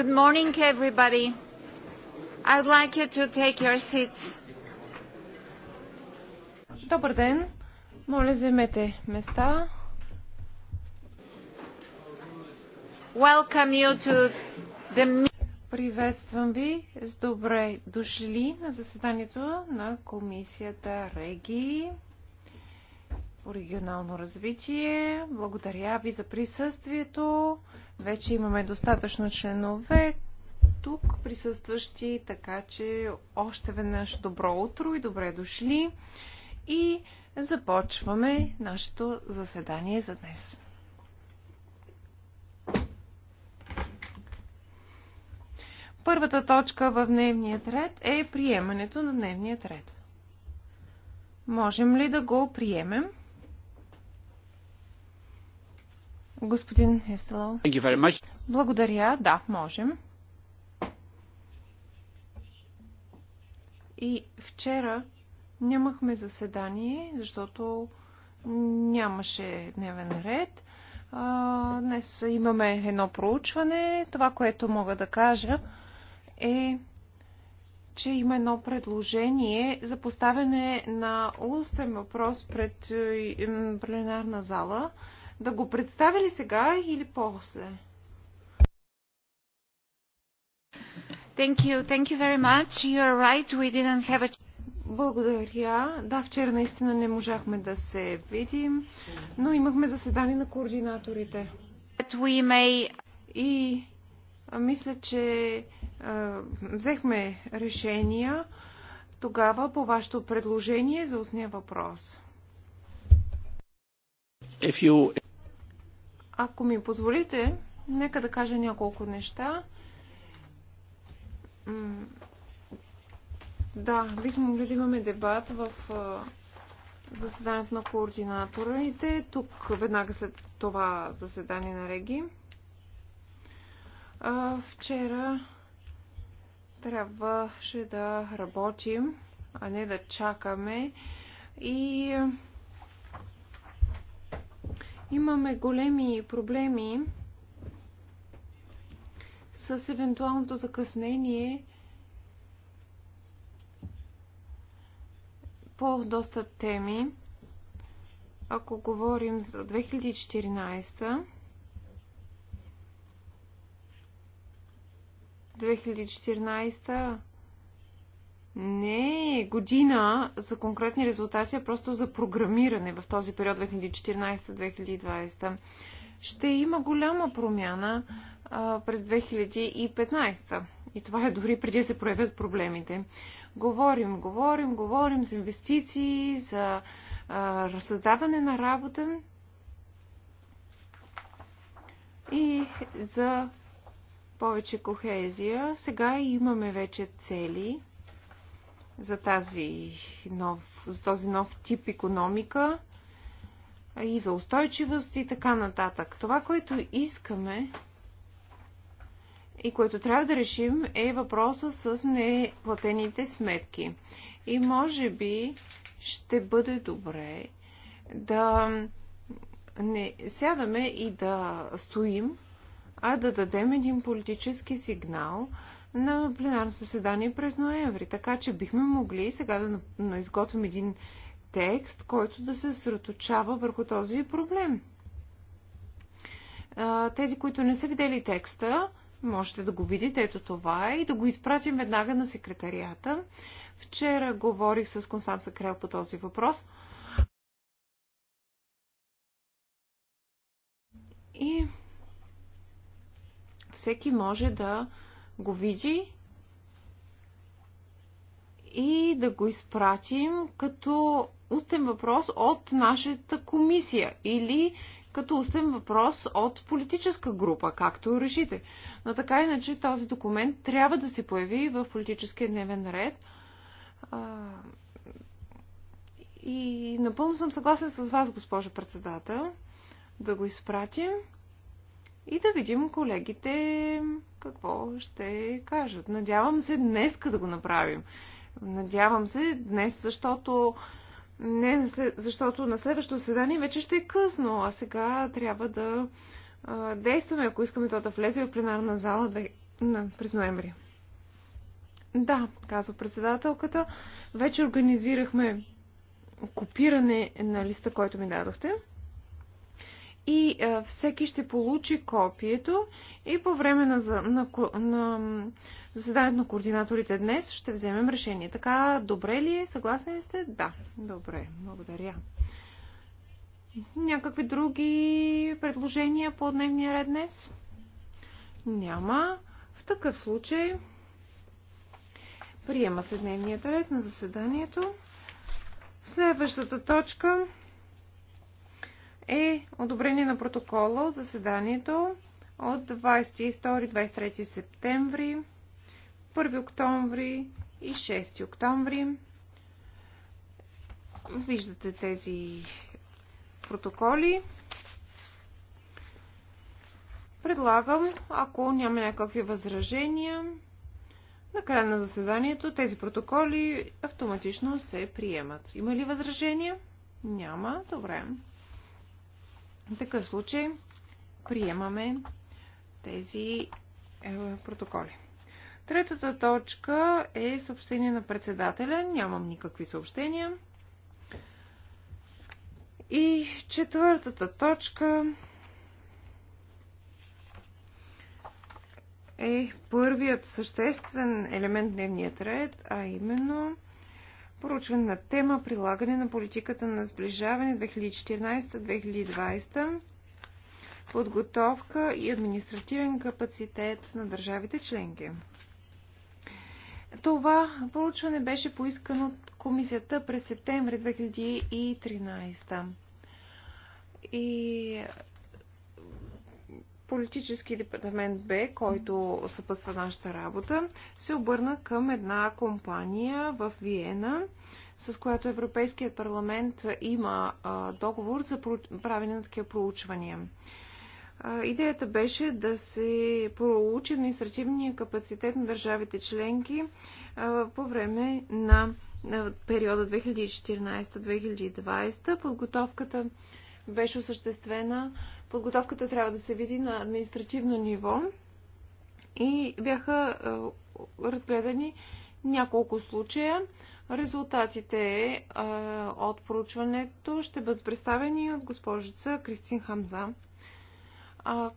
Good morning, everybody. I'd like you to take your seats. Добър ден. Моля, вземете места. Welcome you to the... Приветствам ви с добре дошли на заседанието на комисията Реги по регионално развитие. Благодаря ви за присъствието. Вече имаме достатъчно членове тук присъстващи, така че още веднъж добро утро и добре дошли. И започваме нашето заседание за днес. Първата точка в дневния ред е приемането на дневния ред. Можем ли да го приемем? Господин Хестело. Благодаря. Да, можем. И вчера нямахме заседание, защото нямаше дневен ред. А, днес имаме едно проучване. Това, което мога да кажа е, че има едно предложение за поставяне на устен въпрос пред пленарна зала. Да го представя ли сега или после? Thank you. Thank you very much. You're right. We didn't have a... Благодаря. Да, вчера наистина не можахме да се видим, но имахме заседание на координаторите. May... И а, мисля, че а, взехме решения тогава по вашето предложение за устния въпрос. You... Ако ми позволите, нека да кажа няколко неща. Да, бихме могли да имаме дебат в заседанието на координаторите, тук веднага след това заседание на Реги. вчера трябваше да работим, а не да чакаме. И Имаме големи проблеми с евентуалното закъснение по доста теми. Ако говорим за 2014, 2014 не е година за конкретни резултати, а просто за програмиране в този период 2014-2020. Ще има голяма промяна а, през 2015. И това е дори преди да се проявят проблемите. Говорим, говорим, говорим за инвестиции, за а, на работа и за повече кохезия. Сега имаме вече цели за, тази нов, за този нов тип економика и за устойчивост и така нататък. Това, което искаме и което трябва да решим е въпроса с неплатените сметки. И може би ще бъде добре да не сядаме и да стоим, а да дадем един политически сигнал, на пленарно заседание през ноември. Така че бихме могли сега да изготвим един текст, който да се сръточава върху този проблем. Тези, които не са видели текста, можете да го видите, ето това е, и да го изпратим веднага на секретарията. Вчера говорих с Констанца Крел по този въпрос. И всеки може да го види и да го изпратим като устен въпрос от нашата комисия или като устен въпрос от политическа група, както решите. Но така иначе този документ трябва да се появи в политическия дневен ред. И напълно съм съгласен с вас, госпожо председател, да го изпратим и да видим колегите какво ще кажат. Надявам се днес да го направим. Надявам се днес, защото не, защото на следващото заседание вече ще е късно, а сега трябва да а, действаме, ако искаме то да влезе в пленарна зала да, на, през ноември. Да, казва председателката, вече организирахме копиране на листа, който ми дадохте и а, е, всеки ще получи копието и по време на, на, на, на заседанието на координаторите днес ще вземем решение. Така, добре ли е? Съгласни ли сте? Да. Добре, благодаря. Някакви други предложения по дневния ред днес? Няма. В такъв случай приема се дневният ред на заседанието. Следващата точка е одобрение на протокола от заседанието от 22-23 септември, 1 октомври и 6 октомври. Виждате тези протоколи. Предлагам, ако няма някакви възражения, на края на заседанието тези протоколи автоматично се приемат. Има ли възражения? Няма. Добре. В такъв случай приемаме тези е, протоколи. Третата точка е съобщение на председателя. Нямам никакви съобщения. И четвъртата точка е първият съществен елемент дневният ред, а именно Поручване на тема прилагане на политиката на сближаване 2014-2020 подготовка и административен капацитет на държавите членки. Това проучване беше поискано от комисията през септември 2013. И политически департамент Б, който съпътства нашата работа, се обърна към една компания в Виена, с която Европейският парламент има договор за правене на такива проучвания. Идеята беше да се проучи административния капацитет на държавите членки по време на периода 2014-2020. Подготовката беше осъществена подготовката трябва да се види на административно ниво и бяха е, разгледани няколко случая. Резултатите е, от проучването ще бъдат представени от госпожица Кристин Хамза,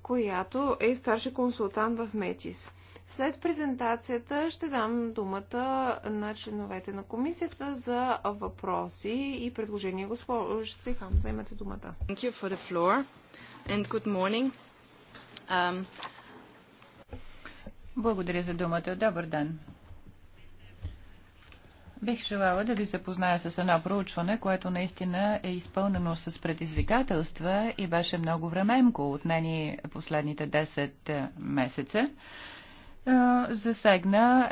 която е старши консултант в Метис. След презентацията ще дам думата на членовете на комисията за въпроси и предложения. Госпожица Хамза, имате думата and good morning. Um... Благодаря за думата. Добър ден. Бих желала да ви запозная с едно проучване, което наистина е изпълнено с предизвикателства и беше много времемко, отнени последните 10 е, месеца засегна,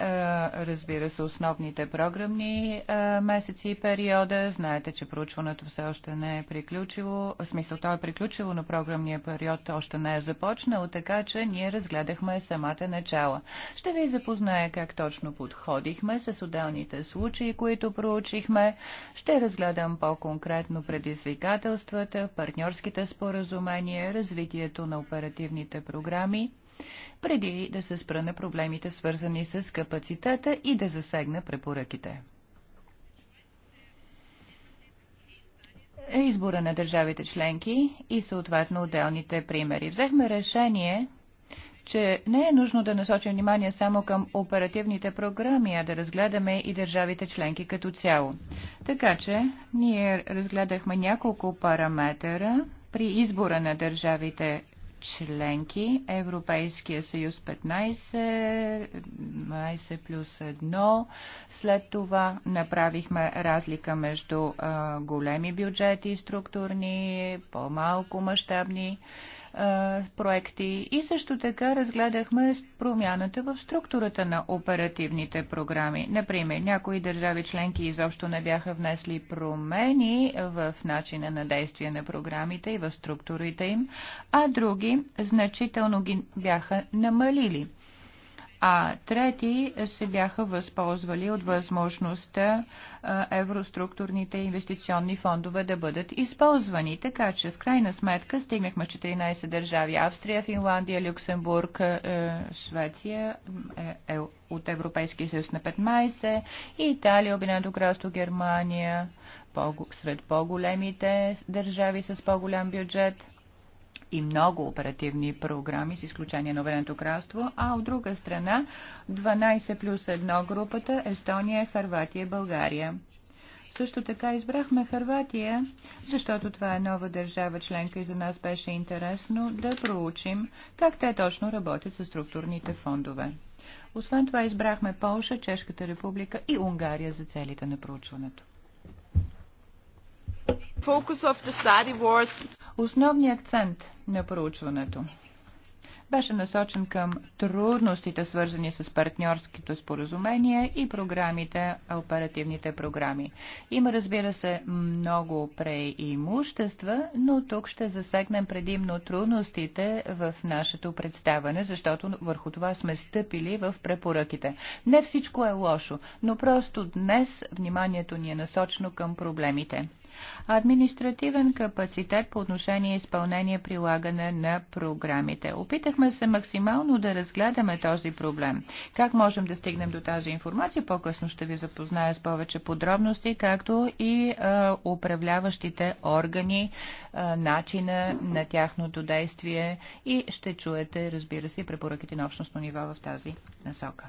разбира се, основните програмни месеци и периода. Знаете, че проучването все още не е приключило. В смисъл, то е приключило, но програмния период още не е започнал, така че ние разгледахме самата начала. Ще ви запозная как точно подходихме с отделните случаи, които проучихме. Ще разгледам по-конкретно предизвикателствата, партньорските споразумения, развитието на оперативните програми преди да се спра на проблемите свързани с капацитета и да засегна препоръките. Избора на държавите членки и съответно отделните примери. Взехме решение че не е нужно да насочим внимание само към оперативните програми, а да разгледаме и държавите членки като цяло. Така че ние разгледахме няколко параметъра при избора на държавите членки, Европейския съюз 15, 20 плюс 1. След това направихме разлика между а, големи бюджети, структурни, по-малко мащабни проекти. И също така разгледахме промяната в структурата на оперативните програми. Например, някои държави членки изобщо не бяха внесли промени в начина на действие на програмите и в структурите им, а други значително ги бяха намалили а трети се бяха възползвали от възможността евроструктурните инвестиционни фондове да бъдат използвани. Така че в крайна сметка стигнахме 14 държави Австрия, Финландия, Люксембург, е, Швеция е, е от Европейския съюз на 15 и Италия, Обединеното кралство, Германия сред по-големите държави с по-голям бюджет и много оперативни програми, с изключение на Обединеното кралство, а от друга страна 12 плюс 1 групата Естония, Харватия, България. Също така избрахме Харватия, защото това е нова държава членка и за нас беше интересно да проучим как те точно работят с структурните фондове. Освен това избрахме Полша, Чешката република и Унгария за целите на проучването. Основният акцент на проучването беше насочен към трудностите, свързани с партньорското споразумение и програмите, оперативните програми. Има, разбира се, много преимущества, но тук ще засегнем предимно трудностите в нашето представане, защото върху това сме стъпили в препоръките. Не всичко е лошо, но просто днес вниманието ни е насочено към проблемите административен капацитет по отношение изпълнение и прилагане на програмите. Опитахме се максимално да разгледаме този проблем. Как можем да стигнем до тази информация? По-късно ще ви запозная с повече подробности, както и а, управляващите органи, а, начина на тяхното действие и ще чуете, разбира се, препоръките на общностно ниво в тази насока.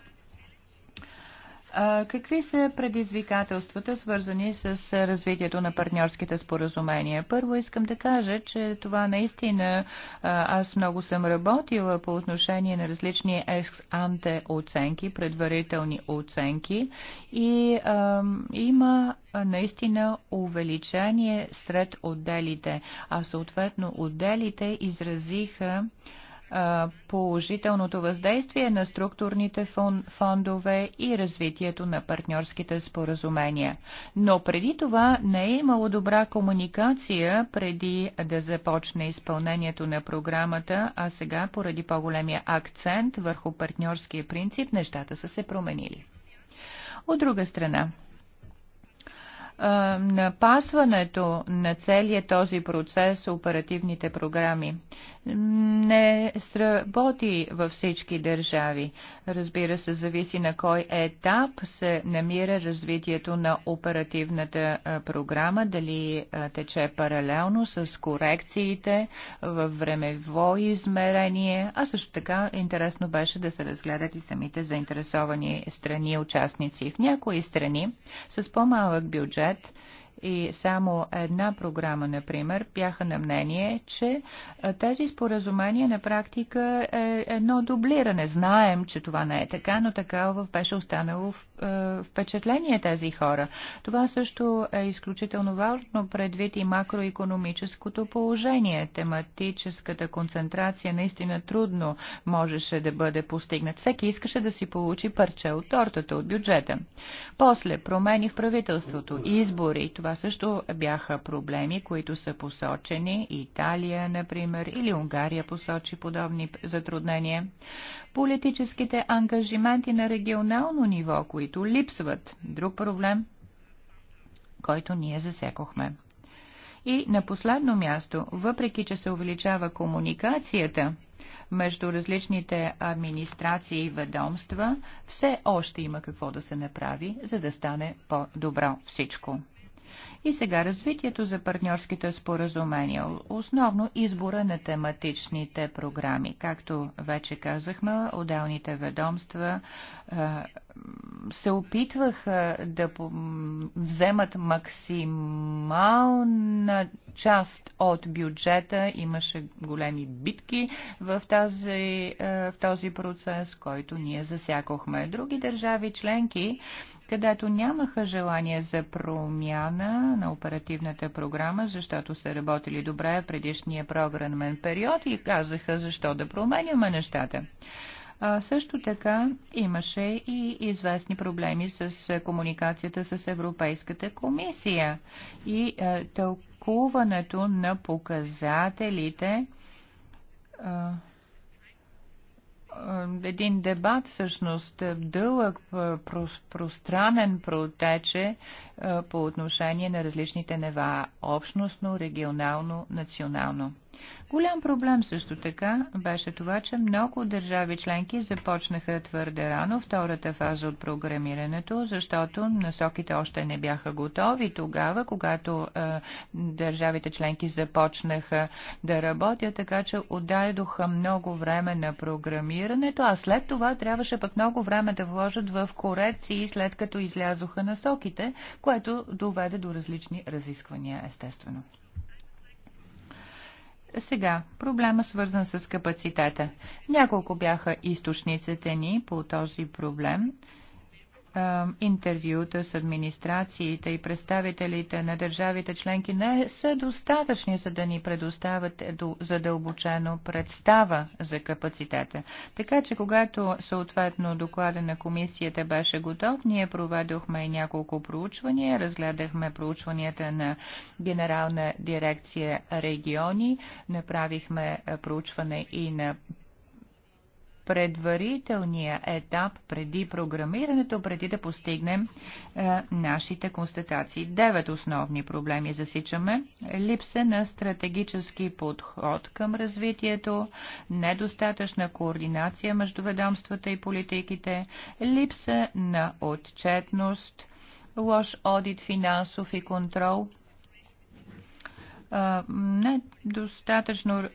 Какви са предизвикателствата, свързани с развитието на партньорските споразумения? Първо искам да кажа, че това наистина аз много съм работила по отношение на различни екс-анте оценки, предварителни оценки и ам, има наистина увеличение сред отделите, а съответно отделите изразиха положителното въздействие на структурните фондове и развитието на партньорските споразумения. Но преди това не е имало добра комуникация преди да започне изпълнението на програмата, а сега поради по-големия акцент върху партньорския принцип нещата са се променили. От друга страна, напасването на целия този процес оперативните програми не сработи във всички държави. Разбира се, зависи на кой етап се намира развитието на оперативната програма, дали тече паралелно с корекциите във времево измерение, а също така интересно беше да се разгледат и самите заинтересовани страни, участници. В някои страни с по-малък бюджет бюджет и само една програма, например, бяха на мнение, че тези споразумения на практика е едно дублиране. Знаем, че това не е така, но така беше останало в е, впечатление тези хора. Това също е изключително важно предвид и макроекономическото положение. Тематическата концентрация наистина трудно можеше да бъде постигнат. Всеки искаше да си получи парче от тортата, от бюджета. После промени в правителството, избори, това също бяха проблеми, които са посочени. Италия, например, или Унгария посочи подобни затруднения. Политическите ангажименти на регионално ниво, които които липсват. Друг проблем, който ние засекохме. И на последно място, въпреки че се увеличава комуникацията между различните администрации и ведомства, все още има какво да се направи, за да стане по-добро всичко. И сега развитието за партньорските споразумения, основно избора на тематичните програми. Както вече казахме, отделните ведомства се опитваха да вземат максимална част от бюджета. Имаше големи битки в този, в този процес, който ние засякохме. Други държави членки където нямаха желание за промяна на оперативната програма, защото са работили добре в предишния програмен период и казаха защо да променяме нещата. А, също така имаше и известни проблеми с комуникацията с Европейската комисия и а, тълкуването на показателите а, е, един дебат, всъщност е, дълъг, е, пространен протече по отношение на различните нива – общностно, регионално, национално. Голям проблем също така беше това, че много държави членки започнаха твърде рано втората фаза от програмирането, защото насоките още не бяха готови тогава, когато е, държавите членки започнаха да работят, така че отдадоха много време на програмирането, а след това трябваше пък много време да вложат в корекции, след като излязоха насоките, което доведе до различни разисквания, естествено. Сега, проблема свързан с капацитета. Няколко бяха източниците ни по този проблем. Е, интервюта с администрациите и представителите на държавите членки не са достатъчни, за да ни предоставят задълбочено представа за капацитета. Така че, когато съответно доклада на комисията беше готов, ние проведохме и няколко проучвания, разгледахме проучванията на Генерална дирекция региони, направихме е, проучване и на предварителния етап преди програмирането, преди да постигнем е, нашите констатации. Девет основни проблеми засичаме. Липса на стратегически подход към развитието, недостатъчна координация между ведомствата и политиките, липса на отчетност, лош одит, финансов и контрол – не достатъчно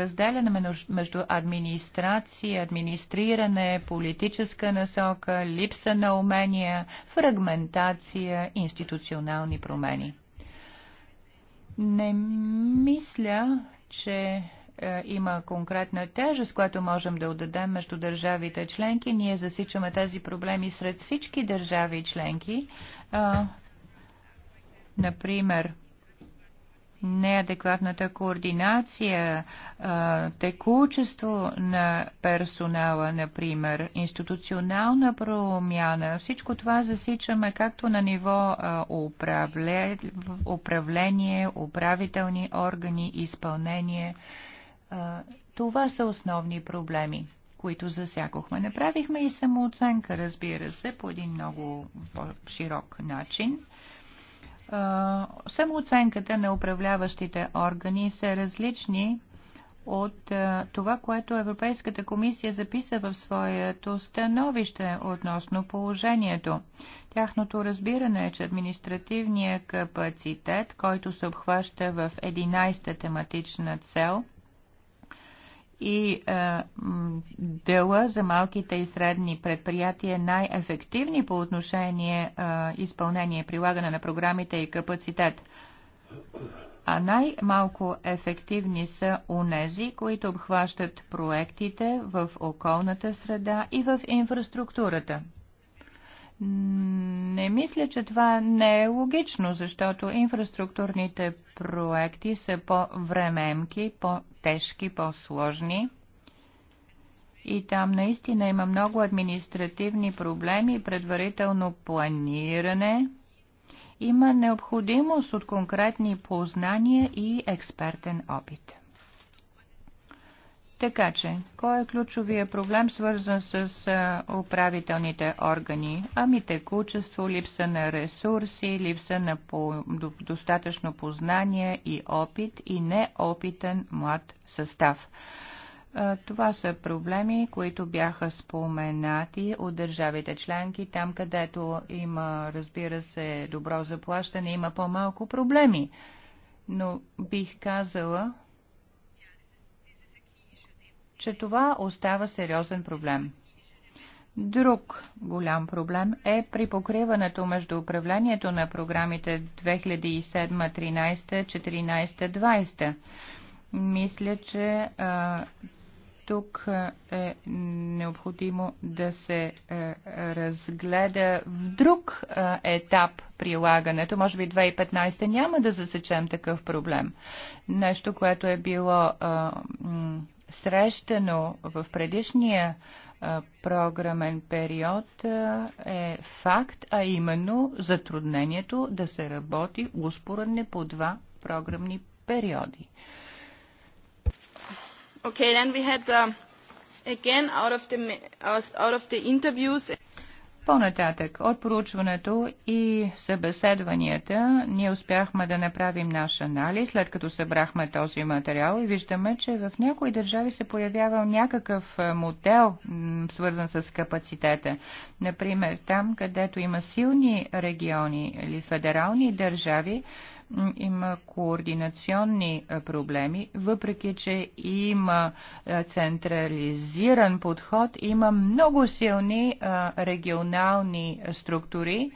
разделена между администрация, администриране, политическа насока, липса на умения, фрагментация, институционални промени. Не мисля, че има конкретна тежест, която можем да отдадем между държавите членки. Ние засичаме тези проблеми сред всички държави членки. например, неадекватната координация, текучество на персонала, например, институционална промяна. Всичко това засичаме както на ниво управление, управителни органи, изпълнение. Това са основни проблеми които засякохме. Направихме и самооценка, разбира се, по един много широк начин самооценката на управляващите органи са различни от това, което Европейската комисия записа в своето становище относно положението. Тяхното разбиране е, че административният капацитет, който се обхваща в 11-та тематична цел – и е, дела за малките и средни предприятия най-ефективни по отношение е, изпълнение, и прилагане на програмите и капацитет. А най-малко ефективни са унези, които обхващат проектите в околната среда и в инфраструктурата. Не мисля, че това не е логично, защото инфраструктурните проекти са по-времемки, по-тежки, по-сложни. И там наистина има много административни проблеми, предварително планиране. Има необходимост от конкретни познания и експертен опит. Така че, кой е ключовия проблем, свързан с а, управителните органи? Ами текучество, липса на ресурси, липса на по, до, достатъчно познание и опит и неопитен млад състав. А, това са проблеми, които бяха споменати от държавите членки. Там, където има, разбира се, добро заплащане, има по-малко проблеми. Но бих казала, че това остава сериозен проблем. Друг голям проблем е при покриването между управлението на програмите 2007-13-14-20. Мисля, че а, тук е необходимо да се е, разгледа в друг е, етап прилагането. Може би 2015 няма да засечем такъв проблем. Нещо, което е било е, срещано в предишния програмен период е факт, а именно затруднението да се работи успоредно по два програмни периоди. Okay, then we had the, uh, again out of the uh, out of the interviews по-нататък от проучването и събеседванията ние успяхме да направим наш анализ, след като събрахме този материал и виждаме, че в някои държави се появява някакъв е, модел, свързан с капацитета. Например, там, където има силни региони или федерални държави, има координационни е, проблеми, въпреки че има е, централизиран подход, има много силни е, регионални структури,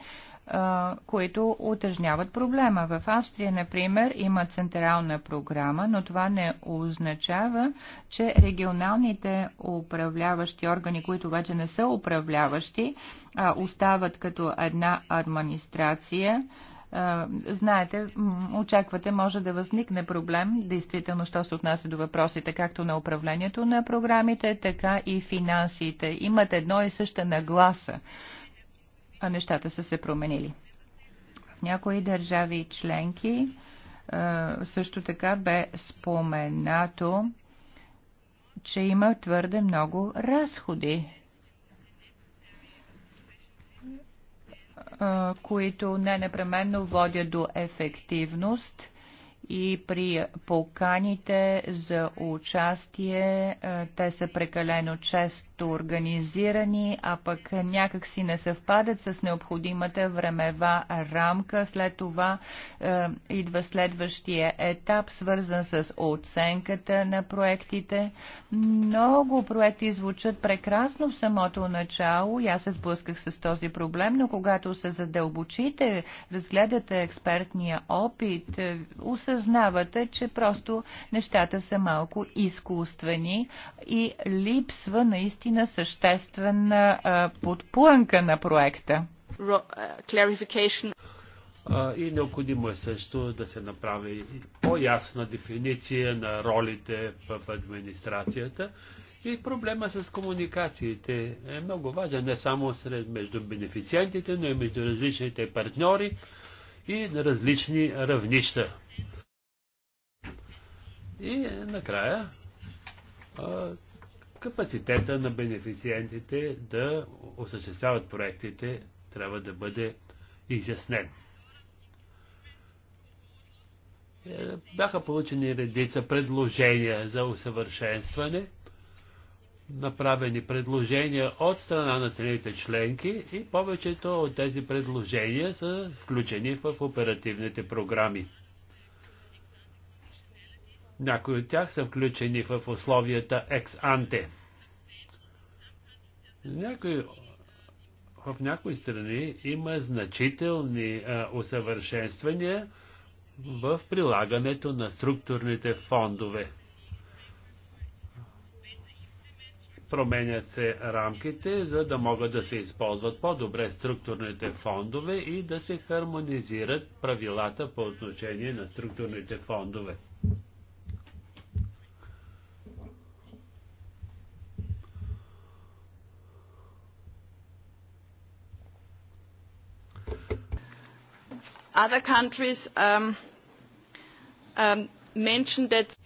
които утежняват проблема. В Австрия, например, има централна програма, но това не означава, че регионалните управляващи органи, които вече не са управляващи, остават като една администрация, знаете, очаквате, може да възникне проблем, действително, що се отнася до въпросите, както на управлението на програмите, така и финансите. Имат едно и съща нагласа, а нещата са се променили. В някои държави и членки също така бе споменато, че има твърде много разходи които не непременно водят до ефективност и при поканите за участие те са прекалено често често организирани, а пък някак си не съвпадат с необходимата времева рамка. След това е, идва следващия етап, свързан с оценката на проектите. Много проекти звучат прекрасно в самото начало аз се сблъсках с този проблем, но когато се задълбочите, разгледате експертния опит, е, осъзнавате, че просто нещата са малко изкуствени и липсва наистина наистина съществена подплънка на проекта. И необходимо е също да се направи по-ясна дефиниция на ролите в администрацията и проблема с комуникациите е много важен не само сред, между бенефициентите, но и между различните партньори и на различни равнища. И накрая капацитета на бенефициентите да осъществяват проектите трябва да бъде изяснен. Е, бяха получени редица предложения за усъвършенстване, направени предложения от страна на страните членки и повечето от тези предложения са включени в оперативните програми. Някои от тях са включени в условията екс-анте. Някои в някои страни има значителни а, усъвършенствания в прилагането на структурните фондове. Променят се рамките, за да могат да се използват по-добре структурните фондове и да се хармонизират правилата по отношение на структурните фондове. other countries um, um, mention that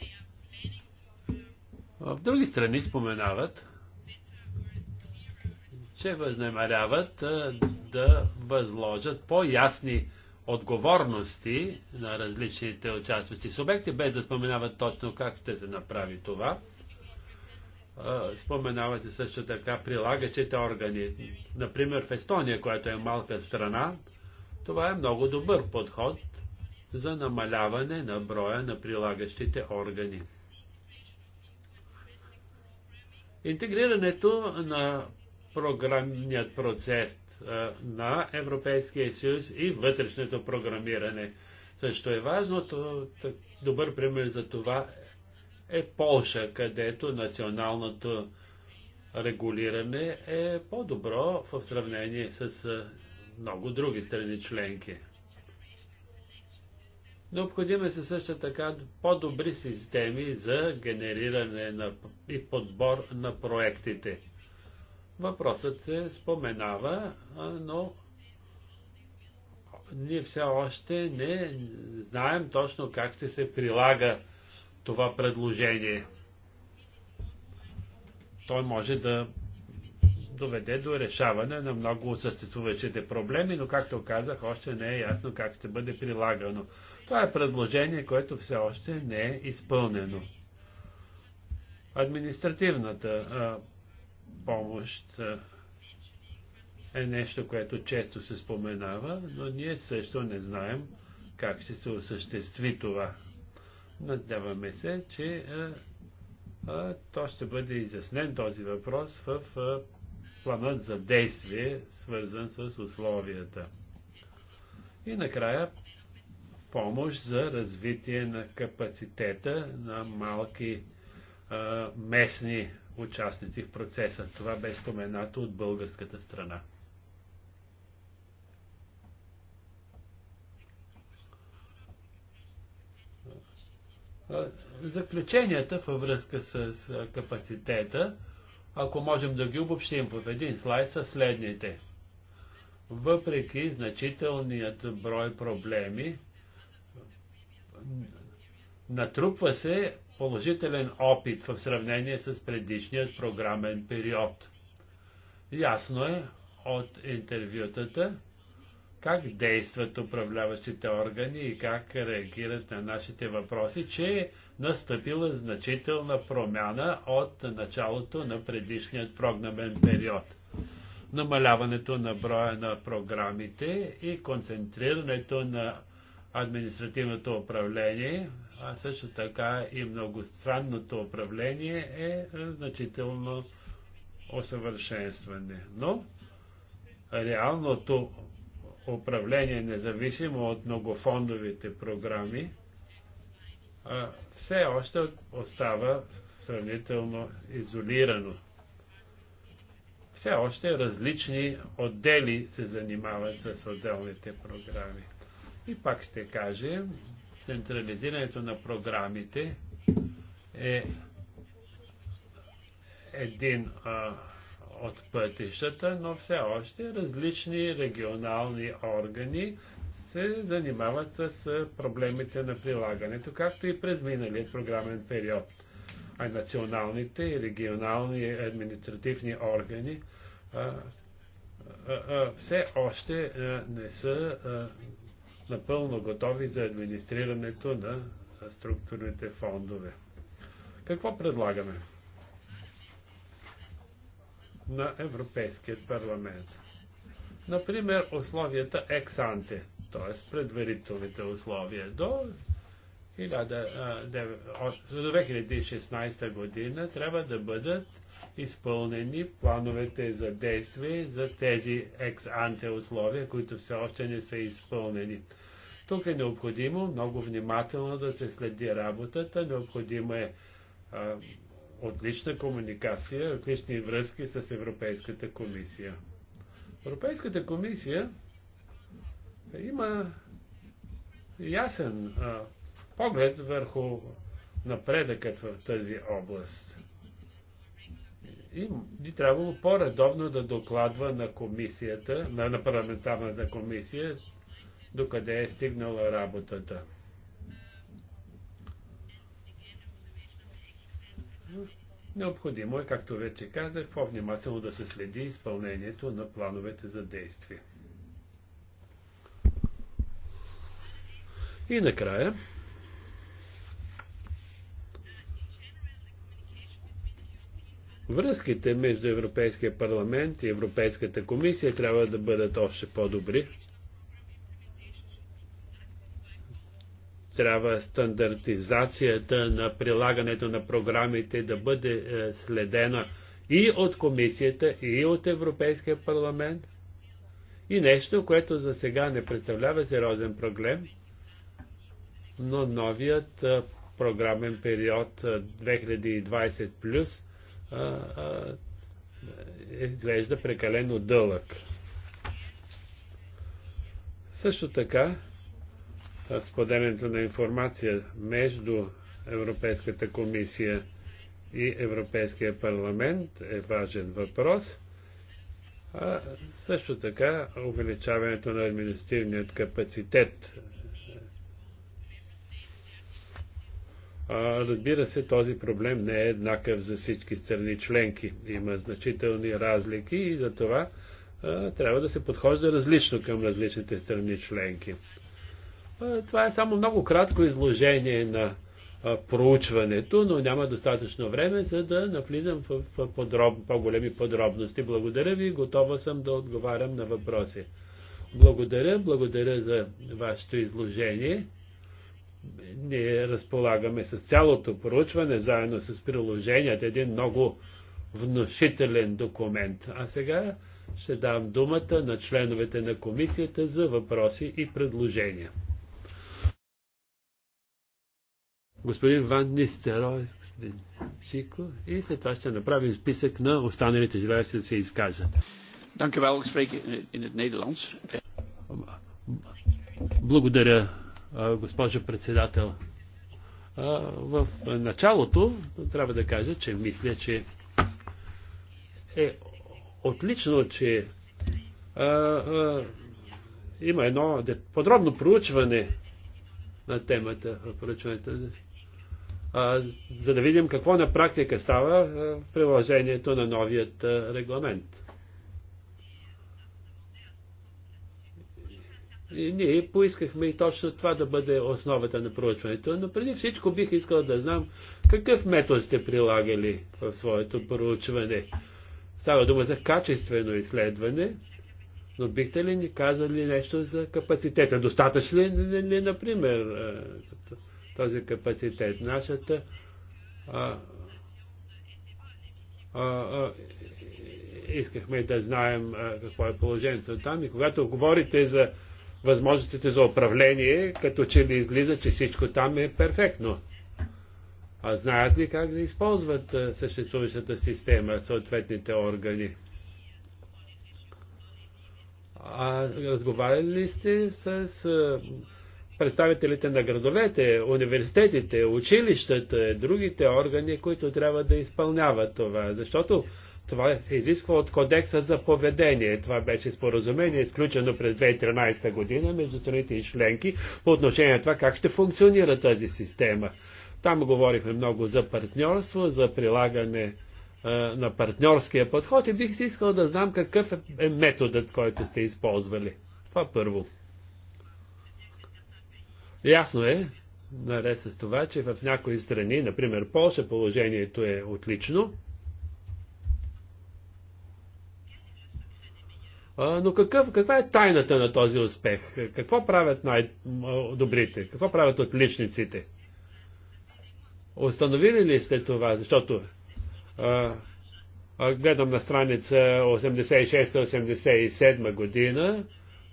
в други страни споменават, че възнамеряват да възложат по-ясни отговорности на различните участващи субекти, без да споменават точно как ще се направи това. Споменават се също така прилагащите органи. Например, в Естония, която е малка страна, това е много добър подход за намаляване на броя на прилагащите органи. Интегрирането на програмният процес на Европейския съюз и вътрешното програмиране също е важно. Добър пример за това е Полша, където националното регулиране е по-добро в сравнение с много други страни членки. Необходими са също така по-добри системи за генериране на, и подбор на проектите. Въпросът се споменава, но ние все още не знаем точно как ще се прилага това предложение. Той може да доведе до решаване на много от съществуващите проблеми, но както казах, още не е ясно как ще бъде прилагано. Това е предложение, което все още не е изпълнено. Административната а, помощ а, е нещо, което често се споменава, но ние също не знаем как ще се осъществи това. Надяваме се, че а, то ще бъде изяснен този въпрос в планът за действие, свързан с условията. И накрая помощ за развитие на капацитета на малки а, местни участници в процеса. Това бе споменато от българската страна. Заключенията във връзка с капацитета ако можем да ги обобщим в един слайд, са следните. Въпреки значителният брой проблеми, натрупва се положителен опит в сравнение с предишният програмен период. Ясно е от интервютата, как действат управляващите органи и как реагират на нашите въпроси, че е настъпила значителна промяна от началото на предишният програмен период. Намаляването на броя на програмите и концентрирането на административното управление, а също така и многостранното управление е, е значително усъвършенстване. Но реалното управление, независимо от многофондовите програми, все още остава сравнително изолирано. Все още различни отдели се занимават с отделните програми. И пак ще кажа, централизирането на програмите е един а, от пътищата, но все още различни регионални органи се занимават с проблемите на прилагането, както и през миналия програмен период. А националните и регионални административни органи а, а, а, все още не са напълно готови за администрирането на структурните фондове. Какво предлагаме? на Европейският парламент. Например, условията ексанте, т.е. предварителните условия до 2016 година трябва да бъдат изпълнени плановете за действие за тези екс-анте условия, които все още не са изпълнени. Тук е необходимо много внимателно да се следи работата, необходимо е а, отлична комуникация, отлични връзки с Европейската комисия. Европейската комисия има ясен а, поглед върху напредъкът в тази област. И би трябвало по-редовно да докладва на комисията, на, на парламентарната комисия, докъде е стигнала работата. Необходимо е, както вече казах, по-внимателно да се следи изпълнението на плановете за действие. И накрая, връзките между Европейския парламент и Европейската комисия трябва да бъдат още по-добри. Трябва стандартизацията на прилагането на програмите да бъде е, следена и от комисията, и от Европейския парламент. И нещо, което за сега не представлява сериозен проблем, но новият е, програмен период 2020 е, плюс изглежда прекалено дълъг. Също така, споделянето на информация между Европейската комисия и Европейския парламент е важен въпрос. А също така увеличаването на административният капацитет. А, разбира се, този проблем не е еднакъв за всички страни членки. Има значителни разлики и за това а, трябва да се подхожда различно към различните страни членки. Това е само много кратко изложение на проучването, но няма достатъчно време, за да навлизам в подроб, по-големи подробности. Благодаря ви, готова съм да отговарям на въпроси. Благодаря, благодаря за вашето изложение. Ние разполагаме с цялото проучване, заедно с приложенията, един много внушителен документ. А сега ще дам думата на членовете на комисията за въпроси и предложения. господин Ван Нистерой, господин Шико и след това ще направим списък на останалите желаящи да се изкажат. Ik spreek in het Nederlands. Благодаря, госпожо председател. В началото трябва да кажа, че мисля, че е отлично, че има едно подробно проучване на темата. Проучването за да видим какво на практика става в приложението на новият регламент. И ние поискахме и точно това да бъде основата на проучването, но преди всичко бих искал да знам какъв метод сте прилагали в своето проучване. Става дума за качествено изследване, но бихте ли ни казали нещо за капацитета? Достатъчно ли, ли, ли например, този капацитет. Нашата а, а, а, искахме да знаем а, какво е положението там и когато говорите за възможностите за управление, като че ли излиза, че всичко там е перфектно. А знаят ли как да използват а, съществуващата система, съответните органи? А разговаряли ли сте с а, представителите на градовете, университетите, училищата, другите органи, които трябва да изпълняват това. Защото това се изисква от кодекса за поведение. Това беше споразумение, изключено през 2013 година между страните и членки по отношение на това как ще функционира тази система. Там говорихме много за партньорство, за прилагане а, на партньорския подход и бих си искал да знам какъв е методът, който сте използвали. Това първо. Ясно е, наред с това, че в някои страни, например Польша, положението е отлично. Но какъв, каква е тайната на този успех? Какво правят най-добрите? Какво правят отличниците? Установили ли сте това? Защото а, а, гледам на страница 86-87 година,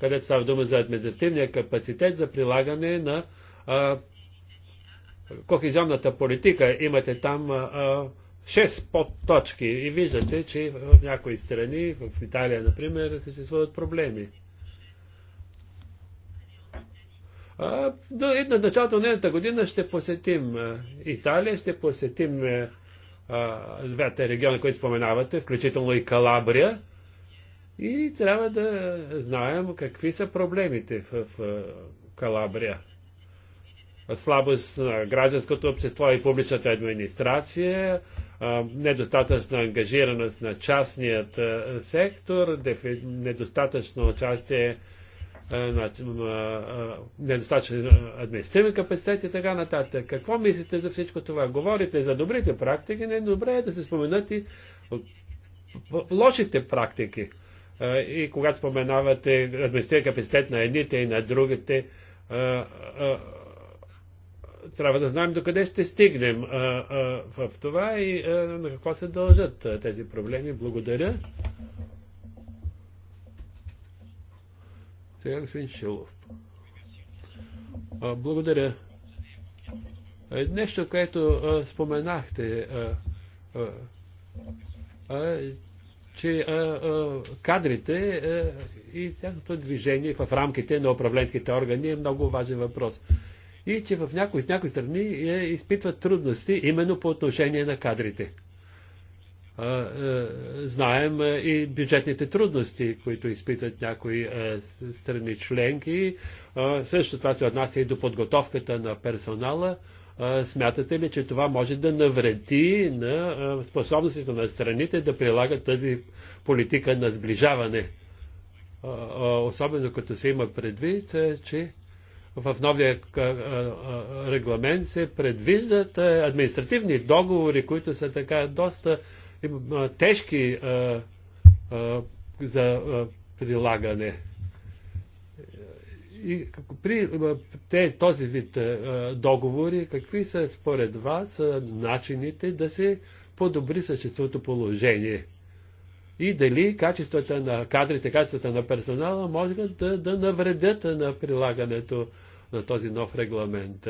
където става дума за административния капацитет за прилагане на а, кохезионната политика. Имате там а, 6 подточки и виждате, че в някои страни, в Италия, например, съществуват проблеми. А, до, началото на едната година ще посетим Италия, ще посетим двете региони, които споменавате, включително и Калабрия. И трябва да знаем какви са проблемите в Калабрия. Слабост на гражданското общество и публичната администрация, недостатъчна ангажираност на частният сектор, недостатъчно участие недостатъчен административен капацитет и така нататък. Какво мислите за всичко това? Говорите за добрите практики, не е добре е да се споменат и лошите практики. И когато споменавате административен капацитет на едните и на другите, трябва да знаем докъде ще стигнем в това и на какво се дължат тези проблеми. Благодаря. Сега господин Шилов. Благодаря. Нещо, което споменахте, че а, а, кадрите а, и тяхното движение в рамките на управленските органи е много важен въпрос. И че в някои, в някои страни е, изпитват трудности именно по отношение на кадрите. А, а, знаем а, и бюджетните трудности, които изпитват някои а, страни членки. А, също това се отнася и до подготовката на персонала. А, Смятате ли, че това може да навреди на способностите на страните да прилагат тази политика на сближаване? Особено като се има предвид, е, че в новия регламент се предвиждат е, административни договори, които са така доста тежки за прилагане. И при е, този вид е, е, договори, какви са според вас начините да се подобри съществото положение? И дали качествата на кадрите, качествата на персонала могат да, да навредят на прилагането на този нов регламент?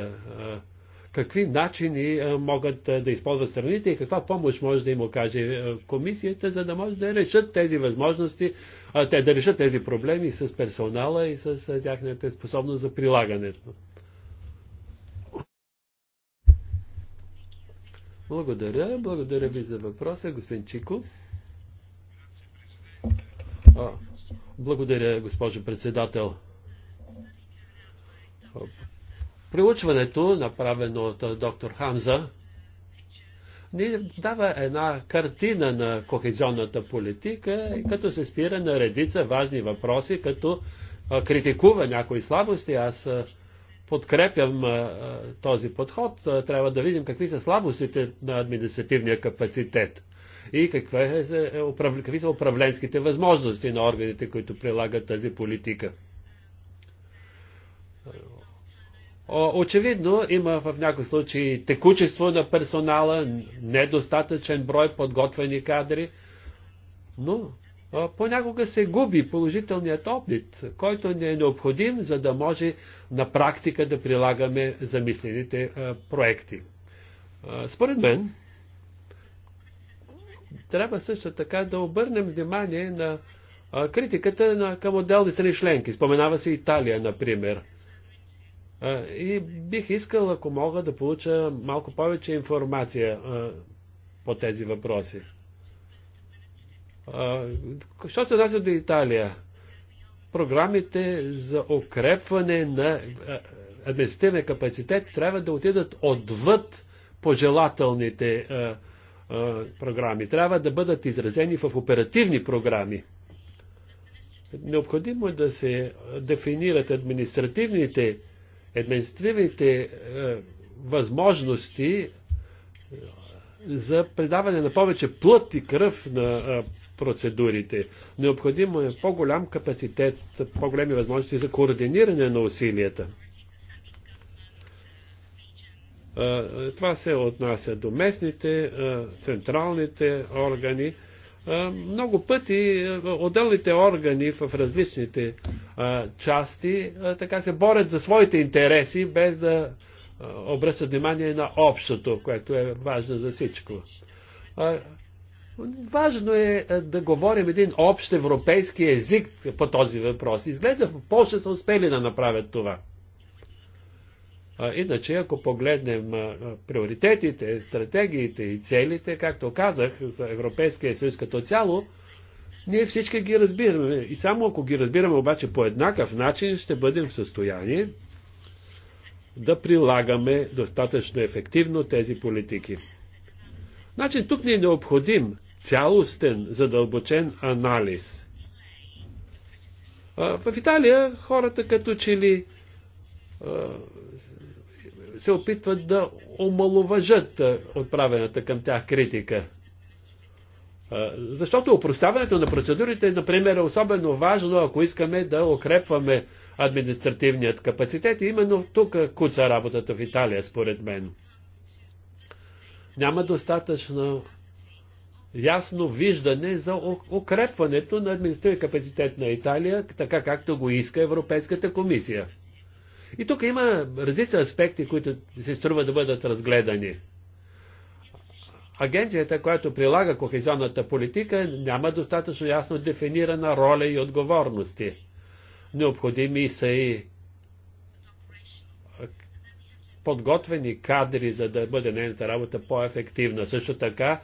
какви начини могат да използват страните и каква помощ може да им окаже комисията, за да може да решат тези възможности, те да решат тези проблеми с персонала и с тяхната способност за прилагането. Благодаря. Благодаря ви за въпроса, господин Чико. Благодаря, госпожо председател. Приучването, направено от доктор Хамза, ни дава една картина на кохезионната политика, като се спира на редица важни въпроси, като критикува някои слабости. Аз подкрепям този подход. Трябва да видим какви са слабостите на административния капацитет и какви са, е, е, е, какви са управленските възможности на органите, които прилагат тази политика. Очевидно има в някои случаи текучество на персонала, недостатъчен брой подготвени кадри, но понякога се губи положителният опит, който ни е необходим, за да може на практика да прилагаме замислените проекти. Според мен, трябва също така да обърнем внимание на критиката към отделни страни членки. Споменава се Италия, например – и бих искал, ако мога, да получа малко повече информация по тези въпроси. Що се отнася до Италия? Програмите за укрепване на административен капацитет трябва да отидат отвъд пожелателните програми. Трябва да бъдат изразени в оперативни програми. Необходимо е да се дефинират административните е, възможности е, за предаване на повече плът и кръв на е, процедурите. Необходимо е по-голям капацитет, по-големи възможности за координиране на усилията. Е, това се отнася до местните, централните органи, много пъти отделните органи в различните части така се борят за своите интереси, без да обръщат внимание на общото, което е важно за всичко. Важно е да говорим един общ европейски език по този въпрос. Изглежда в Польша са успели да направят това. Иначе, ако погледнем приоритетите, стратегиите и целите, както казах, за Европейския съюз като цяло, ние всички ги разбираме. И само ако ги разбираме обаче по еднакъв начин, ще бъдем в състояние да прилагаме достатъчно ефективно тези политики. Значи тук ни е необходим цялостен, задълбочен анализ. В Италия хората като че ли се опитват да омалуважат е, отправената към тях критика. Е, защото опростяването на процедурите, например, е особено важно, ако искаме да укрепваме административният капацитет. И именно тук куца работата в Италия, според мен. Няма достатъчно ясно виждане за укрепването на административния капацитет на Италия, така както го иска Европейската комисия. И тук има различни аспекти, които се струва да бъдат разгледани. Агенцията, която прилага кохезионната политика, няма достатъчно ясно дефинирана роля и отговорности. Необходими са и подготвени кадри, за да бъде нейната работа по-ефективна. Също така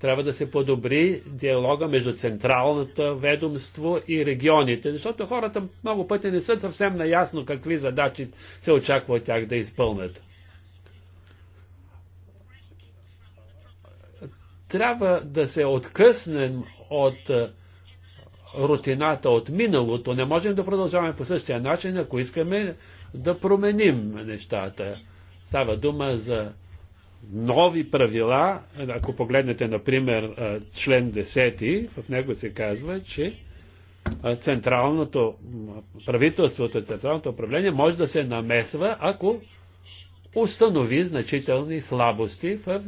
трябва да се подобри диалога между централната ведомство и регионите, защото хората много пъти не са съвсем наясно какви задачи се очаква от тях да изпълнят. Трябва да се откъснем от е, рутината от миналото. Не можем да продължаваме по същия начин, ако искаме да променим нещата. Става дума за нови правила, ако погледнете, например, член 10, в него се казва, че централното правителството, централното управление може да се намесва, ако установи значителни слабости в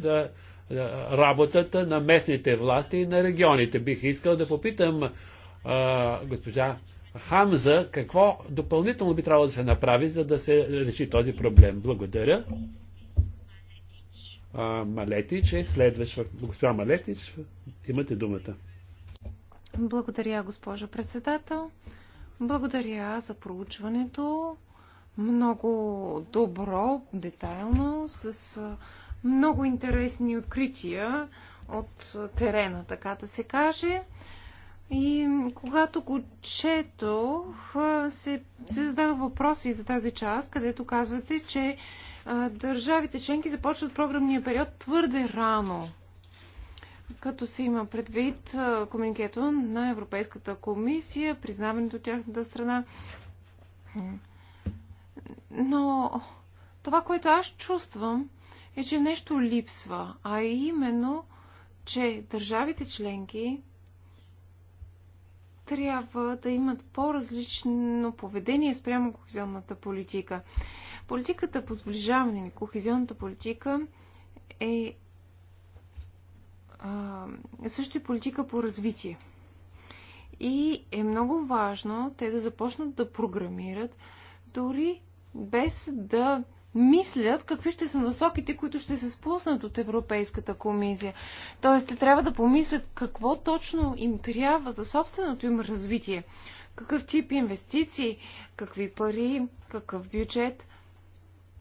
работата на местните власти и на регионите. Бих искал да попитам госпожа Хамза какво допълнително би трябвало да се направи, за да се реши този проблем. Благодаря. Малетич е следваща. Госпожа Малетич, имате думата. Благодаря, госпожо председател. Благодаря за проучването. Много добро, детайлно, с много интересни открития от терена, така да се каже. И когато го четох, се, се задава въпроси за тази част, където казвате, че държавите членки започват програмния период твърде рано. Като се има предвид комуникето на Европейската комисия, признаването от тяхната страна. Но това, което аз чувствам, е, че нещо липсва, а именно, че държавите членки трябва да имат по-различно поведение спрямо кохезионната политика. Политиката по сближаване на кохезионната политика е а, също и политика по развитие. И е много важно те да започнат да програмират, дори без да мислят какви ще са насоките, които ще се спуснат от Европейската комисия. Тоест, те трябва да помислят какво точно им трябва за собственото им развитие. Какъв тип инвестиции, какви пари, какъв бюджет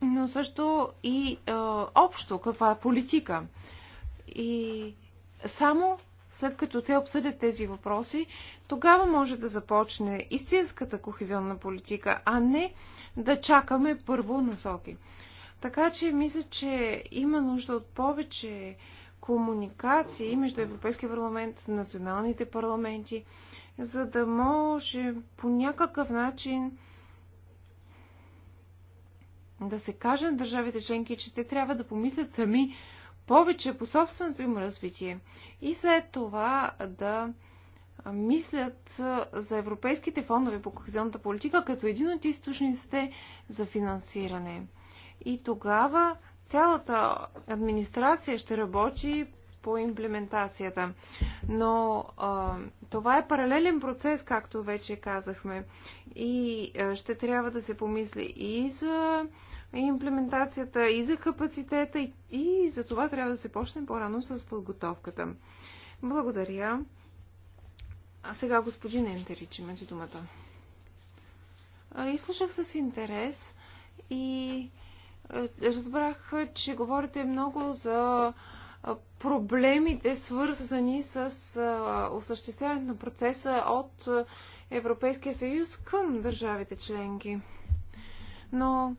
но също и е, общо каква е политика. И само след като те обсъдят тези въпроси, тогава може да започне истинската кохезионна политика, а не да чакаме първо насоки. Така че мисля, че има нужда от повече комуникации между Европейския парламент, националните парламенти, за да може по някакъв начин да се каже на държавите членки, че те трябва да помислят сами повече по собственото им развитие и след това да мислят за европейските фондове по кохезионната политика като един от източниците за финансиране. И тогава цялата администрация ще работи по имплементацията. Но а, това е паралелен процес, както вече казахме. И а, ще трябва да се помисли и за а, имплементацията, и за капацитета, и, и за това трябва да се почне по-рано с подготовката. Благодаря. А сега господин Ентерич, имате думата. Изслушах с интерес и разбрах, че говорите много за проблемите, свързани с осъществяването на процеса от Европейския съюз към държавите членки. Но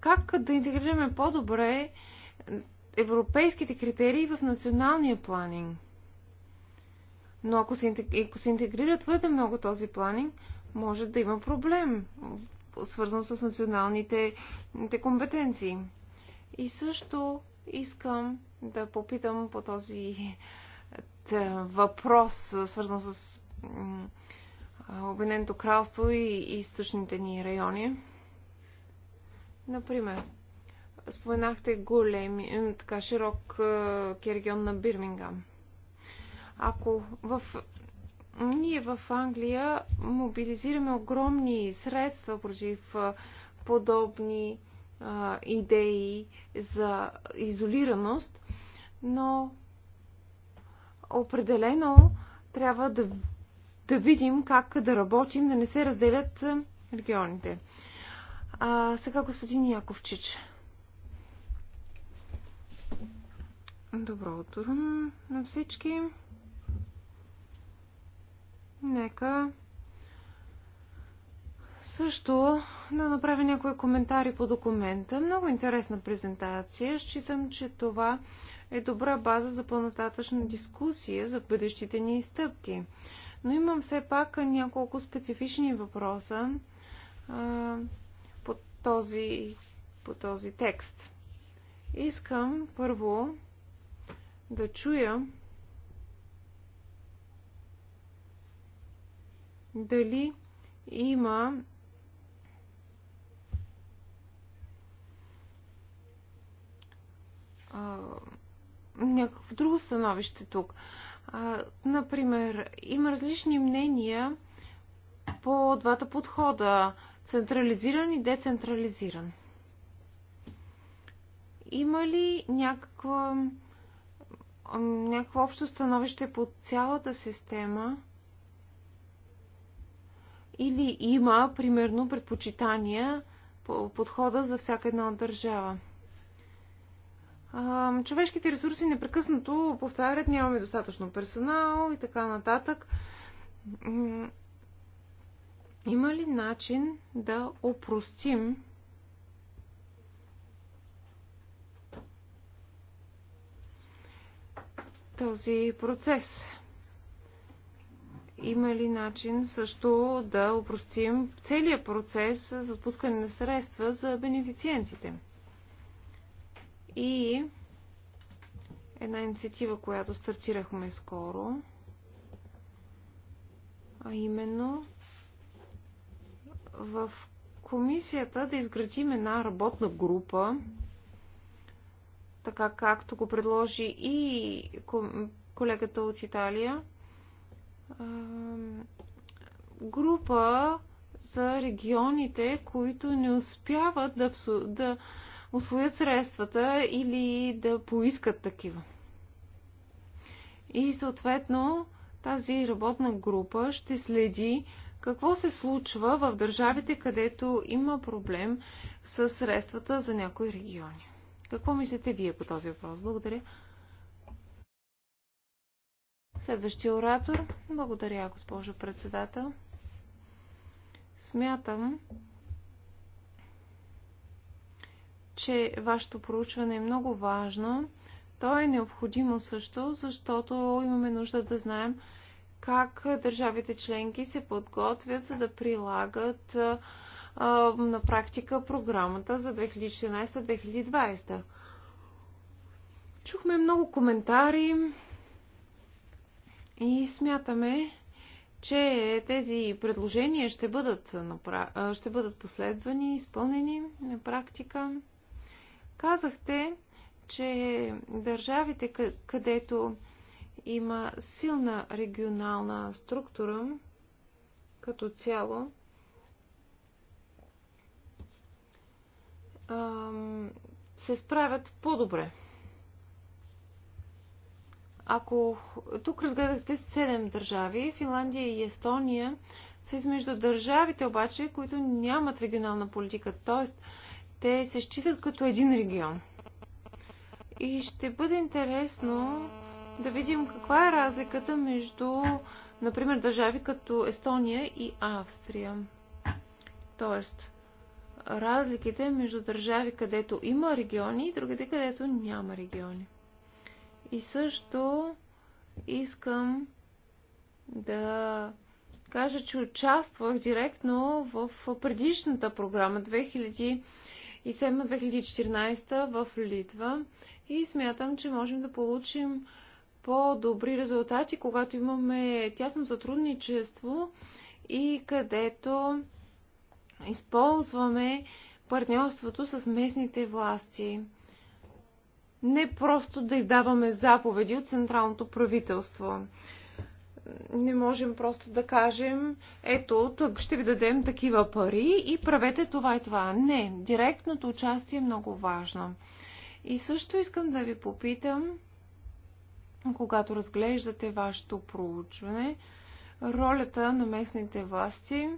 как да интегрираме по-добре европейските критерии в националния планинг. Но ако се, ако се интегрира твърде много този планинг, може да има проблем, свързан с националните те компетенции. И също искам да попитам по този е, въпрос, свързан с Обединеното кралство и източните ни райони. Например, споменахте големи, така широк кергион на Бирмингам. Ако в ние в Англия мобилизираме огромни средства против подобни а, идеи за изолираност, но определено трябва да, да видим как да работим, да не се разделят регионите. А, сега господин Яковчич. Добро утро на всички. Нека също да направя някои коментари по документа. Много интересна презентация. Считам, че това е добра база за по-нататъчна дискусия за бъдещите ни стъпки. Но имам все пак няколко специфични въпроса този, по този текст. Искам първо да чуя дали има а, някакво друго становище тук. А, например, има различни мнения по двата подхода централизиран и децентрализиран. Има ли някаква, някакво общо становище по цялата система? Или има, примерно, предпочитания по подхода за всяка една държава? човешките ресурси непрекъснато повтарят, нямаме достатъчно персонал и така нататък. Има ли начин да опростим този процес? Има ли начин също да опростим целият процес за отпускане на средства за бенефициентите? И една инициатива, която стартирахме скоро, а именно в комисията да изградим една работна група, така както го предложи и колегата от Италия, група за регионите, които не успяват да, да освоят средствата или да поискат такива. И съответно тази работна група ще следи какво се случва в държавите, където има проблем с средствата за някои региони? Какво мислите вие по този въпрос? Благодаря. Следващия оратор. Благодаря, госпожо председател. Смятам, че вашето проучване е много важно. То е необходимо също, защото имаме нужда да знаем как държавите членки се подготвят за да прилагат а, на практика програмата за 2016 2020 Чухме много коментари и смятаме, че тези предложения ще бъдат, напра... ще бъдат последвани, изпълнени на практика. Казахте, че държавите, където има силна регионална структура като цяло. се справят по-добре. Ако тук разгледахте 7 държави, Финландия и Естония са измежду държавите обаче, които нямат регионална политика, т.е. те се считат като един регион. И ще бъде интересно да видим каква е разликата между, например, държави като Естония и Австрия. Тоест, разликите между държави, където има региони и другите, където няма региони. И също искам да кажа, че участвах директно в предишната програма 2007-2014 в Литва и смятам, че можем да получим по-добри резултати, когато имаме тясно сътрудничество и където използваме партньорството с местните власти. Не просто да издаваме заповеди от централното правителство. Не можем просто да кажем, ето, тук ще ви дадем такива пари и правете това и това. Не, директното участие е много важно. И също искам да ви попитам, когато разглеждате вашето проучване, ролята на местните власти.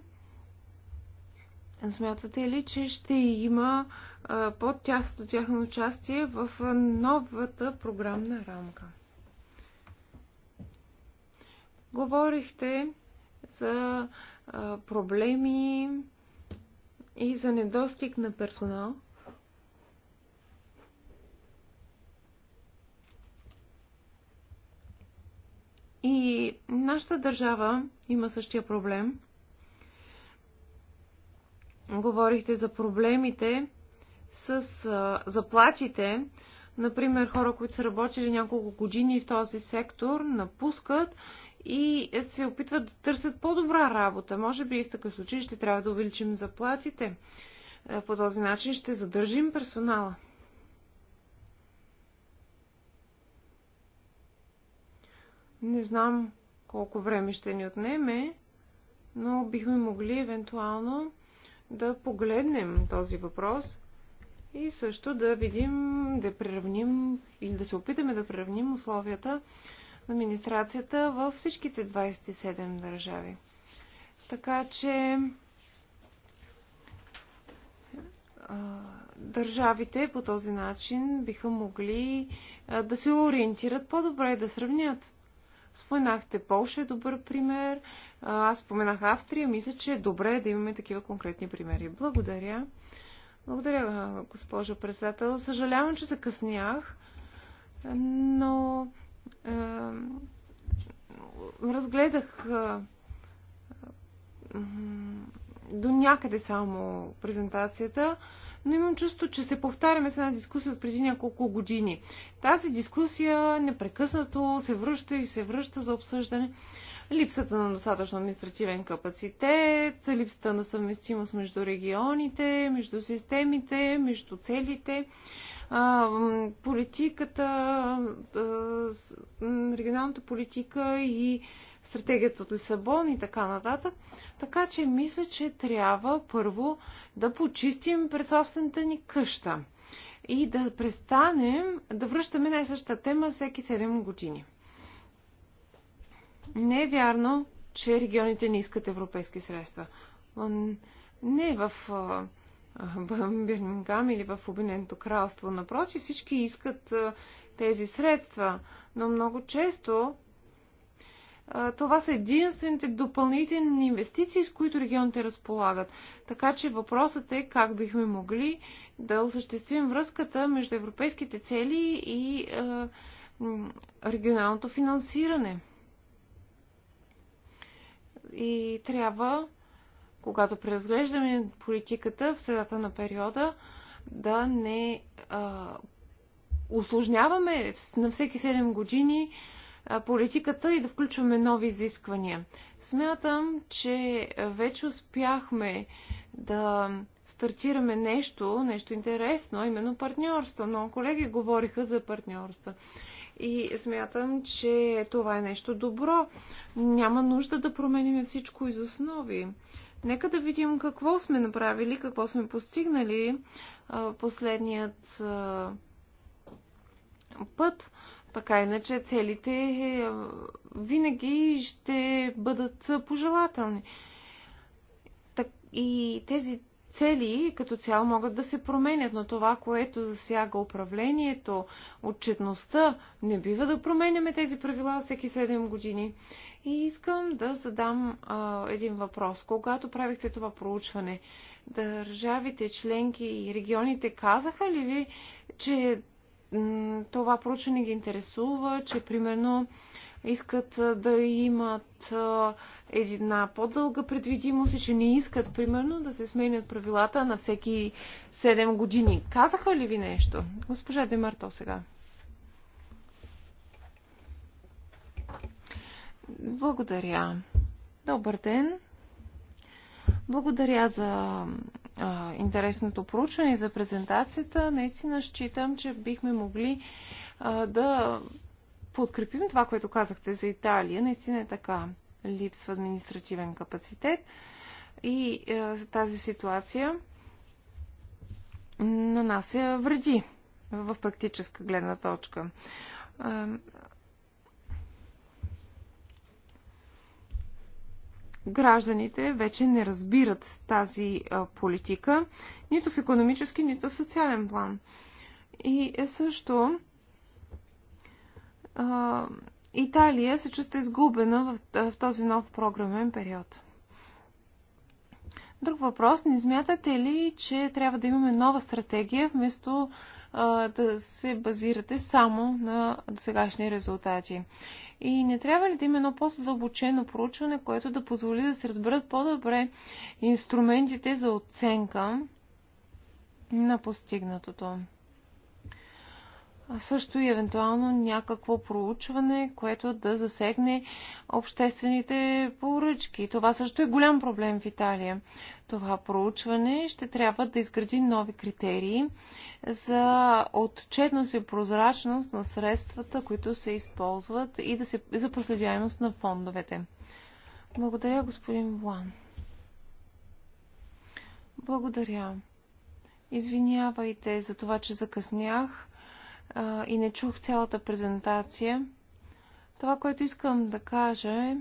Смятате ли, че ще има под тясно тяхно участие в новата програмна рамка? Говорихте за проблеми и за недостиг на персонал – И нашата държава има същия проблем. Говорихте за проблемите с заплатите. Например, хора, които са работили няколко години в този сектор, напускат и се опитват да търсят по-добра работа. Може би и в такъв случай ще трябва да увеличим заплатите. Е, по този начин ще задържим персонала. Не знам колко време ще ни отнеме, но бихме могли евентуално да погледнем този въпрос и също да видим, да приравним или да се опитаме да приравним условията на администрацията във всичките 27 държави. Така че държавите по този начин биха могли да се ориентират по-добре, и да сравнят. Споменахте Полша е добър пример. Аз споменах Австрия. Мисля, че е добре да имаме такива конкретни примери. Благодаря. Благодаря, госпожо председател. Съжалявам, че закъснях, но е, разгледах е, до някъде само презентацията но имам чувство, че се повтаряме с една дискусия от преди няколко години. Тази дискусия непрекъснато се връща и се връща за обсъждане. Липсата на достатъчно административен капацитет, липсата на съвместимост между регионите, между системите, между целите политиката, регионалната политика и стратегията от Лисабон и така нататък. Така че мисля, че трябва първо да почистим пред собствената ни къща и да престанем да връщаме най-същата тема всеки 7 години. Не е вярно, че регионите не искат европейски средства. Не в Бирмингам или в Обединеното кралство. Напротив, всички искат тези средства, но много често това са единствените допълнителни инвестиции, с които регионите разполагат. Така че въпросът е как бихме могли да осъществим връзката между европейските цели и е, регионалното финансиране. И трябва, когато преразглеждаме политиката в средата на периода, да не осложняваме е, усложняваме на всеки 7 години политиката и да включваме нови изисквания. Смятам, че вече успяхме да стартираме нещо, нещо интересно, именно партньорство. Но колеги говориха за партньорства. И смятам, че това е нещо добро. Няма нужда да променим всичко из основи. Нека да видим какво сме направили, какво сме постигнали последният път. Така иначе целите е, винаги ще бъдат пожелателни. И тези цели като цяло могат да се променят, но това, което засяга управлението, отчетността, не бива да променяме тези правила всеки 7 години. И искам да задам а, един въпрос. Когато правихте това проучване, държавите, членки и регионите казаха ли ви, че това проучване ги интересува, че примерно искат да имат една по-дълга предвидимост и че не искат, примерно, да се сменят правилата на всеки 7 години. Казаха ли ви нещо? Госпожа Демарто сега. Благодаря. Добър ден. Благодаря за а, интересното проучване и за презентацията. Наистина считам, че бихме могли а, да подкрепим това, което казахте за Италия. Наистина е така. Липсва административен капацитет и а, тази ситуация нанася вреди в практическа гледна точка. гражданите вече не разбират тази политика, нито в економически, нито в социален план. И е също Италия се чувства изгубена в, в този нов програмен период. Друг въпрос. Не смятате ли, че трябва да имаме нова стратегия вместо да се базирате само на досегашни резултати. И не трябва ли да има едно по-задълбочено проучване, което да позволи да се разберат по-добре инструментите за оценка на постигнатото? също и евентуално някакво проучване, което да засегне обществените поръчки. Това също е голям проблем в Италия. Това проучване ще трябва да изгради нови критерии за отчетност и прозрачност на средствата, които се използват и да се, за проследяемост на фондовете. Благодаря, господин Влан. Благодаря. Извинявайте за това, че закъснях а, и не чух цялата презентация. Това, което искам да кажа е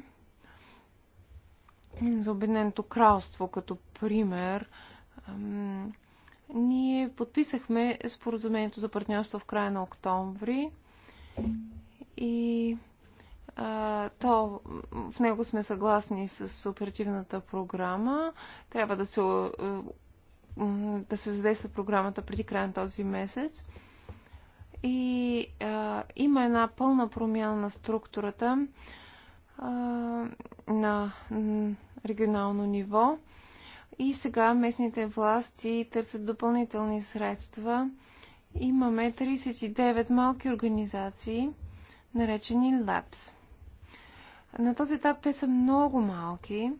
за Обединеното кралство като пример. Ам, ние подписахме споразумението за партньорство в края на октомври и а, то, в него сме съгласни с оперативната програма. Трябва да се, е, да се задейства програмата преди края на този месец и а, има една пълна промяна на структурата а, на регионално ниво. И сега местните власти търсят допълнителни средства. Имаме 39 малки организации, наречени ЛАПС, На този етап те са много малки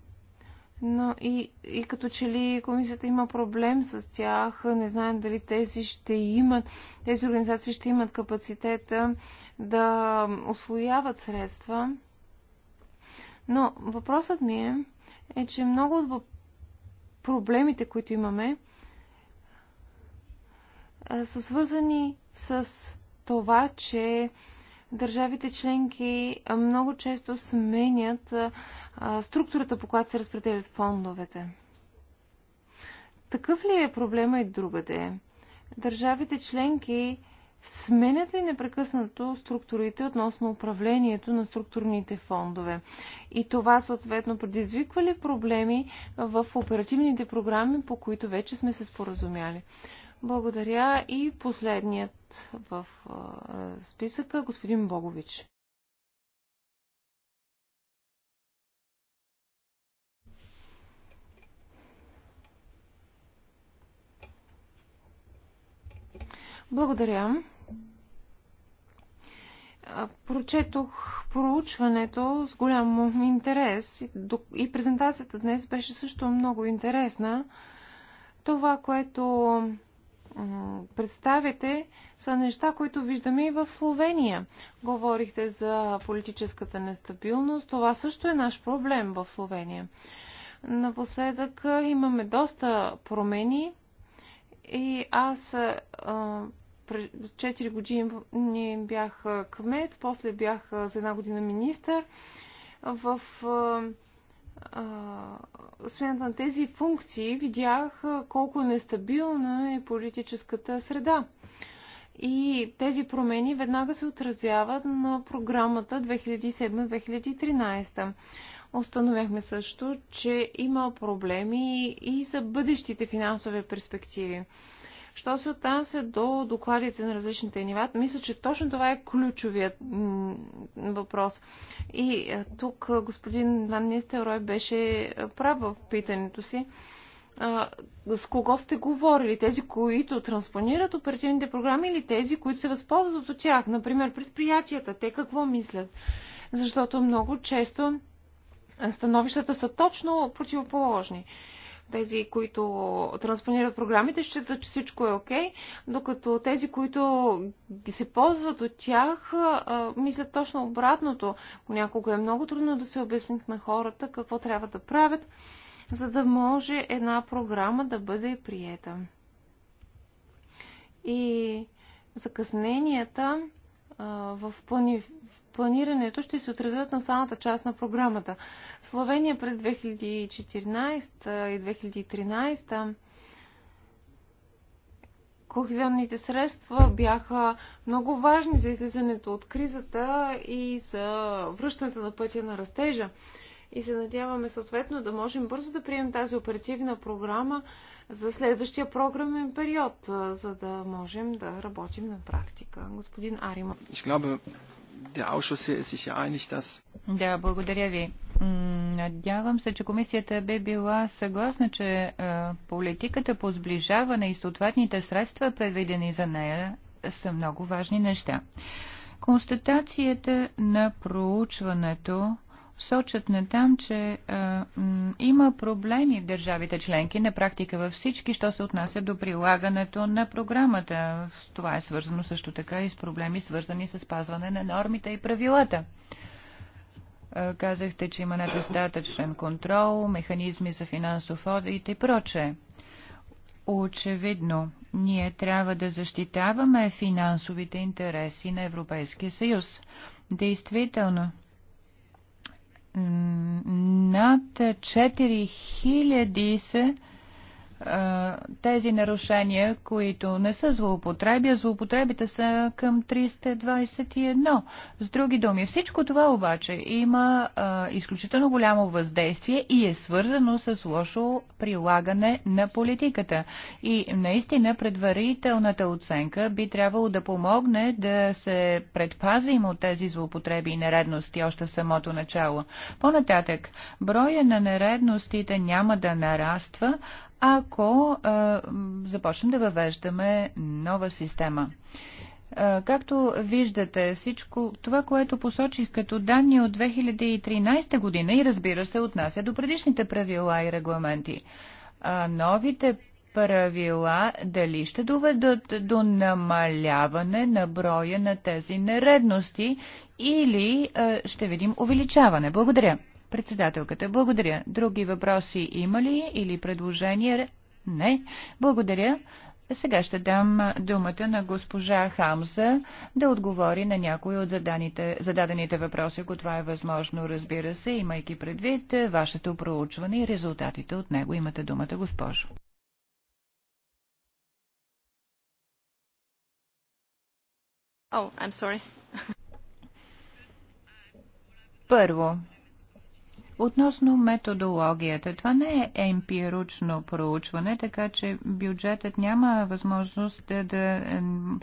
но и, и като че ли комисията има проблем с тях, не знаем дали тези ще имат, тези организации ще имат капацитета да освояват средства. Но въпросът ми е, е че много от проблемите, които имаме, са свързани с това, че държавите членки много често сменят структурата, по която се разпределят фондовете. Такъв ли е проблема и другаде? Държавите членки сменят ли непрекъснато структурите относно управлението на структурните фондове? И това съответно предизвиква ли проблеми в оперативните програми, по които вече сме се споразумяли? Благодаря. И последният в списъка, господин Богович. Благодаря. Прочетох проучването с голям интерес и презентацията днес беше също много интересна. Това, което представите, са неща, които виждаме и в Словения. Говорихте за политическата нестабилност. Това също е наш проблем в Словения. Напоследък имаме доста промени и аз през 4 години бях кмет, после бях за една година министър. В освен на тези функции, видях колко нестабилна е политическата среда. И тези промени веднага се отразяват на програмата 2007-2013. Установяхме също, че има проблеми и за бъдещите финансови перспективи. Що се отнася до докладите на различните нива, мисля, че точно това е ключовият въпрос. И е, тук е, господин Ван Нистелрой беше е, прав в питането си. С кого сте говорили? Тези, които транспонират оперативните програми или тези, които се възползват от тях? Например, предприятията. Те какво мислят? Защото много често становищата са точно противоположни. Тези, които транспонират програмите, считат, че всичко е окей, okay, докато тези, които се ползват от тях, мислят точно обратното. Понякога е много трудно да се обяснят на хората какво трябва да правят, за да може една програма да бъде приета. И закъсненията в плани планирането ще се отразят на останата част на програмата. В Словения през 2014 и 2013 кохезионните средства бяха много важни за излизането от кризата и за връщането на пътя на растежа. И се надяваме съответно да можем бързо да приемем тази оперативна програма за следващия програмен период, за да можем да работим на практика. Господин Арима. Да, благодаря ви. Надявам се, че комисията бе била съгласна, че е, политиката по сближаване и съответните средства, предвидени за нея, са много важни неща. Констатацията на проучването сочат на там, че а, м, има проблеми в държавите членки, на практика във всички, що се отнася до прилагането на програмата. Това е свързано също така и с проблеми, свързани с спазване на нормите и правилата. А, казахте, че има недостатъчен контрол, механизми за финансов одит и прочее. Очевидно, ние трябва да защитаваме финансовите интереси на Европейския съюз. Действително, над 4000 са тези нарушения, които не са злоупотреби, а злоупотребите са към 321. С други думи, всичко това обаче има а, изключително голямо въздействие и е свързано с лошо прилагане на политиката. И наистина предварителната оценка би трябвало да помогне да се предпазим от тези злоупотреби и нередности още в самото начало. По-нататък, броя на нередностите няма да нараства, ако а, започнем да въвеждаме нова система. Както виждате, всичко това, което посочих като данни от 2013 година и разбира се отнася до предишните правила и регламенти. А новите правила дали ще доведат до намаляване на броя на тези нередности или ще видим увеличаване. Благодаря. Председателката, благодаря. Други въпроси има ли или предложения? Не. Благодаря. Сега ще дам думата на госпожа Хамза да отговори на някои от заданите, зададените въпроси, ако това е възможно, разбира се, имайки предвид вашето проучване и резултатите от него. Имате думата, госпожо. Oh, I'm sorry. Първо, Относно методологията, това не е емпирично проучване, така че бюджетът няма възможност да, да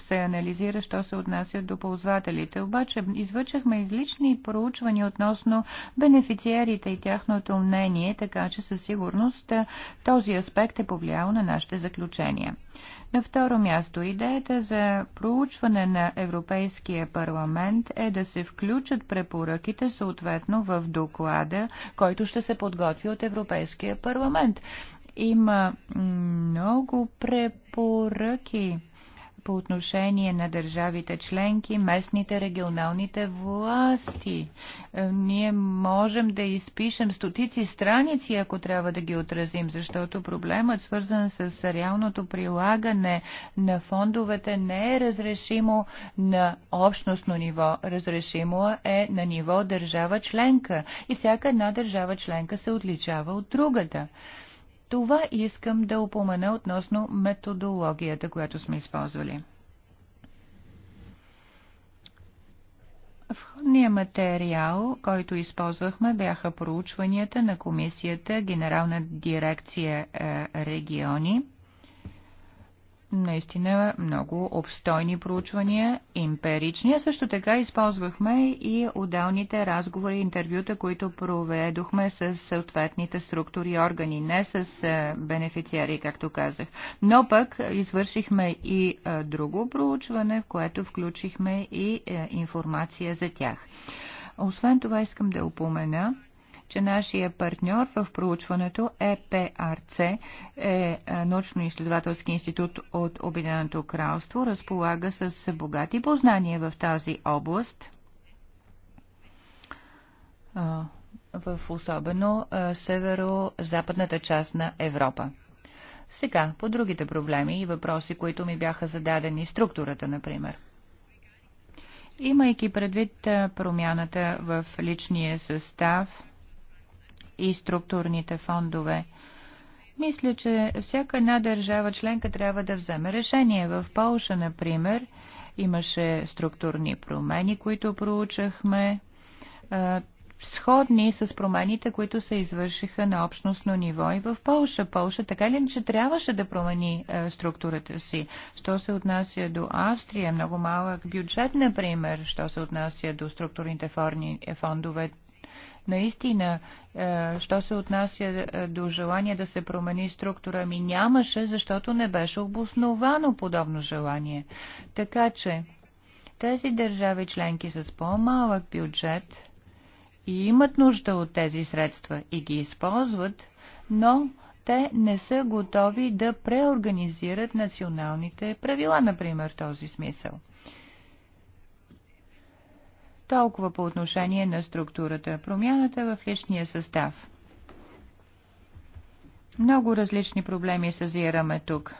се анализира, що се отнася до ползвателите. Обаче извършахме излични проучвания относно бенефициерите и тяхното мнение, така че със сигурност този аспект е повлиял на нашите заключения. На второ място, идеята за проучване на Европейския парламент е да се включат препоръките съответно в доклада, който ще се подготви от Европейския парламент. Има много препоръки по отношение на държавите членки, местните, регионалните власти. Е, ние можем да изпишем стотици страници, ако трябва да ги отразим, защото проблемът, свързан с реалното прилагане на фондовете, не е разрешимо на общностно ниво. Разрешимо е на ниво държава членка. И всяка една държава членка се отличава от другата. Това искам да упомена относно методологията, която сме използвали. Входният материал, който използвахме, бяха проучванията на комисията Генерална дирекция е, региони наистина много обстойни проучвания, имперични. Също така използвахме и отделните разговори, интервюта, които проведохме с съответните структури и органи, не с бенефициари, както казах. Но пък извършихме и друго проучване, в което включихме и информация за тях. Освен това искам да упомена, че нашия партньор в проучването ЕПРЦ е, е научно-изследователски институт от Обединеното кралство, разполага с богати познания в тази област в особено северо-западната част на Европа. Сега, по другите проблеми и въпроси, които ми бяха зададени, структурата, например. Имайки предвид промяната в личния състав, и структурните фондове. Мисля, че всяка една държава членка трябва да вземе решение. В Полша, например, имаше структурни промени, които проучахме, сходни с промените, които се извършиха на общностно ниво и в Полша. Полша така ли, че трябваше да промени структурата си? Що се отнася до Австрия, много малък бюджет, например, що се отнася до структурните фондове, Наистина, е, що се отнася е, до желание да се промени структура, ми нямаше, защото не беше обосновано подобно желание. Така че, тези държави членки с по-малък бюджет и имат нужда от тези средства и ги използват, но те не са готови да преорганизират националните правила, например, в този смисъл. Толкова по отношение на структурата. Промяната в личния състав. Много различни проблеми съзираме тук.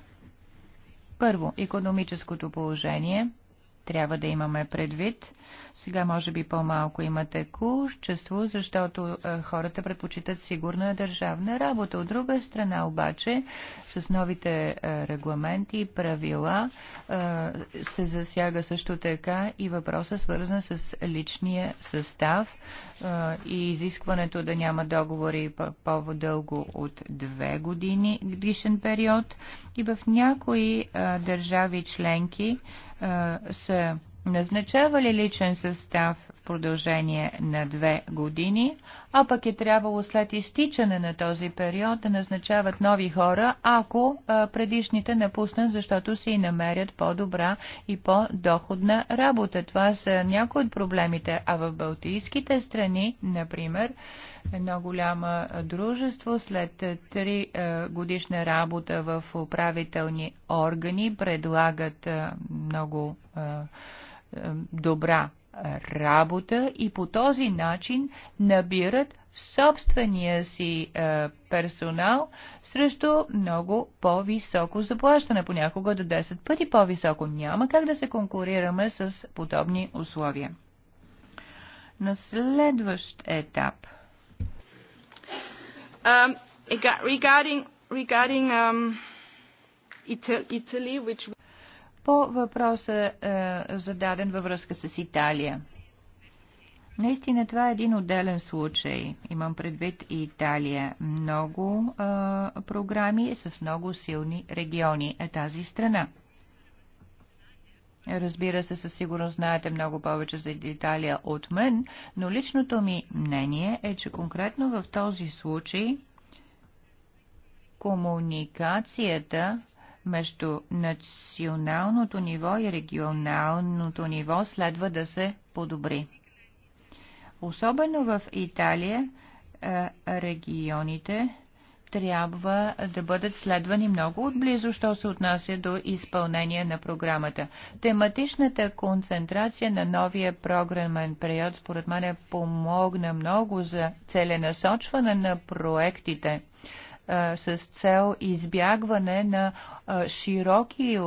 Първо, економическото положение – трябва да имаме предвид. Сега може би по-малко имате кушчество, защото е, хората предпочитат сигурна държавна работа. От друга страна обаче, с новите е, регламенти и правила е, се засяга също така и въпроса свързан с личния състав е, и изискването да няма договори по-дълго от две години годишен период. И в някои е, държави членки са назначавали личен състав продължение на две години, а пък е трябвало след изтичане на този период да назначават нови хора, ако предишните напуснат, защото си намерят по-добра и по-доходна работа. Това са някои от проблемите, а в Балтийските страни, например, едно голямо дружество след три годишна работа в управителни органи предлагат много добра работа и по този начин набират собствения си е, персонал срещу много по-високо заплащане, понякога до 10 пъти по-високо. Няма как да се конкурираме с подобни условия. На следващ етап. Um, regarding, regarding um, Italy, which... По въпроса е, зададен във връзка с Италия. Наистина това е един отделен случай. Имам предвид и Италия. Много а, е, програми с много силни региони е тази страна. Разбира се, със сигурност знаете много повече за Италия от мен, но личното ми мнение е, че конкретно в този случай комуникацията между националното ниво и регионалното ниво следва да се подобри. Особено в Италия е, регионите трябва да бъдат следвани много отблизо, що се отнася до изпълнение на програмата. Тематичната концентрация на новия програмен период, според мен, помогна много за целенасочване на проектите – с цел избягване на широки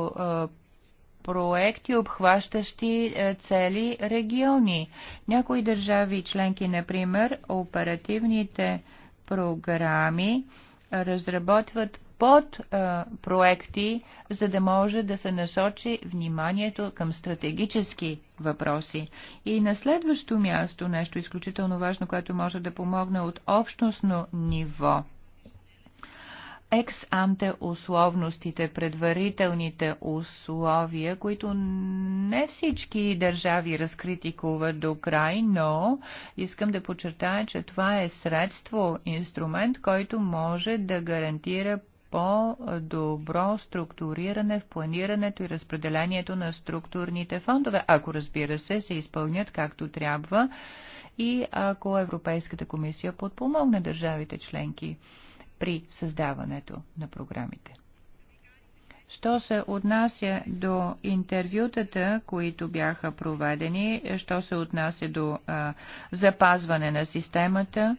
проекти, обхващащи цели региони. Някои държави членки, например, оперативните програми разработват под проекти, за да може да се насочи вниманието към стратегически въпроси. И на следващо място, нещо изключително важно, което може да помогне от общностно ниво – екс-анте условностите, предварителните условия, които не всички държави разкритикуват до край, но искам да подчертая, че това е средство, инструмент, който може да гарантира по-добро структуриране в планирането и разпределението на структурните фондове, ако разбира се, се изпълнят както трябва и ако Европейската комисия подпомогне държавите членки при създаването на програмите. Що се отнася до интервютата, които бяха проведени, що се отнася до а, запазване на системата,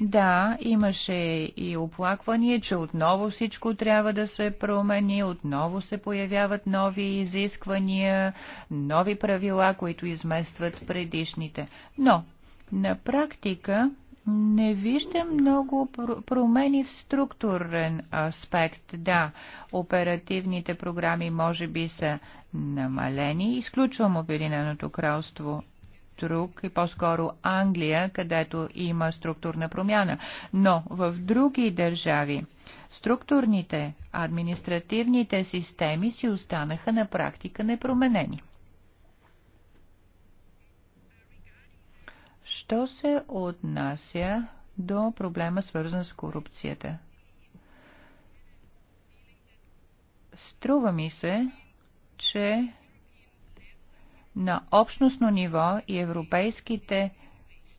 да, имаше и оплакване, че отново всичко трябва да се промени, отново се появяват нови изисквания, нови правила, които изместват предишните. Но на практика не виждам много промени в структурен аспект. Да, оперативните програми може би са намалени. Изключвам Обединеното кралство друг и по-скоро Англия, където има структурна промяна. Но в други държави структурните административните системи си останаха на практика непроменени. Що се отнася до проблема, свързан с корупцията? Струва ми се, че на общностно ниво и европейските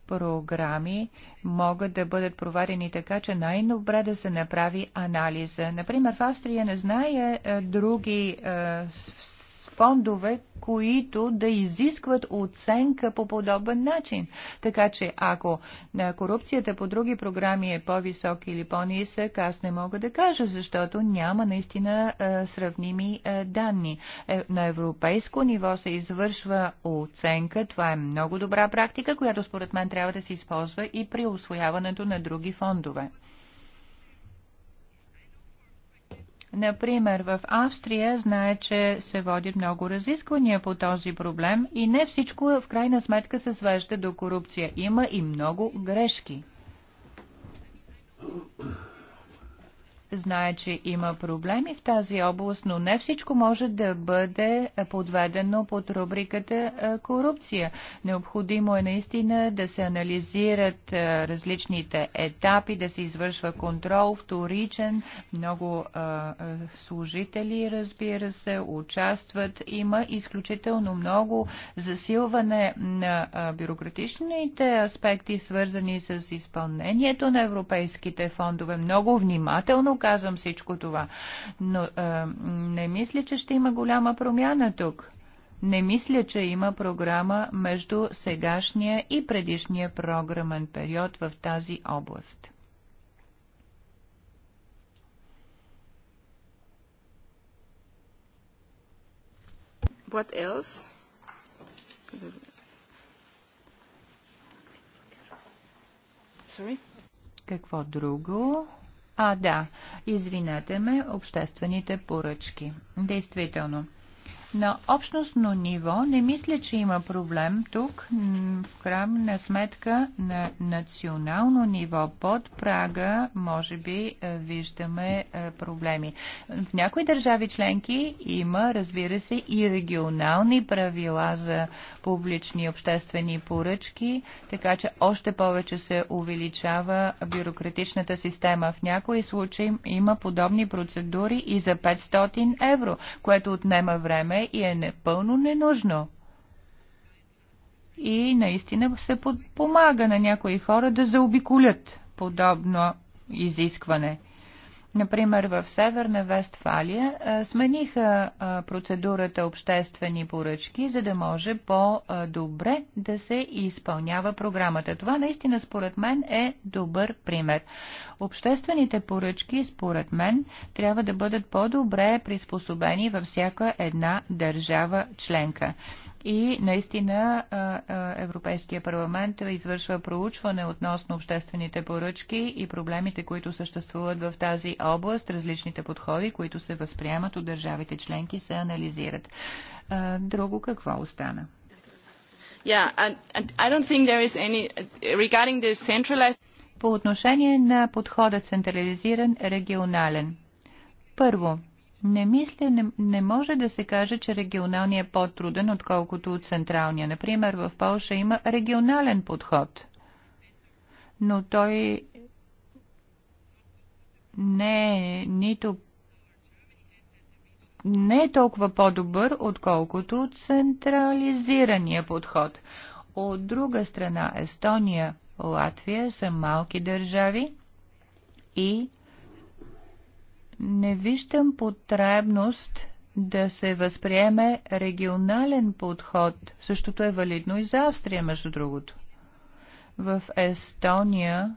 програми могат да бъдат проварени така, че най-добре да се направи анализа. Например, в Австрия не знае е, други е, фондове, които да изискват оценка по подобен начин. Така че ако корупцията по други програми е по-висок или по-нисък, аз не мога да кажа, защото няма наистина е, сравними е, данни. Е, на европейско ниво се извършва оценка. Това е много добра практика, която според мен трябва да се използва и при освояването на други фондове. Например, в Австрия знае, че се водят много разисквания по този проблем и не всичко в крайна сметка се свежда до корупция. Има и много грешки знае, че има проблеми в тази област, но не всичко може да бъде е, подведено под рубриката е, корупция. Необходимо е наистина да се анализират е, различните етапи, да се извършва контрол, вторичен, много служители, разбира се, участват. Има изключително много засилване на бюрократичните аспекти, свързани с изпълнението на европейските фондове. Много внимателно казвам всичко това, но а, не мисля, че ще има голяма промяна тук. Не мисля, че има програма между сегашния и предишния програмен период в тази област. What else? Sorry? Какво друго? А, да, извинете ме, обществените поръчки. Действително. На общностно ниво не мисля, че има проблем тук. В крайна сметка на национално ниво под прага може би е, виждаме е, проблеми. В някои държави членки има, разбира се, и регионални правила за публични обществени поръчки, така че още повече се увеличава бюрократичната система. В някои случаи има подобни процедури и за 500 евро, което отнема време не и е непълно ненужно. И наистина се помага на някои хора да заобиколят подобно изискване – Например, в Северна Вестфалия смениха процедурата обществени поръчки, за да може по-добре да се изпълнява програмата. Това наистина според мен е добър пример. Обществените поръчки според мен трябва да бъдат по-добре приспособени във всяка една държава членка. И наистина Европейския парламент извършва проучване относно обществените поръчки и проблемите, които съществуват в тази област, различните подходи, които се възприемат от държавите членки, се анализират. Друго какво остана? по отношение на подхода централизиран регионален. Първо, не мисля, не, не може да се каже, че регионалният е по-труден, отколкото от централния. Например, в Польша има регионален подход, но той не е нито не е толкова по-добър, отколкото централизирания подход. От друга страна, Естония, Латвия са малки държави и не виждам потребност да се възприеме регионален подход. Същото е валидно и за Австрия, между другото. В Естония,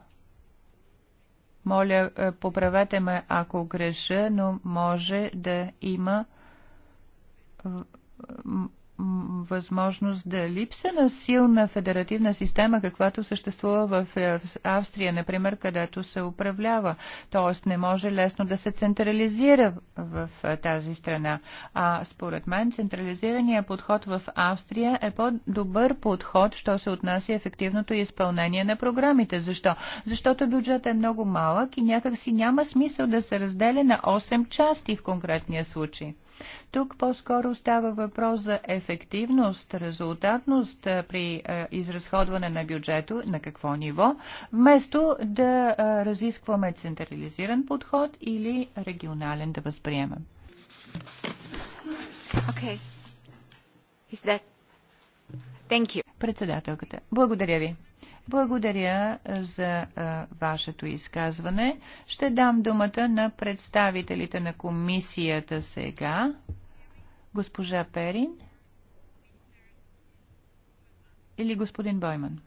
моля, е, поправете ме, ако греша, но може да има възможност да липса на силна федеративна система, каквато съществува е, в Австрия, например, където се управлява. Тоест не може лесно да се централизира в е, тази страна. А според мен централизираният подход в Австрия е по-добър подход, що се отнася ефективното изпълнение на програмите. Защо? Защото бюджетът е много малък и някак си няма смисъл да се разделя на 8 части в конкретния случай. Тук по-скоро става въпрос за ефективност, резултатност при изразходване на бюджето, на какво ниво, вместо да разискваме централизиран подход или регионален да възприемем. Okay. Is that... Thank you. Председателката. Благодаря ви. Благодаря за а, вашето изказване. Ще дам думата на представителите на комисията сега. Госпожа Перин или господин Бойман?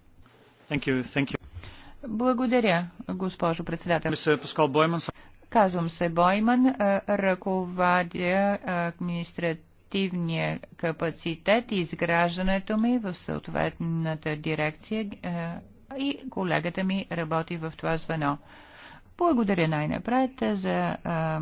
Thank you, thank you. Благодаря, госпожо председател. Казвам се Бойман, ръководя административната административния капацитет и изграждането ми в съответната дирекция е, и колегата ми работи в това звено. Благодаря най-напред за а,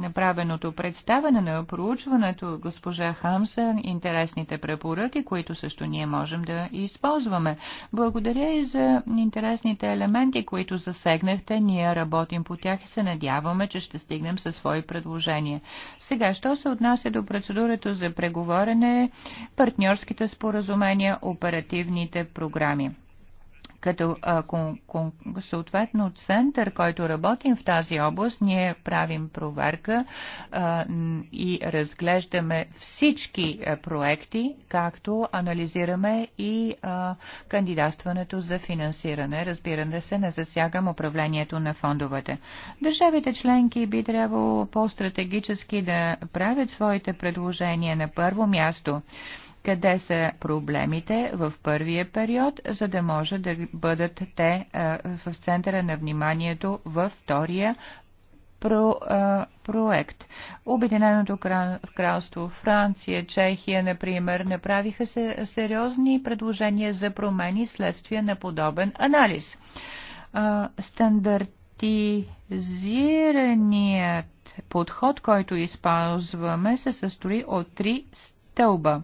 направеното представяне на проучването госпожа Хамса, интересните препоръки, които също ние можем да използваме. Благодаря и за интересните елементи, които засегнахте. Ние работим по тях и се надяваме, че ще стигнем със свои предложения. Сега, що се отнася до процедурата за преговорене, партньорските споразумения, оперативните програми. Като а, кон, кон, съответно център, който работим в тази област, ние правим проверка а, и разглеждаме всички а, проекти, както анализираме и а, кандидатстването за финансиране. Разбираме се, не засягам управлението на фондовете. Държавите членки би трябвало по-стратегически да правят своите предложения на първо място къде са проблемите в първия период, за да може да бъдат те в центъра на вниманието във втория про, а, проект. Обединеното кралство, Франция, Чехия, например, направиха се сериозни предложения за промени вследствие на подобен анализ. А, стандартизираният подход, който използваме, се състои от три стандарти тълба.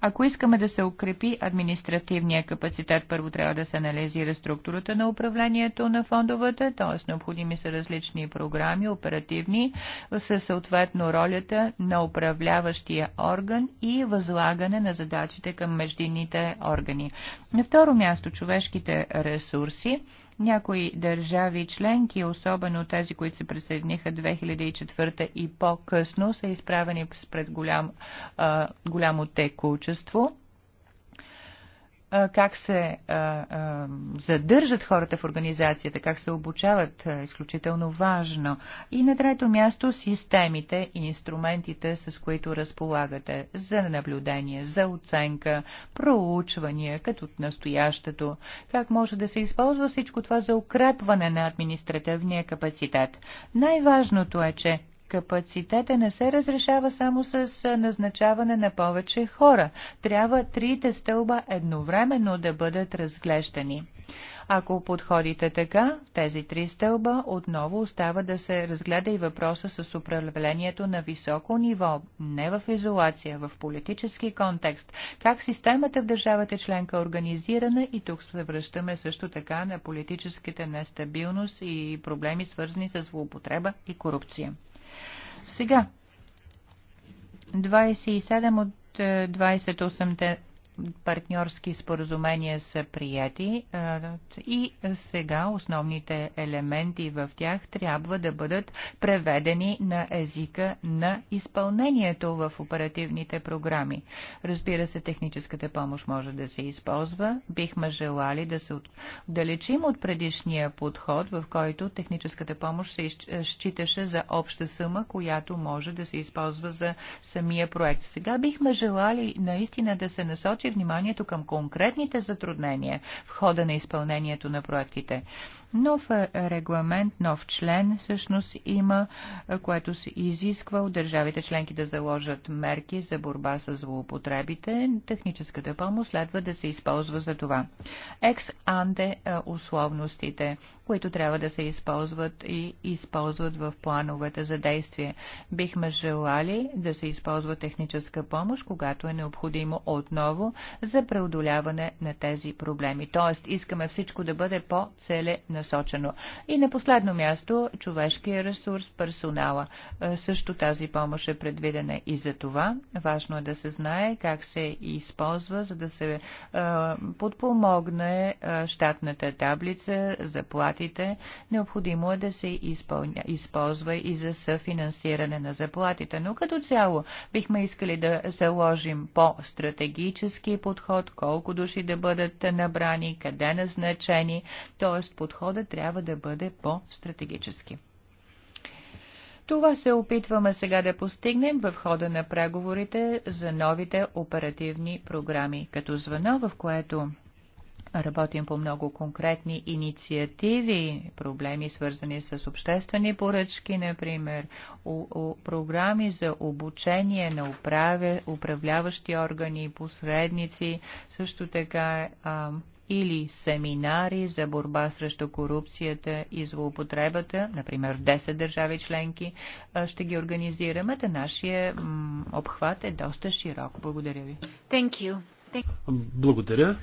Ако искаме да се укрепи административния капацитет, първо трябва да се анализира структурата на управлението на фондовете, т.е. необходими са различни програми, оперативни, със съответно ролята на управляващия орган и възлагане на задачите към междинните органи. На второ място човешките ресурси някои държави членки, особено тези, които се присъединиха 2004 и по-късно, са изправени пред голям, а, голямо текучество как се задържат хората в организацията, как се обучават, е изключително важно. И на трето място системите и инструментите, с които разполагате за наблюдение, за оценка, проучвания, като настоящето, как може да се използва всичко това за укрепване на административния капацитет. Най-важното е, че капацитета не се разрешава само с назначаване на повече хора. Трябва трите стълба едновременно да бъдат разглеждани. Ако подходите така, тези три стълба отново остава да се разгледа и въпроса с управлението на високо ниво, не в изолация, в политически контекст, как системата в държавата членка е организирана и тук се връщаме също така на политическите нестабилност и проблеми свързани с злоупотреба и корупция. Сега, 27 от 28-те е, партньорски споразумения са прияти и сега основните елементи в тях трябва да бъдат преведени на езика на изпълнението в оперативните програми. Разбира се, техническата помощ може да се използва. Бихме желали да се отдалечим от предишния подход, в който техническата помощ се считаше за обща сума, която може да се използва за самия проект. Сега бихме желали наистина да се насочи вниманието към конкретните затруднения в хода на изпълнението на проектите. Нов регламент, нов член всъщност има, което се изисква от държавите членки да заложат мерки за борба с злоупотребите. Техническата помощ следва да се използва за това. Екс-анде условностите, които трябва да се използват и използват в плановете за действие. Бихме желали да се използва техническа помощ, когато е необходимо отново за преодоляване на тези проблеми. Тоест, искаме всичко да бъде по-целенасочено насочено. И на последно място, човешкия ресурс, персонала. Е, също тази помощ е предвидена и за това. Важно е да се знае как се използва, за да се е, подпомогне е, щатната таблица, заплатите. Необходимо е да се използва и за съфинансиране на заплатите. Но като цяло бихме искали да заложим по-стратегически подход, колко души да бъдат набрани, къде назначени, т.е. подход подходът трябва да бъде по-стратегически. Това се опитваме сега да постигнем в хода на преговорите за новите оперативни програми, като звено, в което Работим по много конкретни инициативи, проблеми свързани с обществени поръчки, например, у, у, програми за обучение на управе, управляващи органи, посредници, също така а, или семинари за борба срещу корупцията и злоупотребата, например в 10 държави членки, ще ги организираме, да нашия обхват е доста широк. Благодаря ви. Thank you. Благодаря.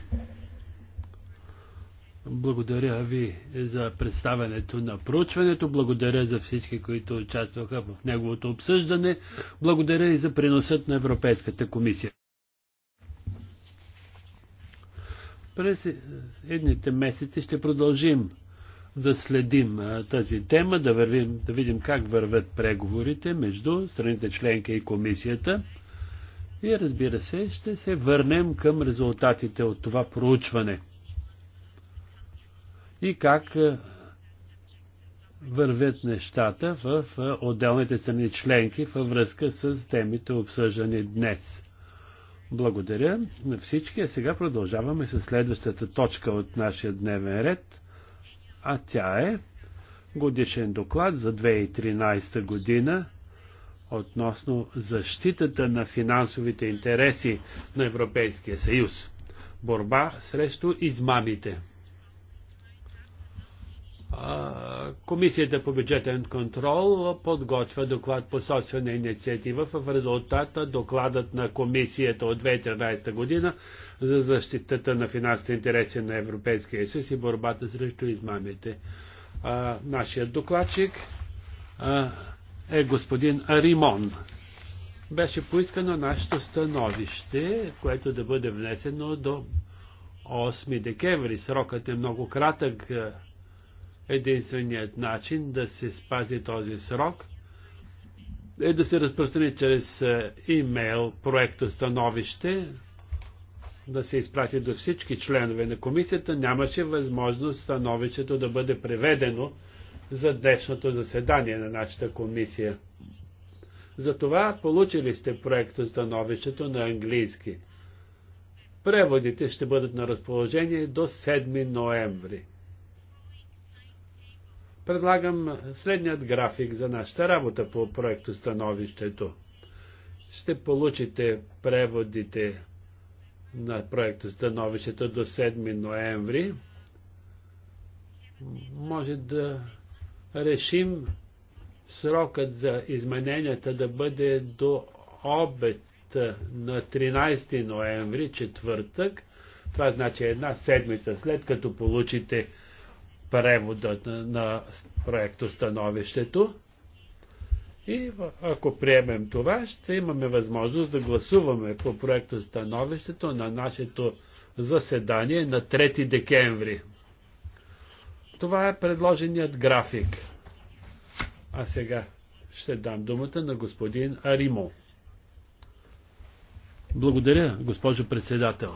Благодаря ви за представянето на проучването. Благодаря за всички, които участваха в неговото обсъждане. Благодаря и за приносът на Европейската комисия. През едните месеци ще продължим да следим тази тема, да, вървим, да видим как вървят преговорите между страните членка и комисията. И разбира се, ще се върнем към резултатите от това проучване и как е, вървят нещата в е, отделните страни членки във връзка с темите обсъждани днес. Благодаря на всички, а сега продължаваме с следващата точка от нашия дневен ред, а тя е годишен доклад за 2013 година относно защитата на финансовите интереси на Европейския съюз. Борба срещу измамите. Комисията по бюджетен контрол подготвя доклад по собствена инициатива в резултата докладът на комисията от 2013 година за защитата на финансовите интереси на Европейския съюз и борбата срещу измамите. А, нашият докладчик а, е господин Римон. Беше поискано нашето становище, което да бъде внесено до 8 декември. Срокът е много кратък единственият начин да се спази този срок е да се разпространи чрез е, имейл проекто становище, да се изпрати до всички членове на комисията. Нямаше възможност становището да бъде преведено за днешното заседание на нашата комисия. Затова получили сте проекто становището на английски. Преводите ще бъдат на разположение до 7 ноември предлагам следният график за нашата работа по проекто становището. Ще получите преводите на проекта становището до 7 ноември. Може да решим срокът за измененията да бъде до обед на 13 ноември, четвъртък. Това значи една седмица след като получите преводът на, на проектостановището. И ако приемем това, ще имаме възможност да гласуваме по проектостановището на нашето заседание на 3 декември. Това е предложеният график. А сега ще дам думата на господин Аримо. Благодаря, госпожо председател.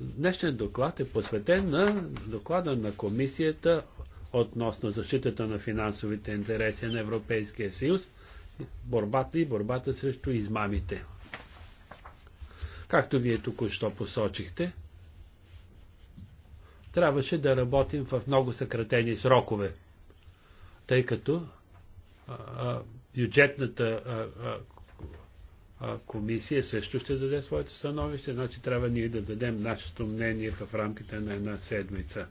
Днешният доклад е посветен на доклада на комисията относно защитата на финансовите интереси на Европейския съюз, борбата и борбата срещу измамите. Както вие току-що посочихте, трябваше да работим в много съкратени срокове, тъй като а, бюджетната а, комисия също ще даде своето становище, значи трябва ние да дадем нашето мнение в рамките на една седмица.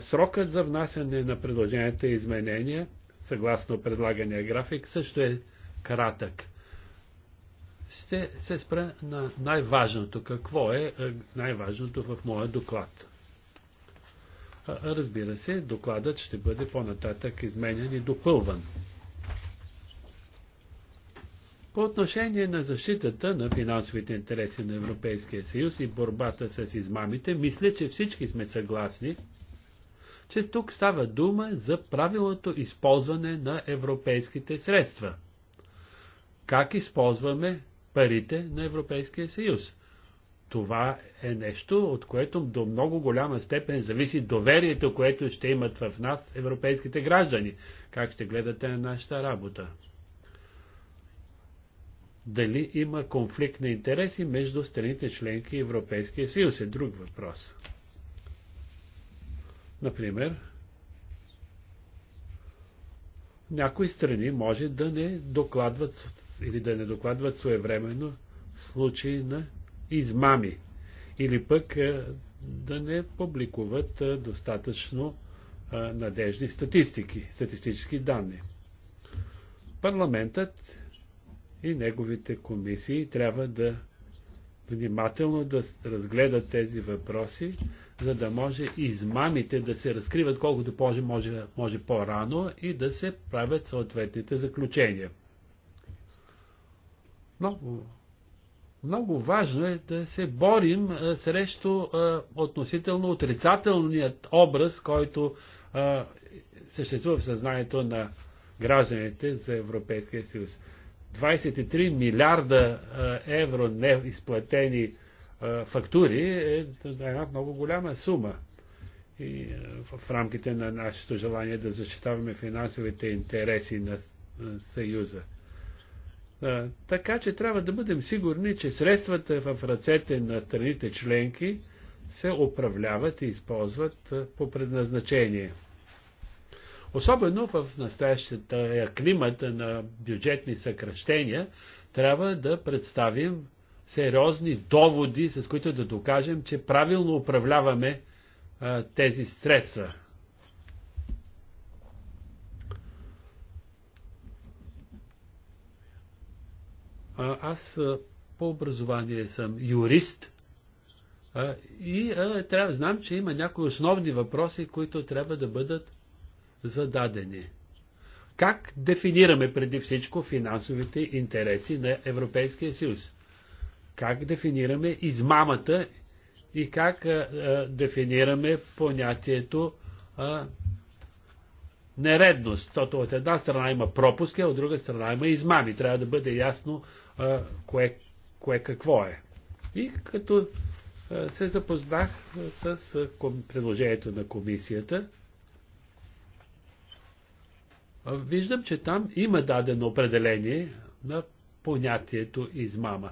Срокът за внасяне на предложенията и изменения, съгласно предлагания график, също е кратък. Ще се спра на най-важното. Какво е, е най-важното в моя доклад? Разбира се, докладът ще бъде по-нататък изменен и допълван. По отношение на защитата на финансовите интереси на Европейския съюз и борбата с измамите, мисля, че всички сме съгласни, че тук става дума за правилното използване на европейските средства. Как използваме парите на Европейския съюз? Това е нещо, от което до много голяма степен зависи доверието, което ще имат в нас европейските граждани, как ще гледате на нашата работа дали има конфликт на интереси между страните членки и Европейския съюз е друг въпрос. Например, някои страни може да не докладват или да не докладват своевременно случаи на измами или пък е, да не публикуват е, достатъчно е, надежни статистики, статистически данни. Парламентът и неговите комисии трябва да внимателно да разгледат тези въпроси, за да може измамите да се разкриват колкото може, може, може по-рано и да се правят съответните заключения. Много, много важно е да се борим а, срещу а, относително отрицателният образ, който а, съществува в съзнанието на гражданите за Европейския съюз. 23 милиарда евро неизплатени фактури е, е една много голяма сума. И е, в рамките на нашето желание да защитаваме финансовите интереси на Съюза. Така че трябва да бъдем сигурни, че средствата в ръцете на страните членки се управляват и използват по предназначение. Особено в настоящата е, климата на бюджетни съкръщения, трябва да представим сериозни доводи, с които да докажем, че правилно управляваме а, тези средства. А, аз а, по образование съм юрист а, и а, трябва, знам, че има някои основни въпроси, които трябва да бъдат зададени. Как дефинираме преди всичко финансовите интереси на Европейския съюз? Как дефинираме измамата и как а, а, дефинираме понятието а, нередност? Защото от една страна има пропуски, а от друга страна има измами. Трябва да бъде ясно а, кое, кое какво е. И като се запознах с предложението на комисията виждам, че там има дадено определение на понятието измама.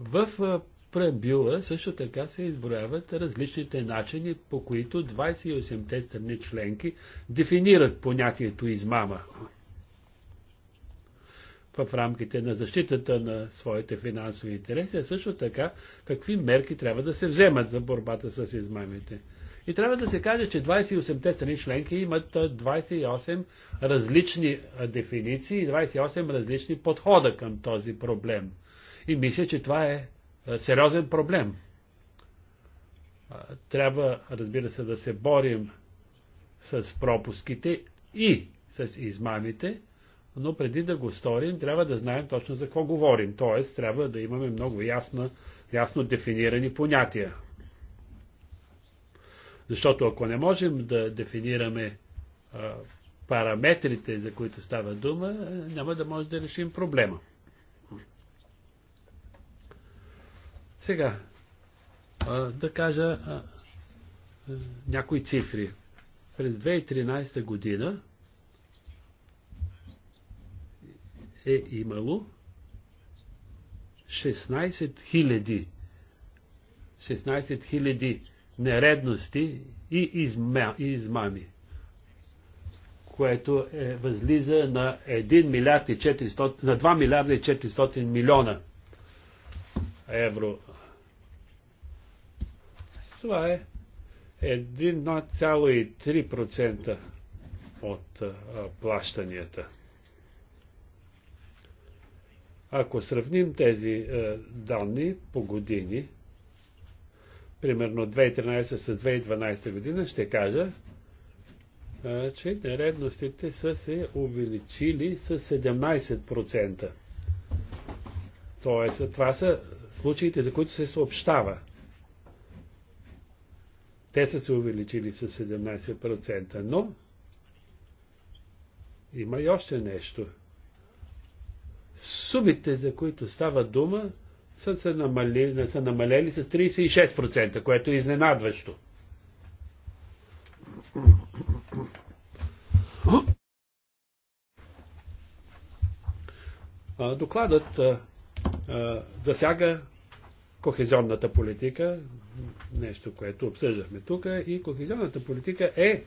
В преамбюла също така се изброяват различните начини, по които 28-те страни членки дефинират понятието измама в рамките на защитата на своите финансови интереси, а също така какви мерки трябва да се вземат за борбата с измамите. И трябва да се каже, че 28-те страни членки имат 28 различни дефиниции и 28 различни подхода към този проблем. И мисля, че това е сериозен проблем. Трябва, разбира се, да се борим с пропуските и с измамите, но преди да го сторим, трябва да знаем точно за какво говорим. Тоест, трябва да имаме много ясна, ясно дефинирани понятия. Защото ако не можем да дефинираме а, параметрите, за които става дума, няма да може да решим проблема. Сега, а, да кажа а, а, някои цифри. През 2013 година е имало 16 000 16 000 нередности и изма, измами, което е, възлиза на 1 милиард и 400, на 2 милиарда и 400 милиона евро. Това е 1,3% от а, плащанията. Ако сравним тези данни по години, примерно 2013 с 2012 година, ще кажа, че нередностите са се увеличили с 17%. Тоест, това са случаите, за които се съобщава. Те са се увеличили с 17%, но има и още нещо. Субите, за които става дума, са, са, намали, са намалели с 36%, което е изненадващо. Докладът засяга кохезионната политика, нещо, което обсъждахме тук, и кохезионната политика е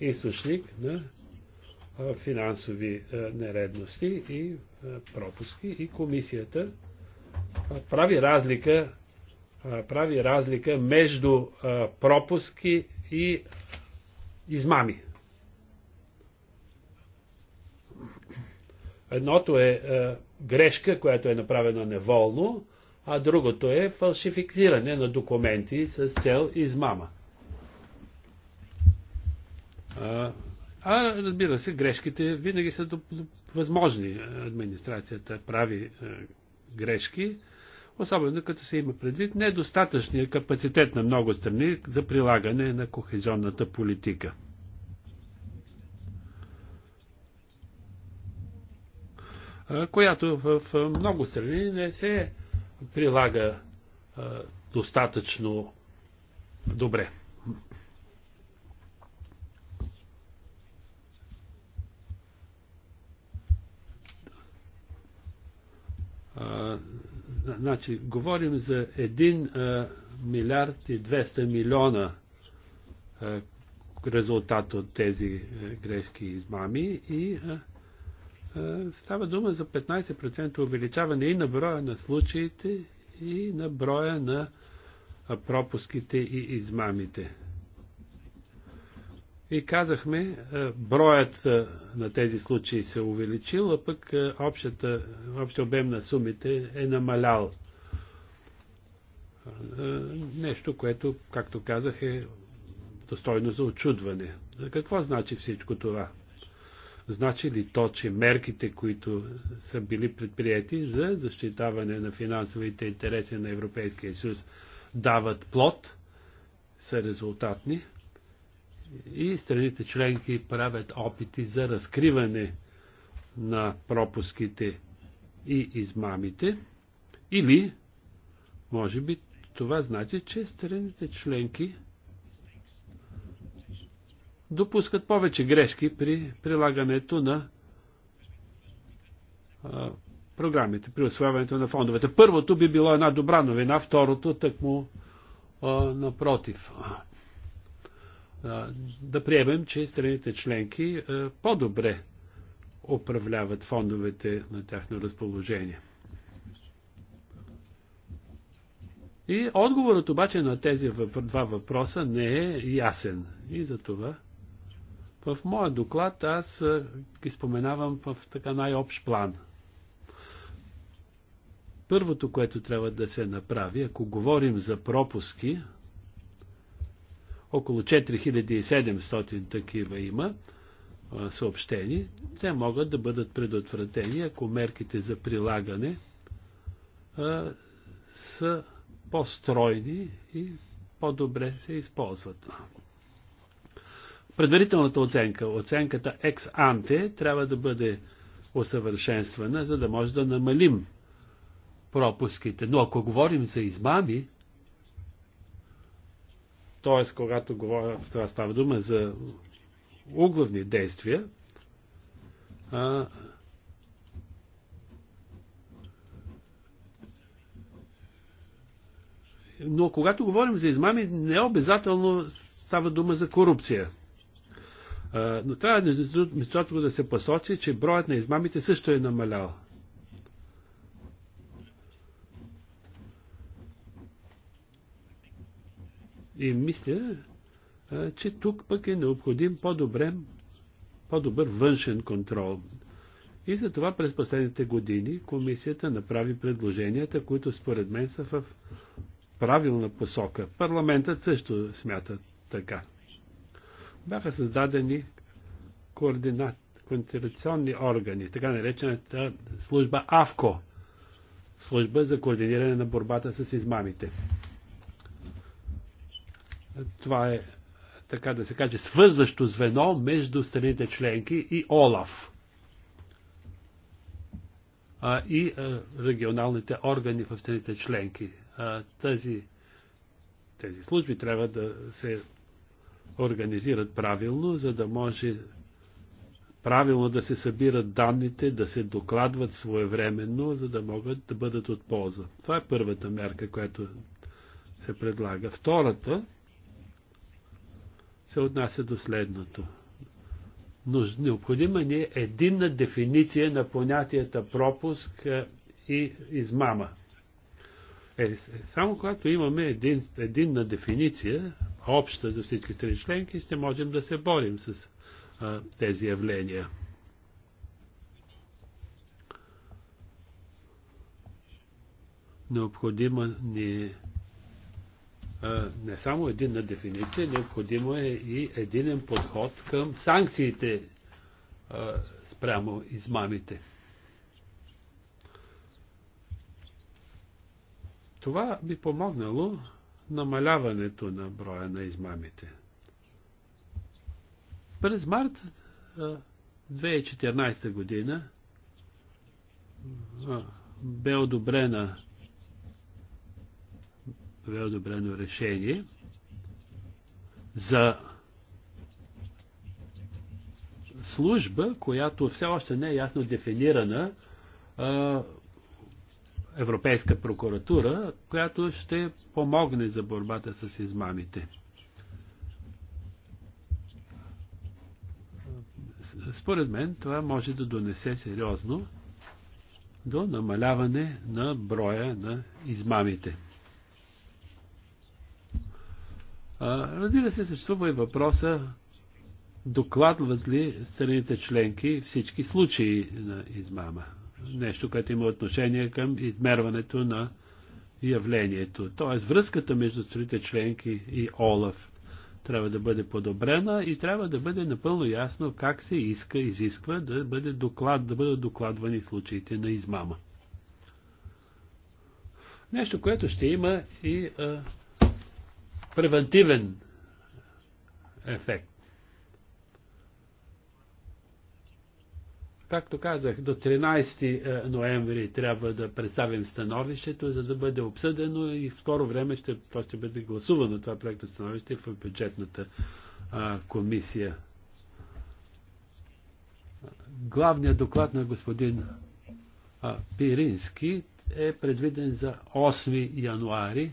източник на финансови нередности и пропуски и комисията прави разлика, прави разлика между пропуски и измами. Едното е грешка, която е направена неволно, а другото е фалшифициране на документи с цел измама. А разбира се, грешките винаги са възможни. Администрацията прави грешки, особено като се има предвид недостатъчния капацитет на много страни за прилагане на кохезионната политика. която в много страни не се прилага достатъчно добре. Значи, говорим за 1 милиард и 200 милиона резултат от тези грешки и измами и става дума за 15% увеличаване и на броя на случаите, и на броя на пропуските и измамите и казахме, е, броят е, на тези случаи се увеличил, а пък е, общата, общия обем на сумите е намалял. Нещо, което, както казах, е достойно за очудване. Какво значи всичко това? Значи ли то, че мерките, които са били предприяти за защитаване на финансовите интереси на Европейския съюз, дават плод, са резултатни? и страните членки правят опити за разкриване на пропуските и измамите, или, може би, това значи, че страните членки допускат повече грешки при прилагането на а, програмите, при освояването на фондовете. Първото би било една добра новина, второто тъкмо а, напротив да приемем, че страните членки по-добре управляват фондовете на тяхно разположение. И отговорът обаче на тези два въпроса не е ясен. И затова в моя доклад аз ги споменавам в така най-общ план. Първото, което трябва да се направи, ако говорим за пропуски, около 4700 такива има съобщени, те могат да бъдат предотвратени, ако мерките за прилагане а, са по-стройни и по-добре се използват. Предварителната оценка, оценката ex ante, трябва да бъде усъвършенствана, за да може да намалим пропуските. Но ако говорим за измами, т.е. когато говоря, това става дума за углавни действия, а, но когато говорим за измами, не е обязателно става дума за корупция. А, но трябва да се посочи, че броят на измамите също е намалял. И мисля, че тук пък е необходим по-добре, по-добър външен контрол. И за това през последните години комисията направи предложенията, които според мен са в правилна посока. Парламентът също смята така. Бяха създадени координат, координационни органи, така наречената служба АВКО, служба за координиране на борбата с измамите. Това е, така да се каже, свързващо звено между страните членки и ОЛАФ. А, и а, регионалните органи в страните членки. А, тази, тези служби трябва да се организират правилно, за да може правилно да се събират данните, да се докладват своевременно, за да могат да бъдат от полза. Това е първата мерка, която се предлага. Втората се отнася до следното. Но Необходима ни е единна дефиниция на понятията пропуск е, и измама. Е, е, само когато имаме един, единна дефиниция, обща за всички страни членки, ще можем да се борим с а, тези явления. Необходима ни е не само единна дефиниция, необходимо е и единен подход към санкциите спрямо измамите. Това би помогнало намаляването на броя на измамите. През март 2014 година бе одобрена бе одобрено решение за служба, която все още не е ясно дефинирана а, Европейска прокуратура, която ще помогне за борбата с измамите. Според мен това може да донесе сериозно до намаляване на броя на измамите. Разбира се, съществува и въпроса докладват ли страните членки всички случаи на измама. Нещо, което има отношение към измерването на явлението. Тоест връзката между страните членки и ОЛАФ трябва да бъде подобрена и трябва да бъде напълно ясно как се иска, изисква да, бъде доклад, да бъдат докладвани случаите на измама. Нещо, което ще има и а, превентивен ефект. Както казах, до 13 е, ноември трябва да представим становището, за да бъде обсъдено и в скоро време ще, то ще бъде гласувано, това проектно становище в бюджетната а, комисия. Главният доклад на господин а, Пирински е предвиден за 8 януари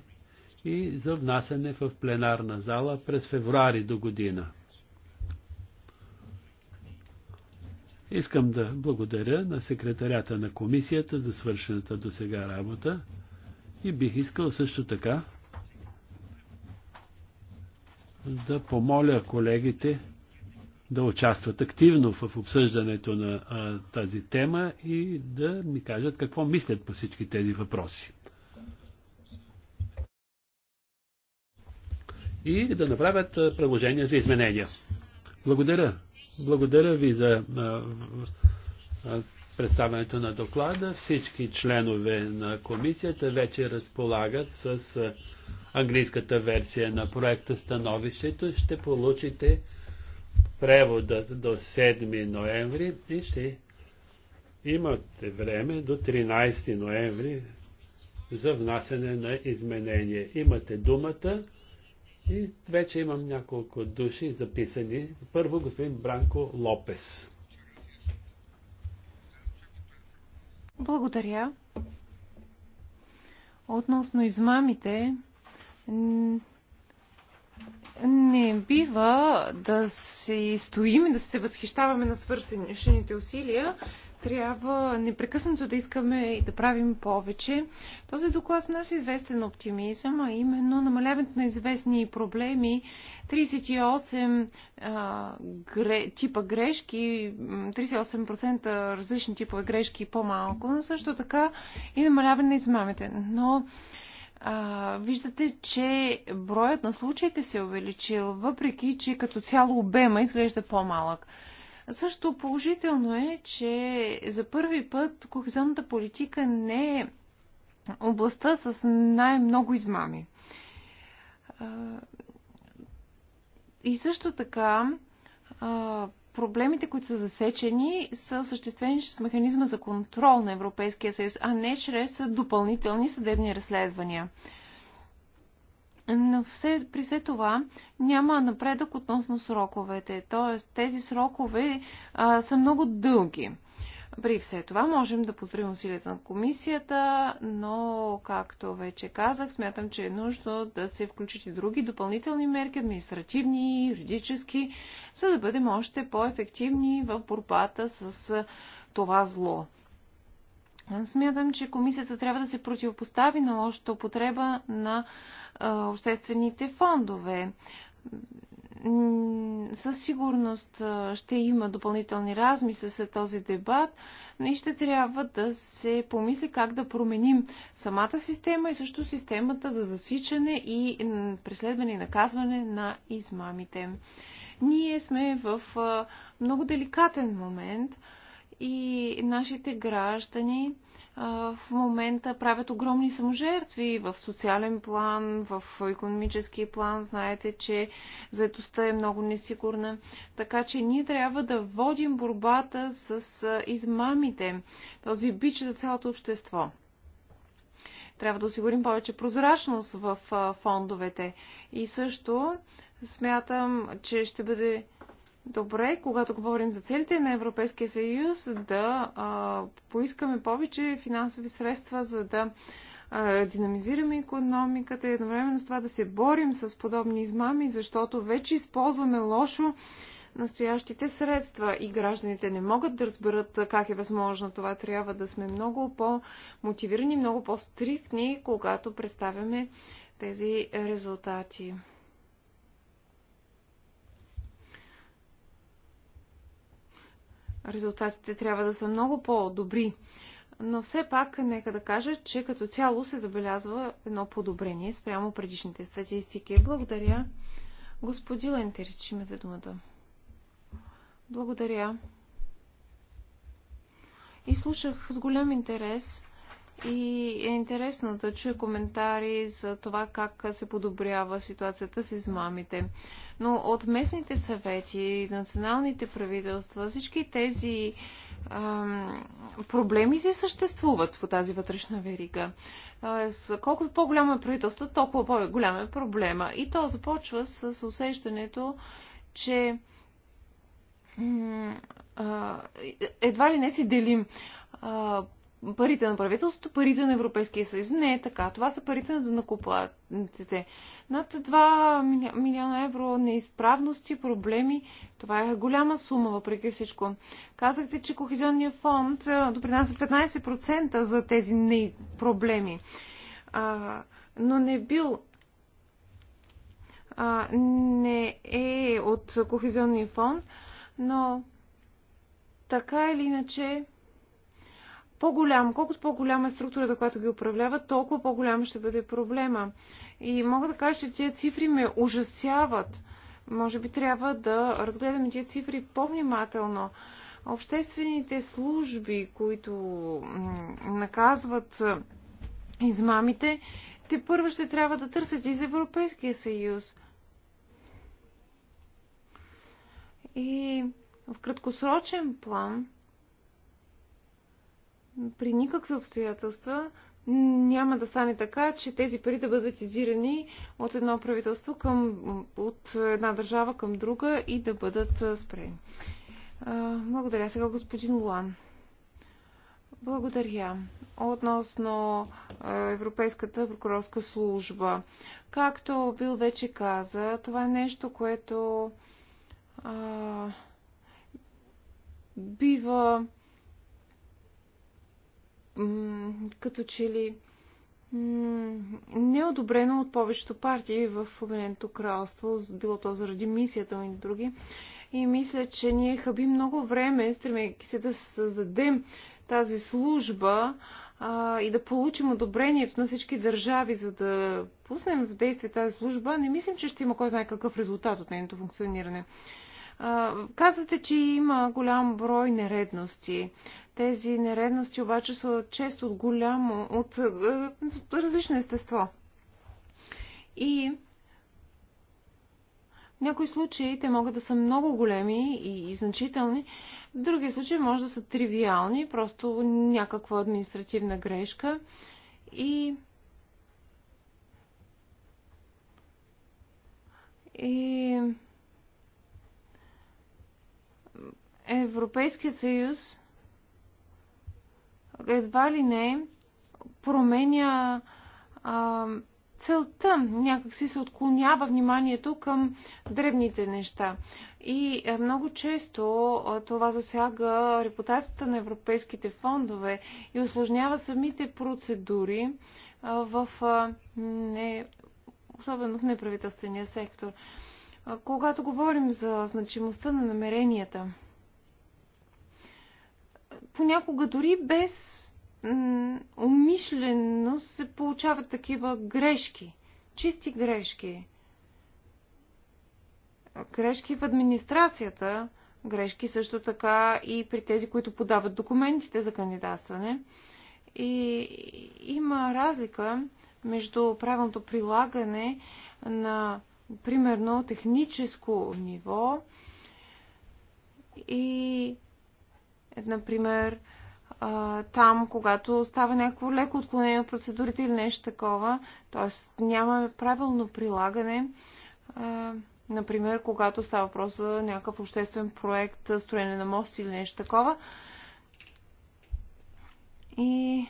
и за внасене в пленарна зала през февруари до година. Искам да благодаря на секретарята на комисията за свършената до сега работа и бих искал също така да помоля колегите да участват активно в обсъждането на а, тази тема и да ми кажат какво мислят по всички тези въпроси. и да направят предложения за изменения. Благодаря. Благодаря ви за представянето на доклада. Всички членове на комисията вече разполагат с английската версия на проекта Становището. Ще получите превода до 7 ноември и ще имате време до 13 ноември за внасяне на изменения. Имате думата. И вече имам няколко души записани. Първо господин Бранко Лопес. Благодаря. Относно измамите, не бива да се стоим и да се възхищаваме на свършените усилия, трябва непрекъснато да искаме и да правим повече. Този доклад нас е известен оптимизъм, а именно намаляването на известни проблеми, 38 а, гре, типа грешки, 38% различни типове грешки и по-малко, но също така и намаляване на измамите. Но а, виждате, че броят на случаите се е увеличил, въпреки че като цяло обема изглежда по-малък. Също положително е, че за първи път кохезионната политика не е областта с най-много измами. И също така, проблемите, които са засечени, са осъществени чрез механизма за контрол на Европейския съюз, а не чрез допълнителни съдебни разследвания. Но все, при все това няма напредък относно сроковете. Тоест, тези срокове а, са много дълги. При все това можем да поздравим усилията на комисията, но, както вече казах, смятам, че е нужно да се включат и други допълнителни мерки, административни, юридически, за да бъдем още по-ефективни в борбата с това зло. Смятам, че комисията трябва да се противопостави на лошата употреба на а, обществените фондове. Със сигурност ще има допълнителни размисли след този дебат и ще трябва да се помисли как да променим самата система и също системата за засичане и преследване и наказване на измамите. Ние сме в много деликатен момент и нашите граждани в момента правят огромни саможертви в социален план, в економически план. Знаете, че заедостта е много несигурна. Така че ние трябва да водим борбата с измамите, този бич за цялото общество. Трябва да осигурим повече прозрачност в фондовете. И също смятам, че ще бъде добре, когато говорим за целите на Европейския съюз, да а, поискаме повече финансови средства, за да а, динамизираме економиката и едновременно с това да се борим с подобни измами, защото вече използваме лошо настоящите средства и гражданите не могат да разберат как е възможно това. Трябва да сме много по-мотивирани, много по-стриктни, когато представяме тези резултати. резултатите трябва да са много по-добри. Но все пак, нека да кажа, че като цяло се забелязва едно подобрение спрямо предишните статистики. Благодаря. Господи Лентерич, имате думата. Благодаря. И слушах с голям интерес и е интересно да чуя коментари за това как се подобрява ситуацията с измамите. Но от местните съвети, националните правителства, всички тези ам, проблеми си съществуват по тази вътрешна верига. Тоест, колкото по-голямо е правителство, толкова по-голям е проблема. И то започва с усещането, че едва ли не си делим парите на правителството, парите на Европейския съюз. Не е така. Това са парите на данакоплатците. Над 2 милиона евро неизправности, проблеми. Това е голяма сума, въпреки всичко. Казахте, че Кохезионния фонд допринася 15% за тези не... проблеми. А, но не бил а, не е от Кохезионния фонд, но така или иначе по-голям, колкото по-голяма е структурата, която ги управлява, толкова по-голям ще бъде проблема. И мога да кажа, че тези цифри ме ужасяват. Може би трябва да разгледаме тези цифри по-внимателно. Обществените служби, които наказват измамите, те първо ще трябва да търсят из Европейския съюз. И в краткосрочен план при никакви обстоятелства няма да стане така, че тези пари да бъдат изирани от едно правителство към, от една държава към друга и да бъдат спрени. Благодаря. Сега господин Луан. Благодаря. Относно Европейската прокурорска служба. Както Бил вече каза, това е нещо, което а, бива като че ли не одобрено от повечето партии в Обединеното кралство, било то заради мисията или други. И мисля, че ние хаби много време, стремейки се да създадем тази служба а, и да получим одобрението на всички държави, за да пуснем в действие тази служба, не мислим, че ще има кой знае какъв резултат от нейното функциониране. Казвате, че има голям брой нередности. Тези нередности обаче са често от голямо, от, от различно естество. И в някои случаи те могат да са много големи и, и значителни, в други случаи може да са тривиални, просто някаква административна грешка. И И Европейският съюз едва ли не променя а, целта, някакси се отклонява вниманието към дребните неща. И е, много често това засяга репутацията на европейските фондове и осложнява самите процедури в не, особено в неправителствения сектор. Когато говорим за значимостта на намеренията, понякога дори без умишлено се получават такива грешки, чисти грешки. Грешки в администрацията, грешки също така и при тези, които подават документите за кандидатстване. И има разлика между правилното прилагане на, примерно, техническо ниво и Например, там, когато става някакво леко отклонение на процедурите или нещо такова, т.е. нямаме правилно прилагане. Например, когато става въпрос за някакъв обществен проект, строене на мост или нещо такова. И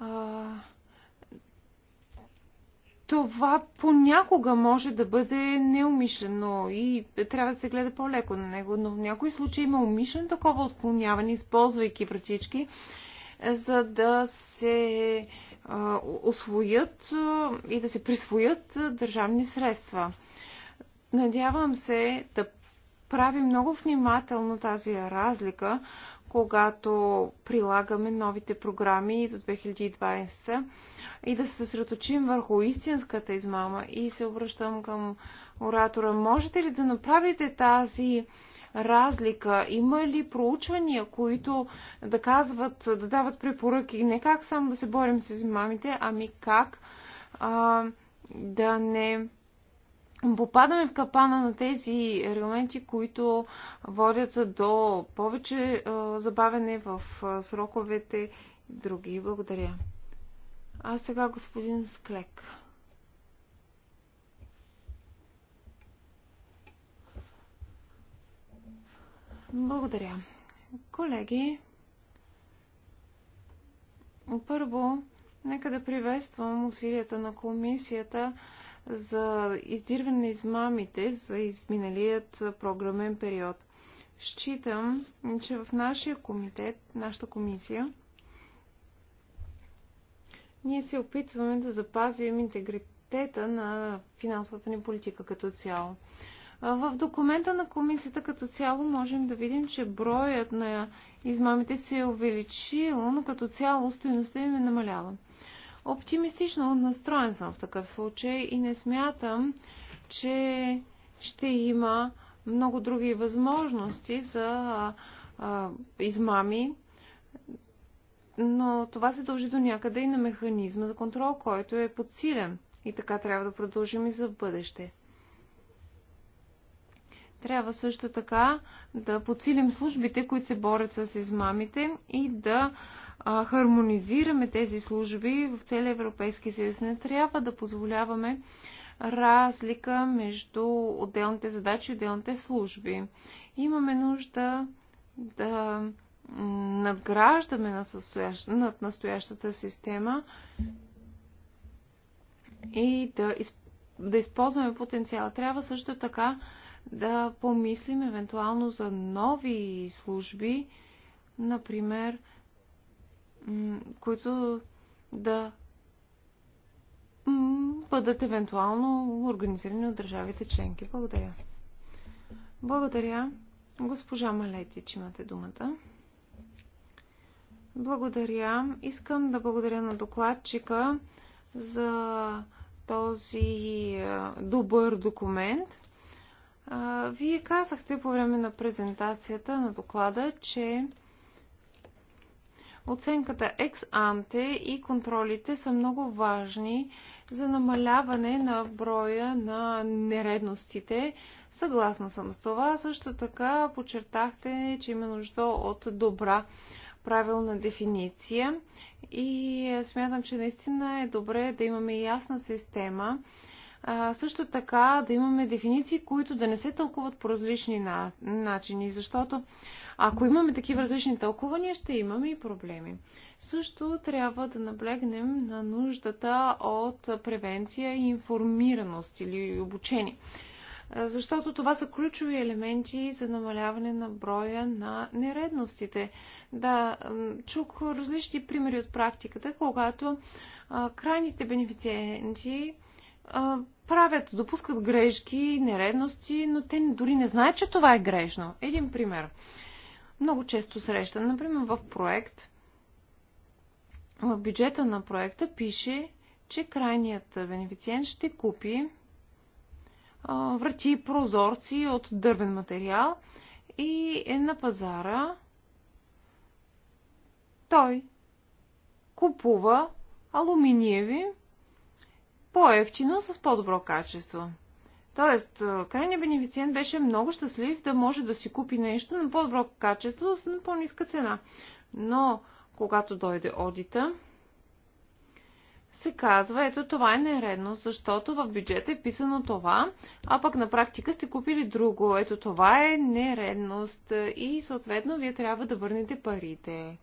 а, това понякога може да бъде неумишлено и трябва да се гледа по-леко на него, но в някои случаи има умишлено такова отклоняване, използвайки вратички, за да се освоят и да се присвоят държавни средства. Надявам се да правим много внимателно тази разлика, когато прилагаме новите програми до 2020 и да се съсредоточим върху истинската измама. И се обръщам към оратора. Можете ли да направите тази разлика? Има ли проучвания, които да казват, да дават препоръки не как само да се борим с измамите, ами как а, да не попадаме в капана на тези регламенти, които водят до повече забавене в сроковете и други. Благодаря. А сега господин Склек. Благодаря. Колеги, първо, нека да приветствам усилията на комисията за издирване на измамите за изминалият програмен период. Считам, че в нашия комитет, нашата комисия, ние се опитваме да запазим интегритета на финансовата ни политика като цяло. В документа на комисията като цяло можем да видим, че броят на измамите се е увеличил, но като цяло стоеността им е намалява. Оптимистично настроен съм в такъв случай и не смятам, че ще има много други възможности за а, а, измами но това се дължи до някъде и на механизма за контрол, който е подсилен. И така трябва да продължим и за бъдеще. Трябва също така да подсилим службите, които се борят с измамите и да а, хармонизираме тези служби в целия Европейски съюз. Не трябва да позволяваме разлика между отделните задачи и отделните служби. Имаме нужда да надграждаме над, състоящ, над настоящата система и да, из, да използваме потенциала. Трябва също така да помислим евентуално за нови служби, например, които да бъдат евентуално организирани от държавите членки. Благодаря. Благодаря. Госпожа Малетич, имате думата. Благодаря. Искам да благодаря на докладчика за този е, добър документ. Вие казахте по време на презентацията на доклада, че оценката ex-ante и контролите са много важни за намаляване на броя на нередностите. Съгласна съм с това. Също така подчертахте, че има нужда от добра правилна дефиниция и е, смятам, че наистина е добре да имаме ясна система. А, също така да имаме дефиниции, които да не се тълкуват по различни на, начини, защото ако имаме такива различни тълкувания, ще имаме и проблеми. Също трябва да наблегнем на нуждата от превенция и информираност или обучение защото това са ключови елементи за намаляване на броя на нередностите. Да, чух различни примери от практиката, когато крайните бенефициенти правят, допускат грешки, нередности, но те дори не знаят, че това е грешно. Един пример. Много често срещан, например, в проект, в бюджета на проекта пише, че крайният бенефициент ще купи врати прозорци от дървен материал и е на пазара. Той купува алуминиеви по-ефтино с по-добро качество. Тоест, крайният бенефициент беше много щастлив да може да си купи нещо на по-добро качество с по-ниска цена. Но, когато дойде одита, се казва, ето това е нередно, защото в бюджета е писано това, а пък на практика сте купили друго. Ето това е нередност и съответно вие трябва да върнете парите.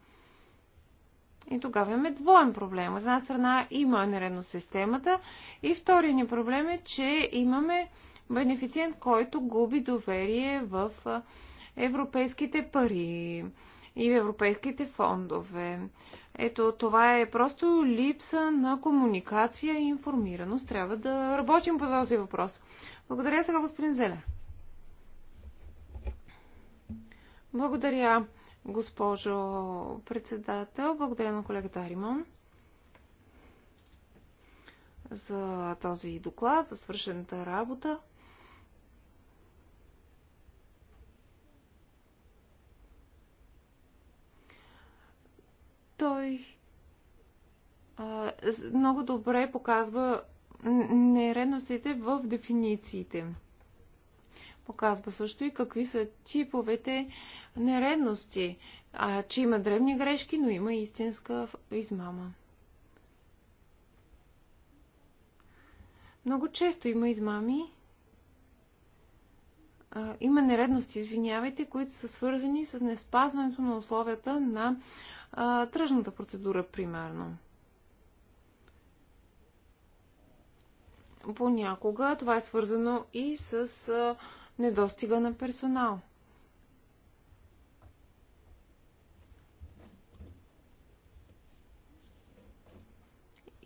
И тогава имаме двоен проблем. От една страна има нередност системата и втория ни проблем е, че имаме бенефициент, който губи доверие в европейските пари и в европейските фондове. Ето, това е просто липса на комуникация и информираност. Трябва да работим по този въпрос. Благодаря сега, господин Зеле. Благодаря, госпожо председател. Благодаря на колегата Ариман за този доклад, за свършената работа. Той а, много добре показва нередностите в дефинициите. Показва също и какви са типовете нередности, а, че има древни грешки, но има истинска измама. Много често има измами, а, има нередности, извинявайте, които са свързани с неспазването на условията на а, тръжната процедура, примерно. Понякога това е свързано и с а, недостига на персонал.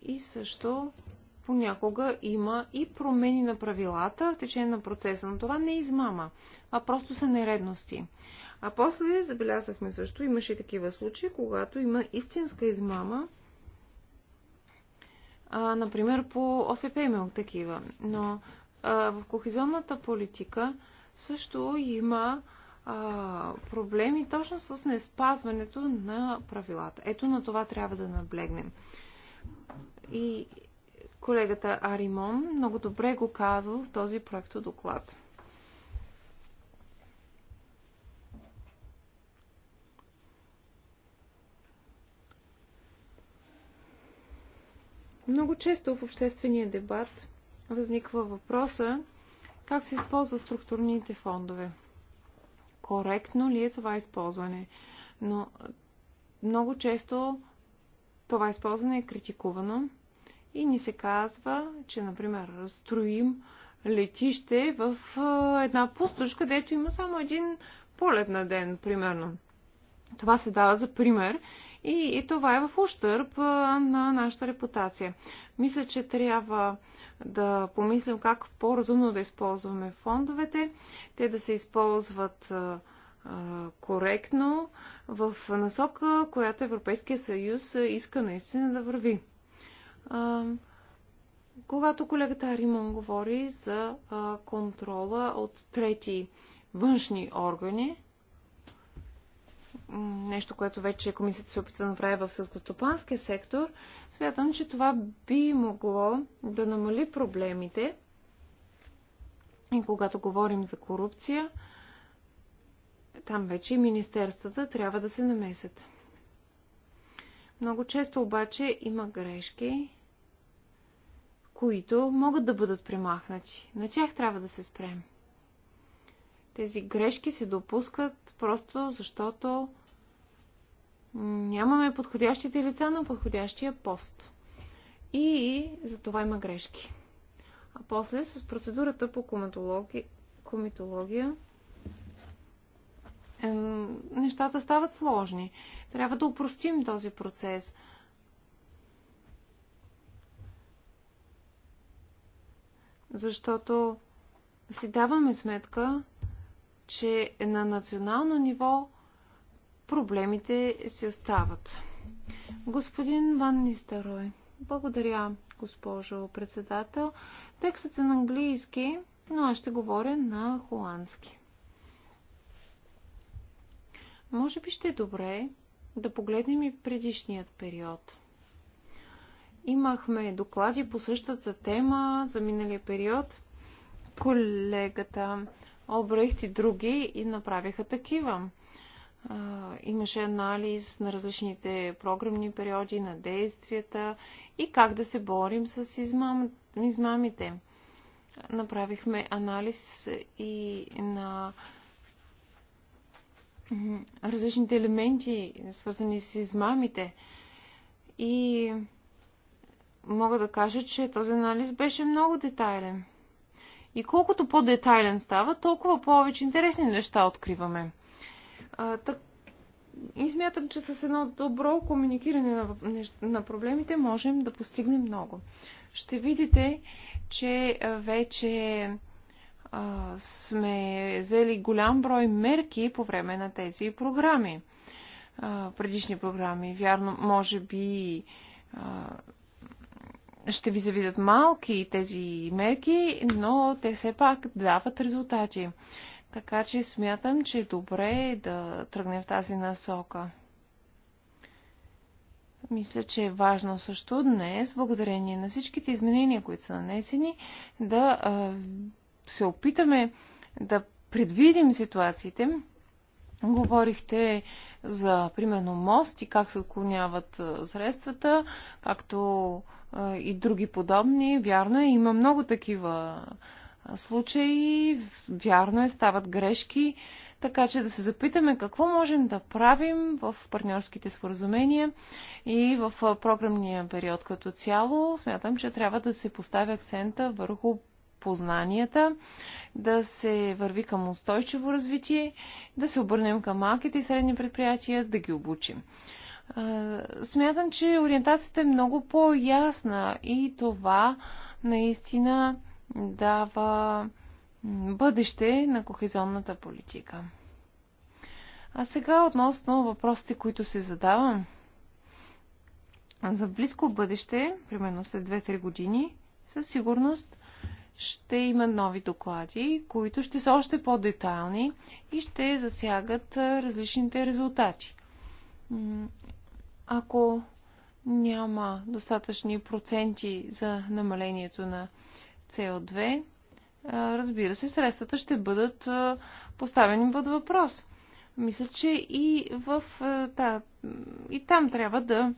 И също понякога има и промени на правилата в течение на процеса, но това не е измама, а просто са нередности. А после забелязахме също, имаше такива случаи, когато има истинска измама, а, например по ОСП е имал такива, но а, в кохезионната политика също има а, проблеми точно с неспазването на правилата. Ето на това трябва да наблегнем. И колегата Аримон много добре го казва в този проект доклад. Много често в обществения дебат възниква въпроса как се използва структурните фондове. Коректно ли е това използване? Но много често това използване е критикувано и ни се казва, че, например, строим летище в една пустош, където има само един полет на ден, примерно. Това се дава за пример и, и това е в ущърп на нашата репутация. Мисля, че трябва да помислим как по-разумно да използваме фондовете, те да се използват коректно в насока, която Европейския съюз иска наистина да върви. Когато колегата Римон говори за контрола от трети външни органи, нещо, което вече комисията се опитва да направи в селскостопанския сектор, смятам, че това би могло да намали проблемите. И когато говорим за корупция, там вече и министерствата трябва да се намесят. Много често обаче има грешки, които могат да бъдат премахнати. На тях трябва да се спрем. Тези грешки се допускат просто защото нямаме подходящите лица на подходящия пост. И за това има грешки. А после с процедурата по комитология, комитология е, нещата стават сложни. Трябва да упростим този процес. Защото си даваме сметка, че на национално ниво проблемите си остават. Господин Ван Нистерой, благодаря, госпожо председател. Текстът е на английски, но аз ще говоря на холандски. Може би ще е добре да погледнем и предишният период. Имахме доклади по същата тема за миналия период. Колегата Обрехт и други и направиха такива имаше анализ на различните програмни периоди, на действията и как да се борим с измам... измамите. Направихме анализ и на различните елементи, свързани с измамите. И мога да кажа, че този анализ беше много детайлен. И колкото по-детайлен става, толкова повече интересни неща откриваме. А, так, и смятам, че с едно добро комуникиране на, на проблемите можем да постигнем много. Ще видите, че вече а, сме взели голям брой мерки по време на тези програми. А, предишни програми. Вярно, може би а, ще ви завидят малки тези мерки, но те все пак дават резултати. Така че смятам, че е добре да тръгне в тази насока. Мисля, че е важно също днес, благодарение на всичките изменения, които са нанесени, да а, се опитаме да предвидим ситуациите. Говорихте за, примерно, мост и как се отклоняват средствата, както а, и други подобни. Вярно е, има много такива случаи, вярно е, стават грешки, така че да се запитаме какво можем да правим в партньорските споразумения и в програмния период като цяло. Смятам, че трябва да се поставя акцента върху познанията, да се върви към устойчиво развитие, да се обърнем към малките и средни предприятия, да ги обучим. Смятам, че ориентацията е много по-ясна и това наистина дава бъдеще на кохезионната политика. А сега относно въпросите, които се задавам. За близко бъдеще, примерно след 2-3 години, със сигурност ще има нови доклади, които ще са още по-детайлни и ще засягат различните резултати. Ако няма достатъчни проценти за намалението на CO2, разбира се, средствата ще бъдат поставени под въпрос. Мисля, че и, в, да, и там трябва да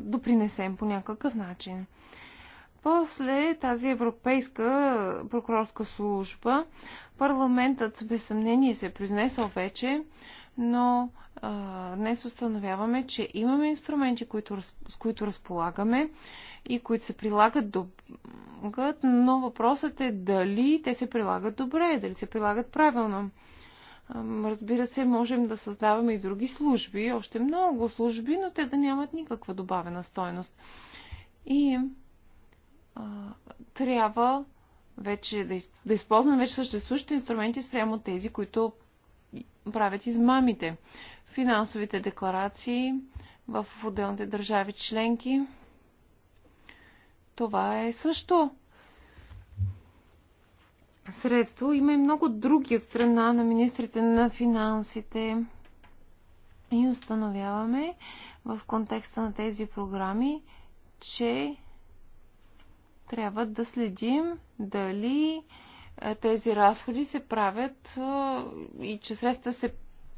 допринесем по някакъв начин. После тази Европейска прокурорска служба, парламентът без съмнение се е произнесъл вече, но а, днес установяваме, че имаме инструменти, които, с които разполагаме и които се прилагат добре, но въпросът е дали те се прилагат добре, дали се прилагат правилно. Разбира се, можем да създаваме и други служби, още много служби, но те да нямат никаква добавена стойност. И а, трябва вече да, из, да използваме вече съществуващите инструменти спрямо тези, които правят измамите. Финансовите декларации в отделните държави членки. Това е също средство. Има и много други от страна на министрите на финансите. И установяваме в контекста на тези програми, че трябва да следим дали е, тези разходи се правят е, и че средства се,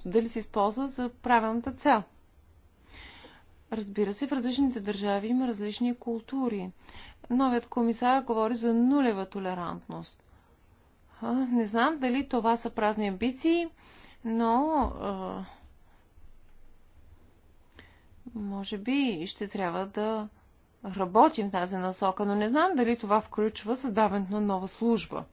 дали се използват за правилната цел. Разбира се, в различните държави има различни култури. Новият комисар говори за нулева толерантност. не знам дали това са празни амбиции, но може би ще трябва да работим в тази насока, но не знам дали това включва създаването на нова служба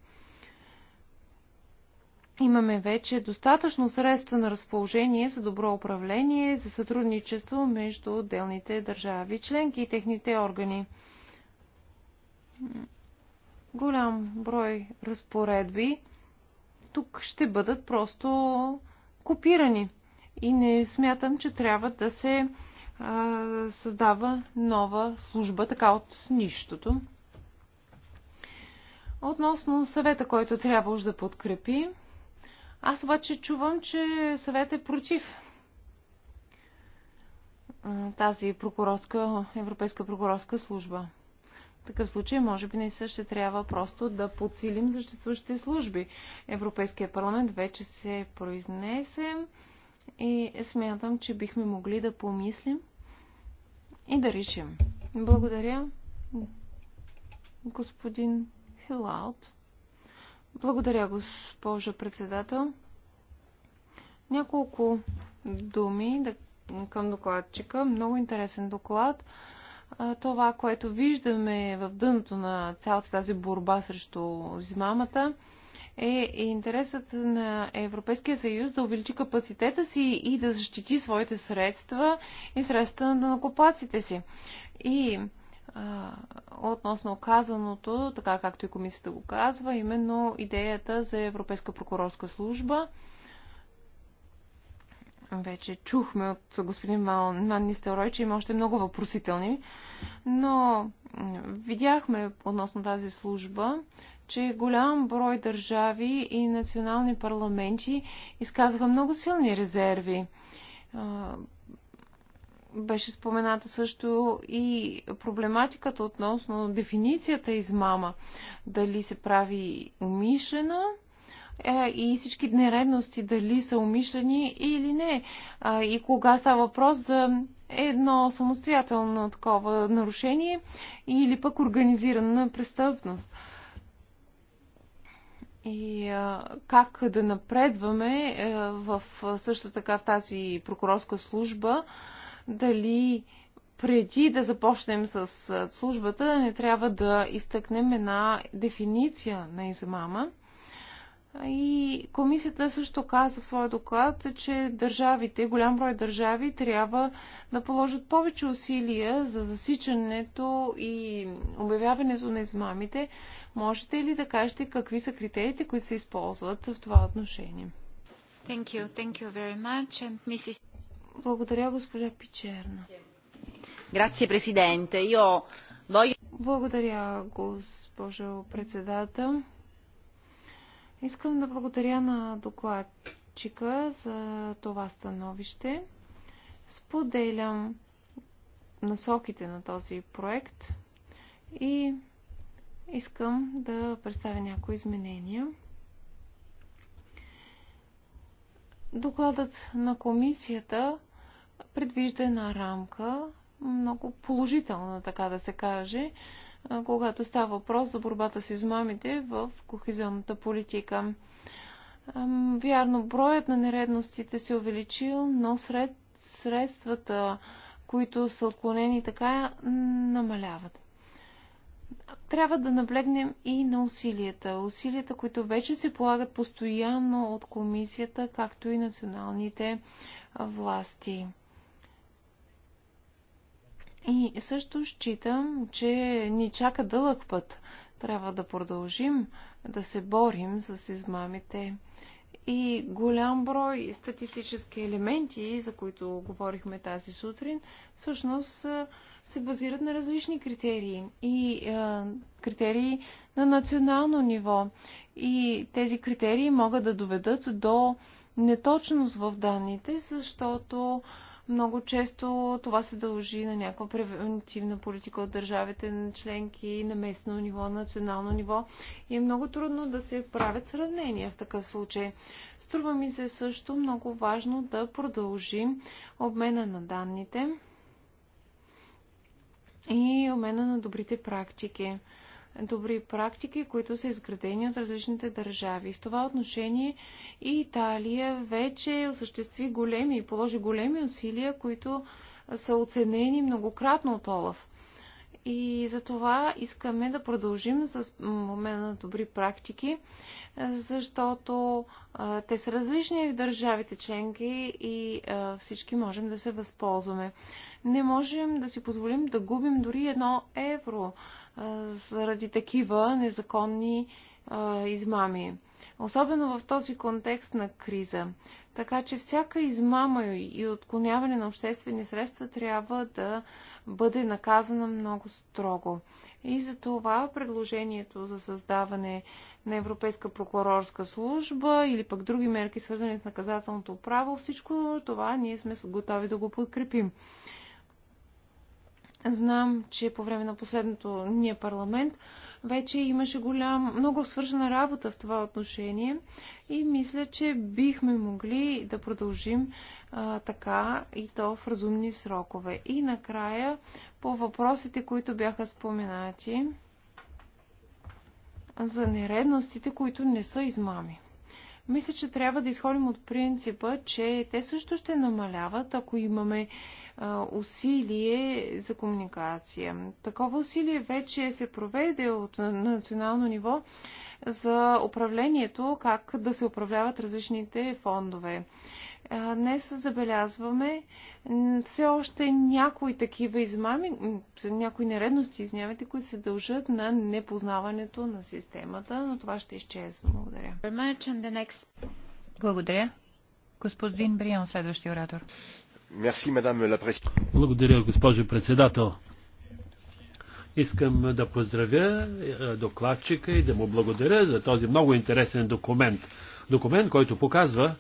имаме вече достатъчно средства на разположение за добро управление, за сътрудничество между отделните държави, членки и техните органи. Голям брой разпоредби тук ще бъдат просто копирани. И не смятам, че трябва да се а, създава нова служба така от нищото. Относно съвета, който трябва уж да подкрепи, аз обаче чувам, че съвет е против тази прокурорска, Европейска прокурорска служба. В такъв случай, може би, не ще трябва просто да подсилим съществуващите служби. Европейският парламент вече се произнесе и смятам, че бихме могли да помислим и да решим. Благодаря, господин Хилаут. Благодаря, госпожо председател. Няколко думи да, към докладчика. Много интересен доклад. Това, което виждаме в дъното на цялата тази борба срещу измамата, е интересът на Европейския съюз да увеличи капацитета си и да защити своите средства и средства на накопаците си. И относно казаното, така както и комисията го казва, именно идеята за Европейска прокурорска служба. Вече чухме от господин Ван Нистерой, че има още много въпросителни, но видяхме относно тази служба, че голям брой държави и национални парламенти изказаха много силни резерви беше спомената също и проблематиката относно дефиницията измама. Дали се прави умишлена е, и всички нередности дали са умишлени или не. И кога става въпрос за едно самостоятелно такова нарушение или пък организирана престъпност. И а, как да напредваме е, а, в също така в тази прокурорска служба, а, дали преди да започнем с службата, не трябва да изтъкнем една дефиниция на измама. И комисията също каза в своя доклад, че държавите, голям брой държави трябва да положат повече усилия за засичането и обявяването на измамите. Можете ли да кажете какви са критериите, които се използват в това отношение? Thank you. Thank you very much. And Mrs. Благодаря, госпожа Пичерна. Грация, президенте. Йо... Благодаря, госпожо председател. Искам да благодаря на докладчика за това становище. Споделям насоките на този проект и искам да представя някои изменения. Докладът на комисията предвижда една рамка, много положителна, така да се каже, когато става въпрос за борбата с измамите в кохезионната политика. Вярно, броят на нередностите се е увеличил, но сред средствата, които са отклонени така, намаляват трябва да наблегнем и на усилията. Усилията, които вече се полагат постоянно от комисията, както и националните власти. И също считам, че ни чака дълъг път. Трябва да продължим да се борим с измамите и голям брой статистически елементи, за които говорихме тази сутрин, всъщност се базират на различни критерии и е, критерии на национално ниво. И тези критерии могат да доведат до неточност в данните, защото много често това се дължи на някаква превентивна политика от държавите на членки, на местно ниво, на национално ниво и е много трудно да се правят сравнения в такъв случай. Струва ми се също много важно да продължим обмена на данните и обмена на добрите практики добри практики, които са изградени от различните държави. В това отношение и Италия вече осъществи големи и положи големи усилия, които са оценени многократно от Олаф. И за това искаме да продължим с момента на добри практики, защото те са различни в държавите членки и всички можем да се възползваме. Не можем да си позволим да губим дори едно евро заради такива незаконни измами. Особено в този контекст на криза. Така че всяка измама и отклоняване на обществени средства трябва да бъде наказана много строго. И за това предложението за създаване на Европейска прокурорска служба или пък други мерки, свързани с наказателното право, всичко това ние сме готови да го подкрепим. Знам, че по време на последното ние парламент вече имаше голям, много свършена работа в това отношение и мисля, че бихме могли да продължим а, така и то в разумни срокове. И накрая по въпросите, които бяха споменати за нередностите, които не са измами мисля, че трябва да изходим от принципа, че те също ще намаляват, ако имаме усилие за комуникация. Такова усилие вече се проведе от национално ниво за управлението, как да се управляват различните фондове. Днес забелязваме все още някои такива измами, някои нередности, изнявайте, които се дължат на непознаването на системата, но това ще изчезва. Благодаря. Благодаря. Господин Бриан, следващия оратор. Благодаря, госпожо председател. Искам да поздравя е, докладчика и да му благодаря за този много интересен документ. Документ, който показва,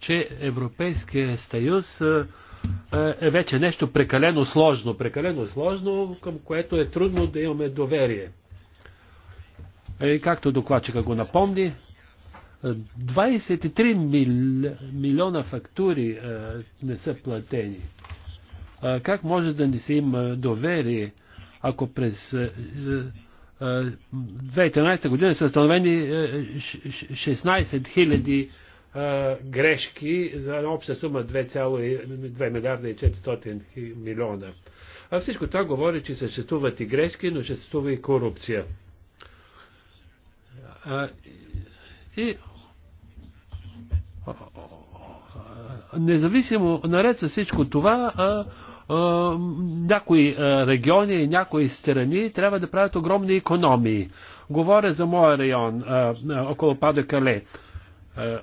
че Европейския съюз е, е, е вече нещо прекалено сложно, прекалено сложно, към което е трудно да имаме доверие. Е, и както докладчика го напомни, 23 мил... милиона фактури а, не са платени. А, как може да не се има доверие, ако през 2013 година са установени 16 000 грешки за обща сума 2,2 милиарда и 400 милиона. А всичко това говори, че съществуват и грешки, но съществува и корупция. А, и независимо, наред с всичко това, а, а, някои а, региони и някои страни трябва да правят огромни економии. Говоря за моя район, а, а, около Падокале. А,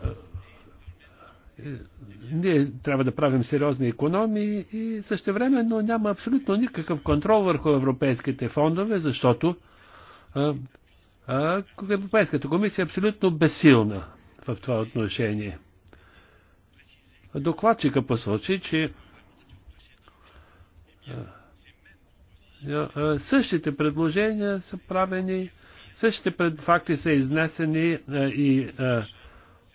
ние трябва да правим сериозни економии и също но няма абсолютно никакъв контрол върху европейските фондове, защото а, а, Европейската комисия е абсолютно безсилна в това отношение. Докладчика посочи, че а, а, същите предложения са правени, същите факти са изнесени а, и а,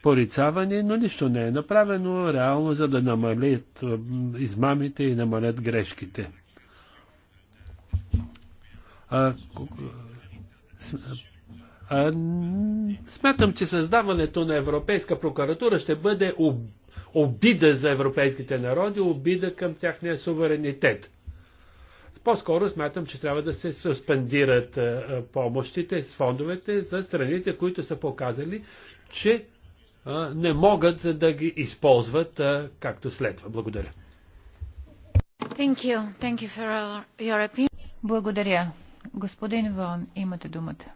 порицаване, но нищо не е направено реално, за да намалят измамите и намалят грешките. А, а, смятам, че създаването на Европейска прокуратура ще бъде обида за европейските народи, обида към тяхния суверенитет. По-скоро смятам, че трябва да се суспендират помощите с фондовете за страните, които са показали, че не могат да ги използват както следва. Благодаря. Thank you. Thank you for your Благодаря. Господин Вон, имате думата.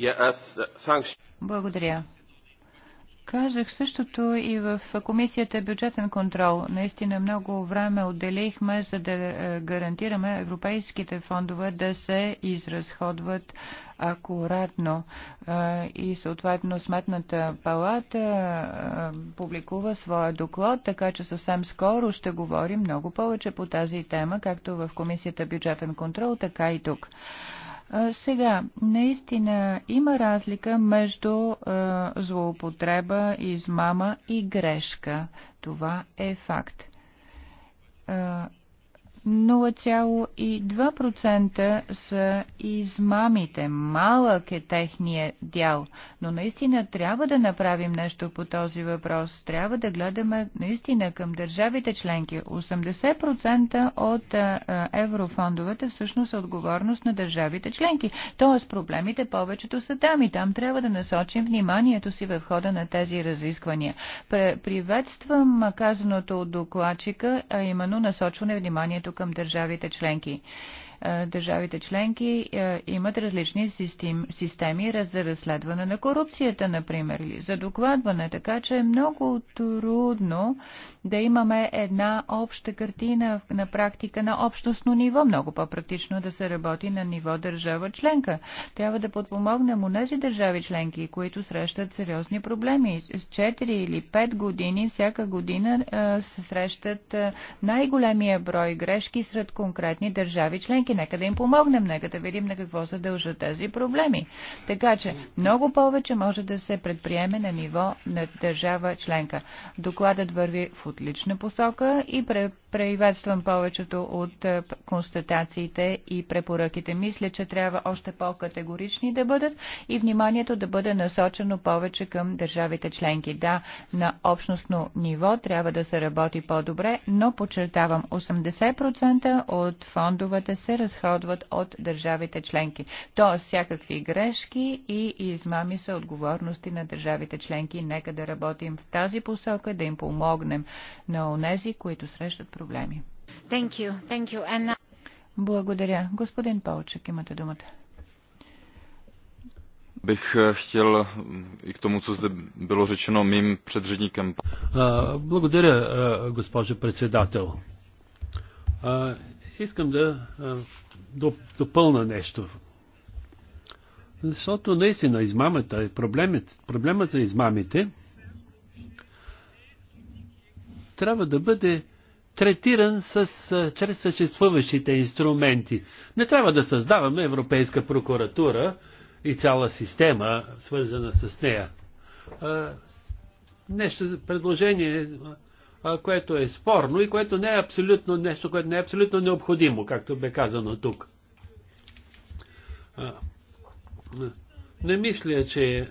Yeah, uh, Благодаря. Казах същото и в комисията бюджетен контрол. Наистина много време отделихме, за да е, гарантираме европейските фондове да се изразходват акуратно. Е, и съответно Сметната палата е, публикува своя доклад, така че съвсем скоро ще говорим много повече по тази тема, както в комисията бюджетен контрол, така и тук. Сега, наистина има разлика между злоупотреба, измама и грешка. Това е факт 0,2% са измамите. Малък е техния дял. Но наистина трябва да направим нещо по този въпрос. Трябва да гледаме наистина към държавите членки. 80% от еврофондовете всъщност са отговорност на държавите членки. Тоест проблемите повечето са там и там трябва да насочим вниманието си в хода на тези разисквания. Приветствам казаното от докладчика, а именно насочване вниманието към държавите членки. Е, държавите членки е, имат различни системи за разследване на корупцията, например, или за докладване, така че е много трудно да имаме една обща картина на практика на общностно ниво. Много по-практично да се работи на ниво държава членка. Трябва да подпомогнем у нези държави членки, които срещат сериозни проблеми. С 4 или 5 години всяка година е, се срещат най-големия брой грешки сред конкретни държави членки членки, нека да им помогнем, нека да видим на какво се дължат тези проблеми. Така че много повече може да се предприеме на ниво на държава членка. Докладът върви в отлична посока и пред. Приветствам повечето от е, констатациите и препоръките. Мисля, че трябва още по-категорични да бъдат и вниманието да бъде насочено повече към държавите членки. Да, на общностно ниво трябва да се работи по-добре, но подчертавам, 80% от фондовете се разходват от държавите членки. Тоест, всякакви грешки и измами са отговорности на държавите членки. Нека да работим в тази посока, да им помогнем на онези, които срещат проблеми. Thank you. Thank you. And... Благодаря. Господин Палчек, имате думата. Бих е, хотел и к тому, что было речено моим mým předředníkem. Благодаря, госпожа председател. Искам да допълна нещо. Защото наистина измамата, е проблемът, проблемът за измамите трябва да бъде третиран с, чрез съществуващите инструменти. Не трябва да създаваме Европейска прокуратура и цяла система, свързана с нея. Нещо, предложение, което е спорно и което не е абсолютно нещо, което не е абсолютно необходимо, както бе казано тук. Не мисля, че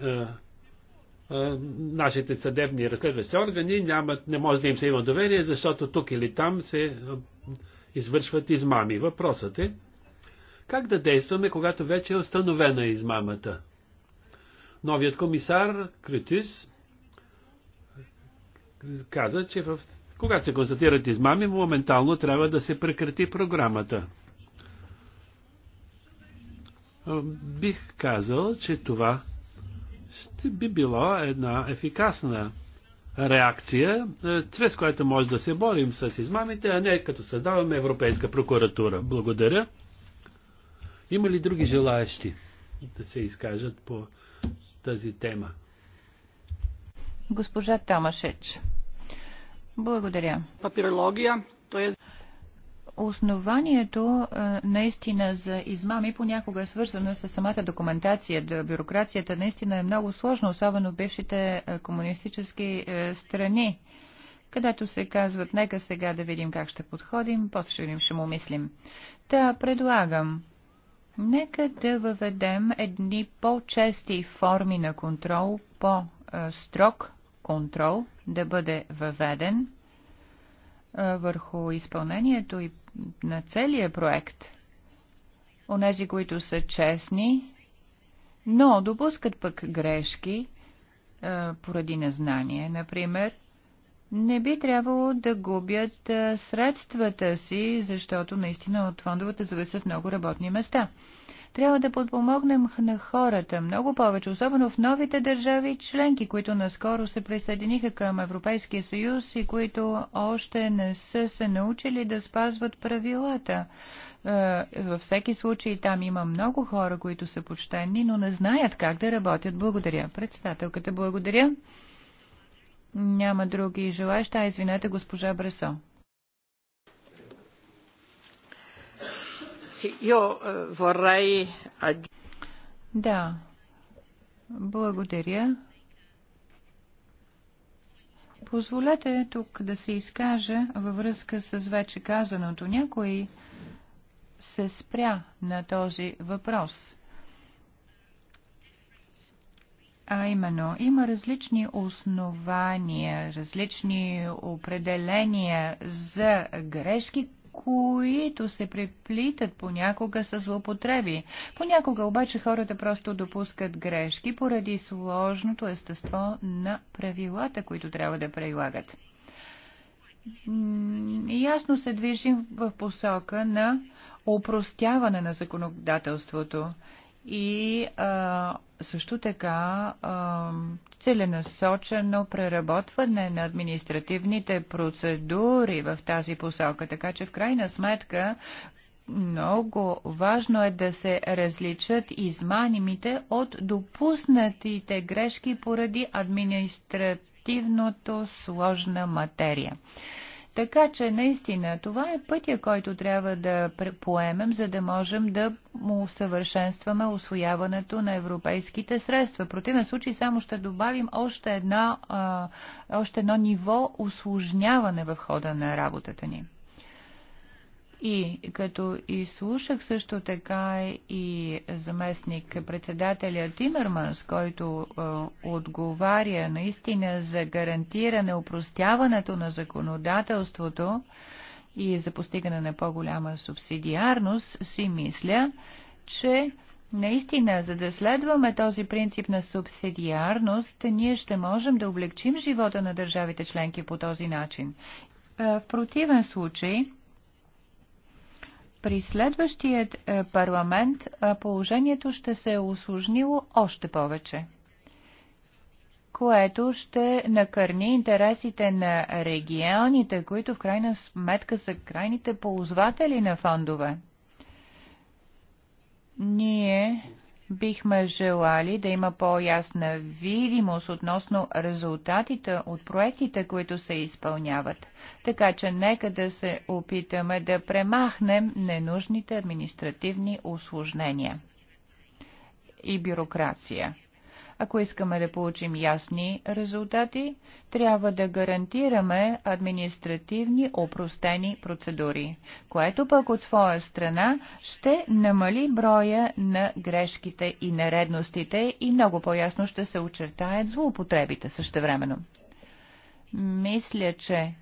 е, нашите съдебни разследващи органи нямат, не може да им се има доверие, защото тук или там се е, извършват измами. Въпросът е как да действаме, когато вече е установена измамата. Новият комисар Критис каза, че в... когато се констатират измами, моментално трябва да се прекрати програмата. Е, бих казал, че това ще би било една ефикасна реакция, е, чрез която може да се борим с измамите, а не като създаваме Европейска прокуратура. Благодаря. Има ли други желаящи да се изкажат по тази тема? Госпожа Томашеч. Благодаря. Папирология, т.е основанието наистина за измами понякога е свързано с самата документация. Бюрокрацията наистина е много сложна, особено в бившите комунистически страни, където се казват, нека сега да видим как ще подходим, после ще видим, ще му мислим. Та да, предлагам Нека да въведем едни по-чести форми на контрол, по-строг контрол да бъде въведен върху изпълнението и на целия проект. Онези, които са честни, но допускат пък грешки поради незнание, например, не би трябвало да губят средствата си, защото наистина от фондовете зависят много работни места. Трябва да подпомогнем на хората много повече, особено в новите държави членки, които наскоро се присъединиха към Европейския съюз и които още не са се научили да спазват правилата. Е, във всеки случай там има много хора, които са почтенни, но не знаят как да работят. Благодаря. Председателката, благодаря. Няма други А Извинете, госпожа Бресо. Да, eh, благодаря. Позволете тук да се изкажа във връзка с вече казаното. Някой се спря на този въпрос. А именно, има различни основания, различни определения за грешки, които се преплитат понякога с злопотреби. Понякога обаче хората просто допускат грешки поради сложното естество на правилата, които трябва да прилагат. Ясно се движим в посока на опростяване на законодателството и а, също така целенасочено преработване на административните процедури в тази посока. Така че в крайна сметка много важно е да се различат изманимите от допуснатите грешки поради административното сложна материя. Така че наистина това е пътя, който трябва да поемем, за да можем да му усъвършенстваме освояването на европейските средства. В противен случай само ще добавим още, една, а, още едно ниво осложняване в хода на работата ни. И като изслушах също така и заместник председателя Тимерманс, който е, отговаря наистина за гарантиране упростяването на законодателството и за постигане на по-голяма субсидиарност, си мисля, че Наистина, за да следваме този принцип на субсидиарност, ние ще можем да облегчим живота на държавите членки по този начин. Е, в противен случай, при следващият е, парламент е, положението ще се е осложнило още повече, което ще накърни интересите на регионите, които в крайна сметка са крайните ползватели на фондове. Ние бихме желали да има по-ясна видимост относно резултатите от проектите, които се изпълняват. Така че нека да се опитаме да премахнем ненужните административни осложнения и бюрокрация. Ако искаме да получим ясни резултати, трябва да гарантираме административни опростени процедури, което пък от своя страна ще намали броя на грешките и нередностите и много по-ясно ще се очертаят злоупотребите същевременно. Мисля, че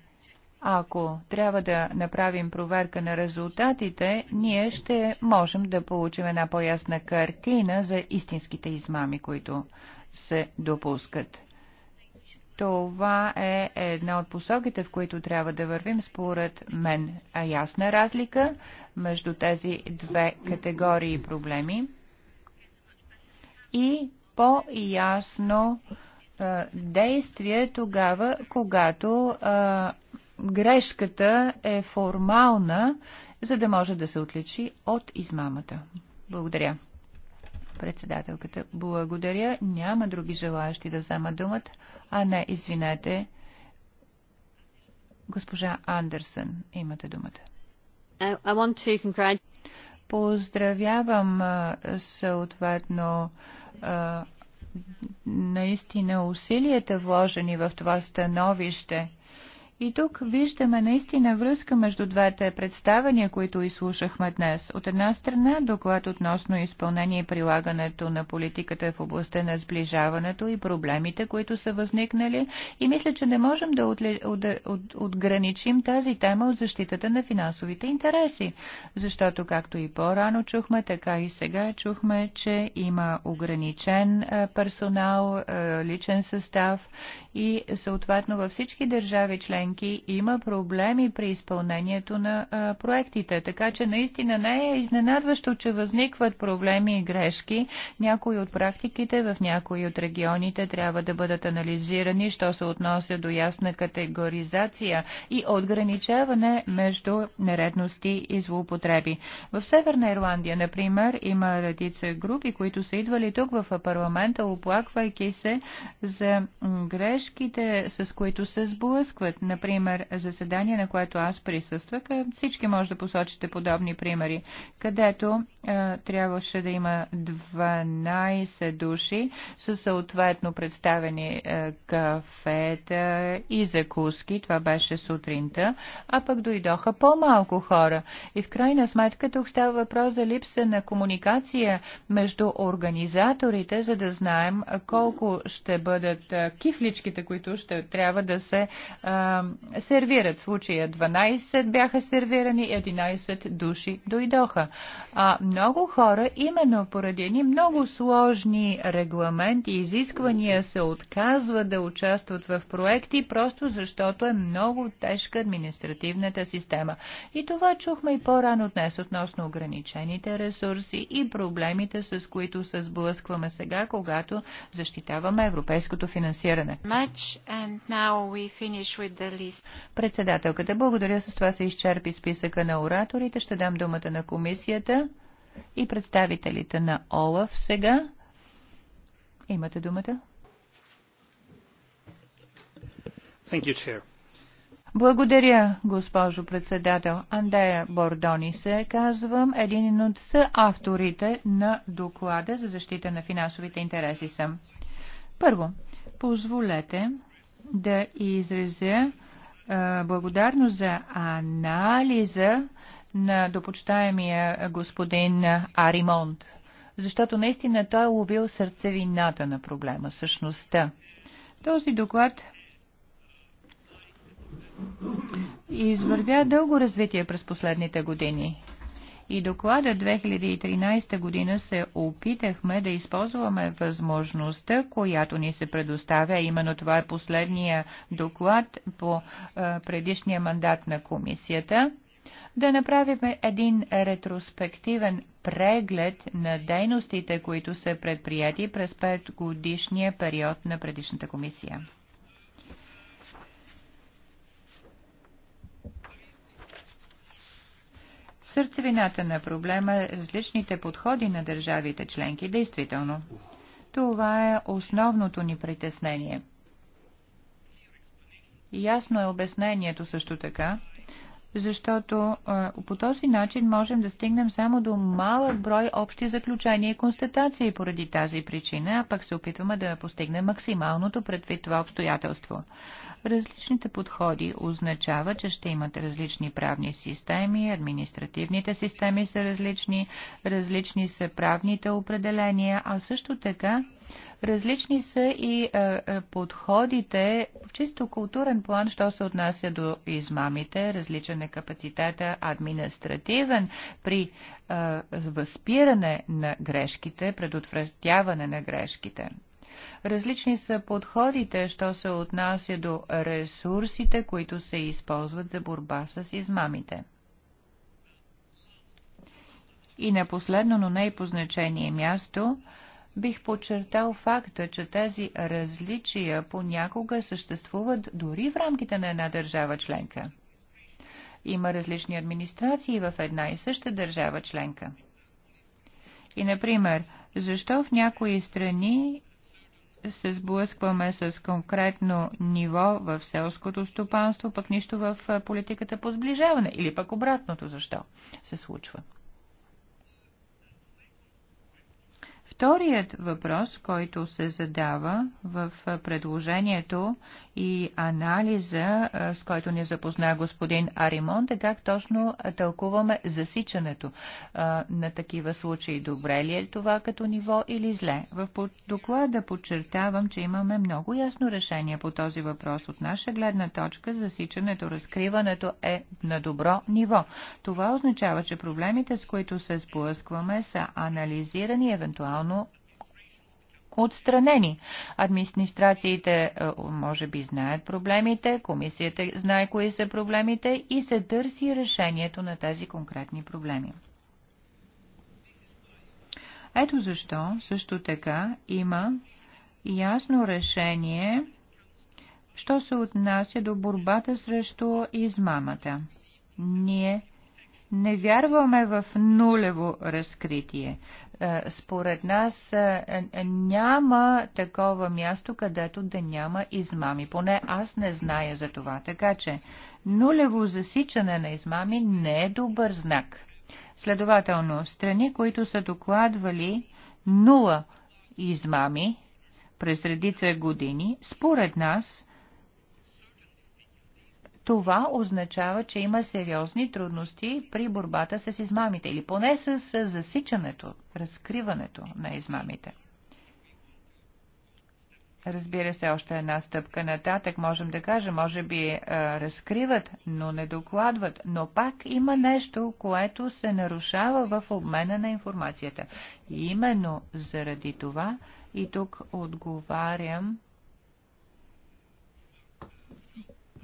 ако трябва да направим проверка на резултатите, ние ще можем да получим една по-ясна картина за истинските измами, които се допускат. Това е една от посоките, в които трябва да вървим, според мен. А ясна разлика между тези две категории проблеми и по-ясно действие тогава, когато а, грешката е формална, за да може да се отличи от измамата. Благодаря. Председателката, благодаря. Няма други желаящи да взема думата. А не, извинете. Госпожа Андерсън, имате думата. I, I want to congratulate... Поздравявам съответно наистина усилията вложени в това становище. И тук виждаме наистина връзка между двете представения, които изслушахме днес. От една страна доклад относно изпълнение и прилагането на политиката в областта на сближаването и проблемите, които са възникнали. И мисля, че не можем да отли... от... От... отграничим тази тема от защитата на финансовите интереси. Защото както и по-рано чухме, така и сега чухме, че има ограничен персонал, личен състав и съответно във всички държави член членки има проблеми при изпълнението на а, проектите. Така че наистина не е изненадващо, че възникват проблеми и грешки. Някои от практиките в някои от регионите трябва да бъдат анализирани, що се относя до ясна категоризация и отграничаване между нередности и злоупотреби. В Северна Ирландия, например, има редица групи, които са идвали тук в парламента, оплаквайки се за грешките, с които се сблъскват например, заседание, на което аз присъствах, е, всички може да посочите подобни примери, където е, трябваше да има 12 души с съответно представени е, кафета и закуски. Това беше сутринта, а пък дойдоха по-малко хора. И в крайна сметка тук става въпрос за липса на комуникация между организаторите, за да знаем колко ще бъдат е, кифличките, които ще трябва да се а, сервират. В случая 12 бяха сервирани, 11 души дойдоха. А много хора, именно поради едни много сложни регламенти и изисквания, се отказват да участват в проекти, просто защото е много тежка административната система. И това чухме и по-рано днес относно ограничените ресурси и проблемите, с които се сблъскваме сега, когато защитаваме европейското финансиране. Председателката, благодаря. С това се изчерпи списъка на ораторите. Ще дам думата на комисията и представителите на ОЛАФ сега. Имате думата. Thank you, Chair. Благодаря, госпожо председател. Андея Бордони се казвам, един от авторите на доклада за защита на финансовите интереси съм. Първо, позволете да изразя благодарност за анализа на допочитаемия господин Аримонт, защото наистина той е ловил сърцевината на проблема, същността. Този доклад извървя дълго развитие през последните години. И доклада 2013 година се опитахме да използваме възможността, която ни се предоставя. Именно това е последния доклад по предишния мандат на комисията да направим един ретроспективен преглед на дейностите, които са предприяти през 5 годишния период на предишната комисия. сърцевината на проблема е различните подходи на държавите членки, действително. Това е основното ни притеснение. Ясно е обяснението също така, защото а, по този начин можем да стигнем само до малък брой общи заключения и констатации поради тази причина, а пък се опитваме да постигнем максималното предвид това обстоятелство. Различните подходи означава, че ще имат различни правни системи, административните системи са различни, различни са правните определения, а също така Различни са и е, е, подходите в чисто културен план, що се отнася до измамите, различен е капацитета административен при е, възпиране на грешките, предотвратяване на грешките. Различни са подходите, що се отнася до ресурсите, които се използват за борба с измамите. И на последно, но не и по значение място, бих подчертал факта, че тези различия понякога съществуват дори в рамките на една държава членка. Има различни администрации в една и съща държава членка. И, например, защо в някои страни се сблъскваме с конкретно ниво в селското стопанство, пък нищо в политиката по сближаване, или пък обратното защо се случва. Вторият въпрос, който се задава в предложението и анализа, с който ни запозна господин Аримон, е как точно тълкуваме засичането на такива случаи. Добре ли е това като ниво или зле? В доклада подчертавам, че имаме много ясно решение по този въпрос. От наша гледна точка засичането, разкриването е на добро ниво. Това означава, че проблемите, с които се сблъскваме, са анализирани евентуално евентуално отстранени. Администрациите е, може би знаят проблемите, комисията знае кои са проблемите и се търси решението на тези конкретни проблеми. Ето защо също така има ясно решение, що се отнася до борбата срещу измамата. Ние не вярваме в нулево разкритие. Е, според нас е, е, няма такова място, където да няма измами. Поне аз не зная за това. Така че нулево засичане на измами не е добър знак. Следователно, страни, които са докладвали нула измами през редица години, според нас това означава, че има сериозни трудности при борбата с измамите или поне с засичането, разкриването на измамите. Разбира се, още една стъпка нататък можем да кажем, може би а, е, разкриват, но не докладват, но пак има нещо, което се нарушава в обмена на информацията. И именно заради това и тук отговарям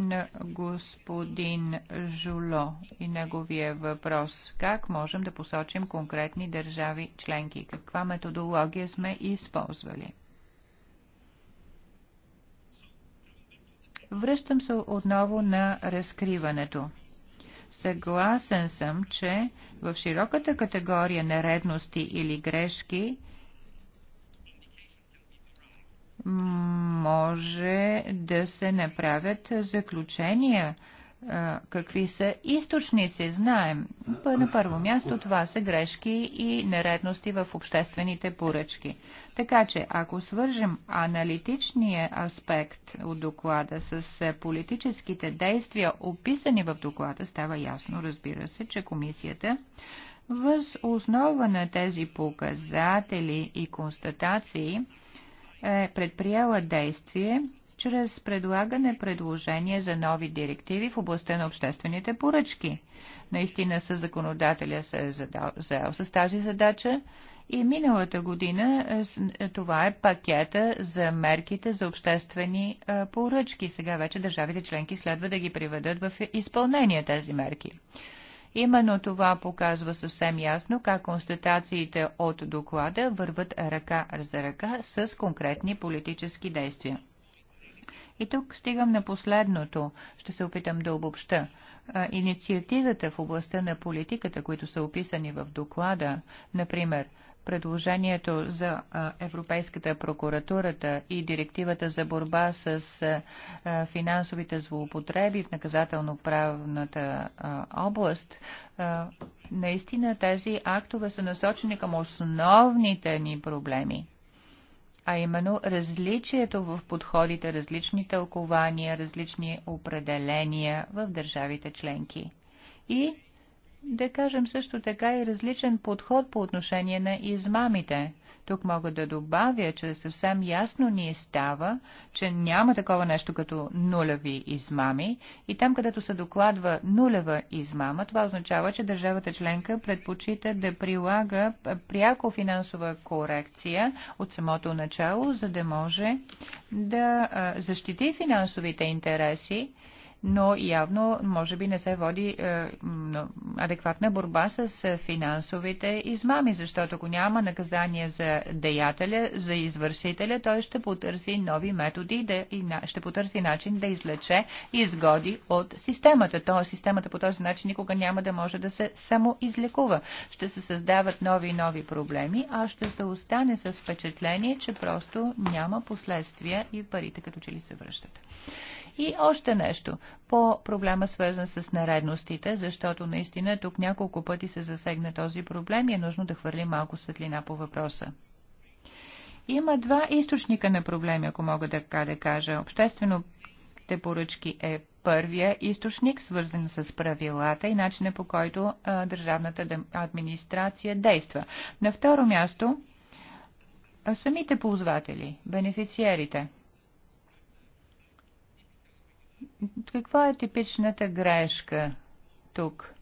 на господин Жуло и неговия въпрос. Как можем да посочим конкретни държави членки? Каква методология сме използвали? Връщам се отново на разкриването. Съгласен съм, че в широката категория на редности или грешки – може да се направят заключения какви са източници, знаем. На първо място това са грешки и нередности в обществените поръчки. Така че, ако свържем аналитичния аспект от доклада с е, политическите действия, описани в доклада, става ясно, разбира се, че комисията въз основа на тези показатели и констатации – е предприела действие чрез предлагане предложение за нови директиви в областта на обществените поръчки. Наистина със законодателя се е заел с тази задача и миналата година е, е, това е пакета за мерките за обществени е, поръчки. Сега вече държавите членки следва да ги приведат в изпълнение тези мерки. Именно това показва съвсем ясно как констатациите от доклада върват ръка за ръка с конкретни политически действия. И тук стигам на последното. Ще се опитам да обобща. Инициативата в областта на политиката, които са описани в доклада, например, предложението за Европейската прокуратурата и директивата за борба с финансовите злоупотреби в наказателно-правната област, наистина тези актове са насочени към основните ни проблеми а именно различието в подходите, различни тълкования, различни определения в държавите членки. И да кажем също така и различен подход по отношение на измамите. Тук мога да добавя, че съвсем ясно ни става, че няма такова нещо като нулеви измами и там, където се докладва нулева измама, това означава, че държавата членка предпочита да прилага пряко финансова корекция от самото начало, за да може да защити финансовите интереси но явно може би не се води е, адекватна борба с е, финансовите измами, защото ако няма наказание за деятеля, за извършителя, той ще потърси нови методи да, и на, ще потърси начин да излече изгоди от системата. То системата по този начин никога няма да може да се само излекува. Ще се създават нови и нови проблеми, а ще се остане с впечатление, че просто няма последствия и парите като че ли се връщат. И още нещо по проблема свързан с нередностите, защото наистина тук няколко пъти се засегна този проблем и е нужно да хвърли малко светлина по въпроса. Има два източника на проблеми, ако мога така да кажа. Обществените поръчки е първия източник, свързан с правилата и начина по който а, държавната администрация действа. На второ място, а, самите ползватели, бенефициерите – каква е типичната грешка тук?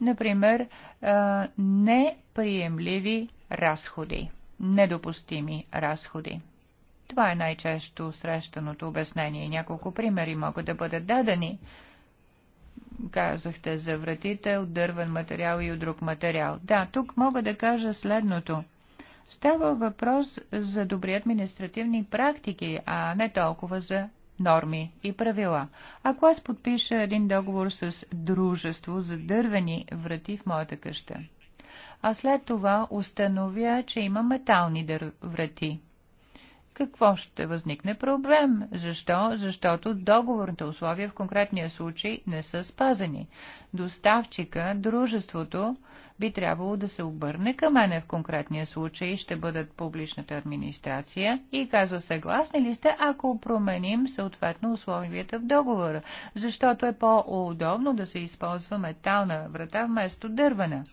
Например, неприемливи разходи, недопустими разходи. Това е най-често срещаното обяснение. Няколко примери могат да бъдат дадени. Казахте за вратите от дървен материал и от друг материал. Да, тук мога да кажа следното. Става въпрос за добри административни практики, а не толкова за норми и правила. Ако аз подпиша един договор с дружество за дървени врати в моята къща, а след това установя, че има метални врати, какво ще възникне проблем? Защо? Защото договорните условия в конкретния случай не са спазени. Доставчика, дружеството би трябвало да се обърне към мене в конкретния случай, ще бъдат публичната администрация и казва съгласни ли сте, ако променим съответно условията в договора, защото е по-удобно да се използва метална врата вместо дървена.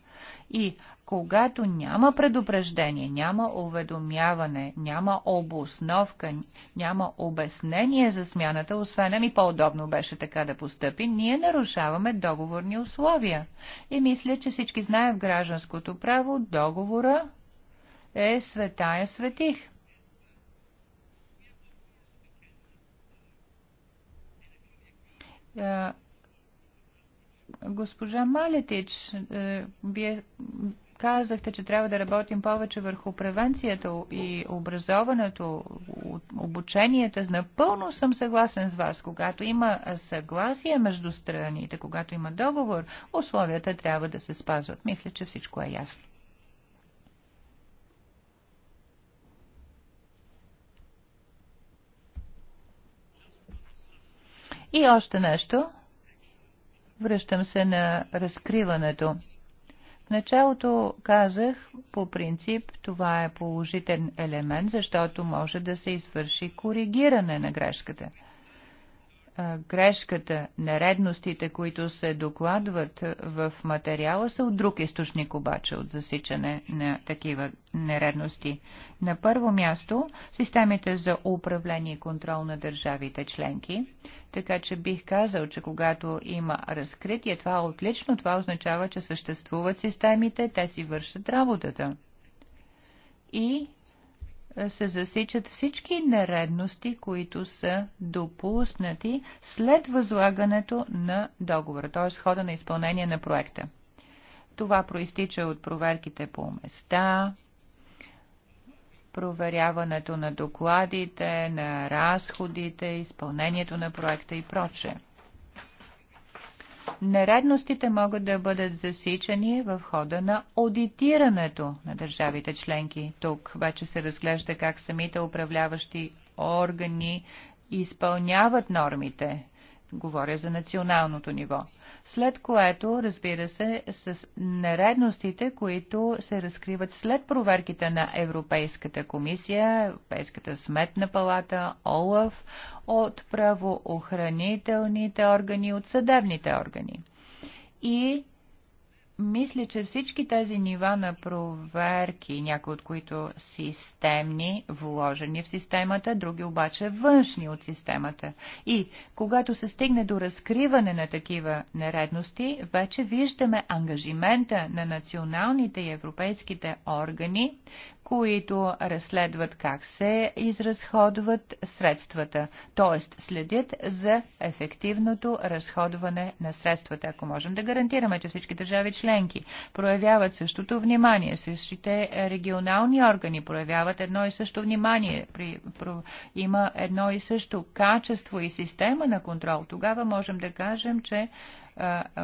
И когато няма предупреждение, няма уведомяване, няма обосновка, няма обяснение за смяната, освен ами по-удобно беше така да постъпи, ние нарушаваме договорни условия. И мисля, че всички знаят в гражданското право, договора е светая светих. Е, госпожа Малетич, е, вие казахте, че трябва да работим повече върху превенцията и образоването, обученията. Напълно съм съгласен с вас. Когато има съгласие между страните, когато има договор, условията трябва да се спазват. Мисля, че всичко е ясно. И още нещо. Връщам се на разкриването началото казах, по принцип, това е положителен елемент, защото може да се извърши коригиране на грешката – грешката, нередностите, които се докладват в материала, са от друг източник обаче от засичане на такива нередности. На първо място системите за управление и контрол на държавите членки. Така че бих казал, че когато има разкритие, това е отлично, това означава, че съществуват системите, те си вършат работата. И се засичат всички нередности, които са допуснати след възлагането на договора, т.е. хода на изпълнение на проекта. Това проистича от проверките по места, проверяването на докладите, на разходите, изпълнението на проекта и прочее. Нередностите могат да бъдат засичани в хода на аудитирането на държавите членки. Тук вече се разглежда как самите управляващи органи изпълняват нормите Говоря за националното ниво. След което, разбира се, с нередностите, които се разкриват след проверките на Европейската комисия, Европейската сметна палата, ОЛАФ, от правоохранителните органи, от съдебните органи. И мисля, че всички тези нива на проверки, някои от които системни, вложени в системата, други обаче външни от системата. И когато се стигне до разкриване на такива нередности, вече виждаме ангажимента на националните и европейските органи които разследват как се изразходват средствата, т.е. следят за ефективното разходване на средствата. Ако можем да гарантираме, че всички държави членки проявяват същото внимание, същите регионални органи проявяват едно и също внимание, при, про, има едно и също качество и система на контрол, тогава можем да кажем, че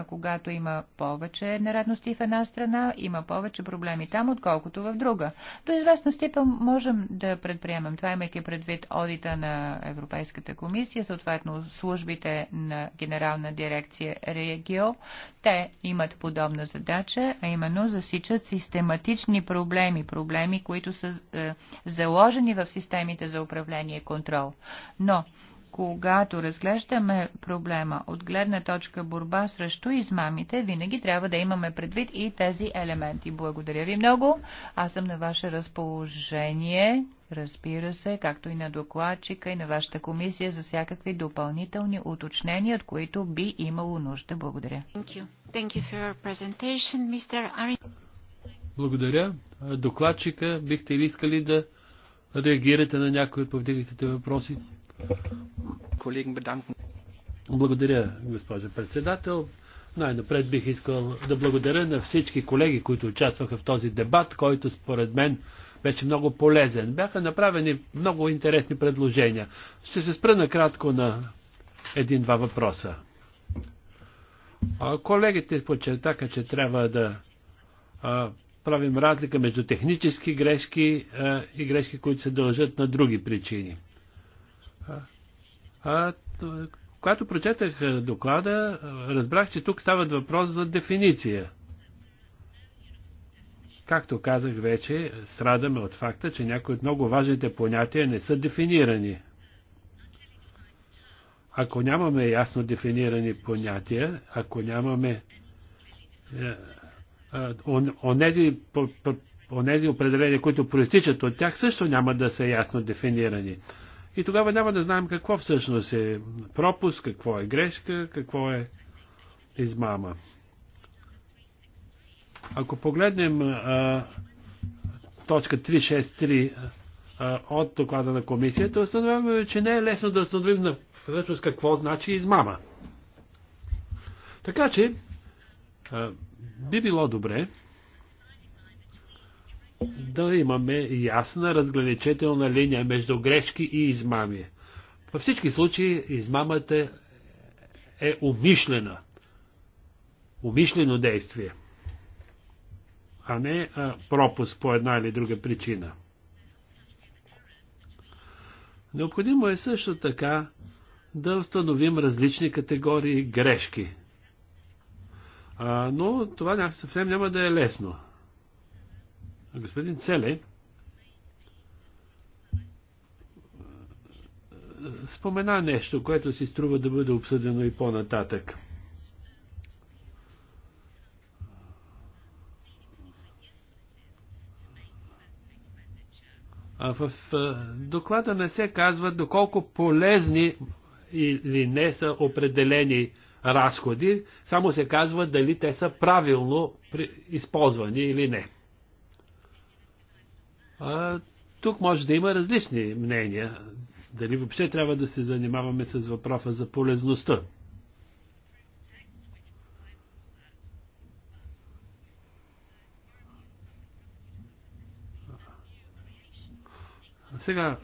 когато има повече нередности в една страна, има повече проблеми там, отколкото в друга. До известна степен можем да предприемем това, имайки предвид одита на Европейската комисия, съответно службите на Генерална дирекция Регио. Те имат подобна задача, а именно засичат систематични проблеми, проблеми, които са е, заложени в системите за управление и контрол. Но когато разглеждаме проблема от гледна точка борба срещу измамите, винаги трябва да имаме предвид и тези елементи. Благодаря ви много. Аз съм на ваше разположение, разбира се, както и на докладчика и на вашата комисия за всякакви допълнителни уточнения, от които би имало нужда. Благодаря. Thank you. Thank you for your presentation, Mr. Ari... Благодаря. Докладчика, бихте ли искали да реагирате на някои от повдигнатите въпроси? Благодаря, госпожо председател. Най-напред бих искал да благодаря на всички колеги, които участваха в този дебат, който според мен беше много полезен. Бяха направени много интересни предложения. Ще се спра накратко на един-два въпроса. Колегите подчертаха, че трябва да правим разлика между технически грешки и грешки, които се дължат на други причини. А, когато прочетах доклада, разбрах, че тук става въпрос за дефиниция. Както казах вече, страдаме от факта, че някои от много важните понятия не са дефинирани. Ако нямаме ясно дефинирани понятия, ако нямаме е, е, онези, онези определения, които проистичат от тях, също няма да са ясно дефинирани. И тогава няма да знаем какво всъщност е пропуск, какво е грешка, какво е измама. Ако погледнем а, точка 363 а, от доклада на комисията, установяваме, че не е лесно да установим на, всъщност какво значи измама. Така че а, би било добре да имаме ясна разграничителна линия между грешки и измами. Във всички случаи измамата е умишлена. Умишлено действие. А не а, пропуск по една или друга причина. Необходимо е също така да установим различни категории грешки. А, но това съвсем няма да е лесно. Господин Цели. спомена нещо, което си струва да бъде обсъдено и по-нататък. А в доклада не се казва доколко полезни или не са определени разходи, само се казва дали те са правилно използвани или не. А, тук може да има различни мнения. Дали въобще трябва да се занимаваме с въпроса за полезността? Сега,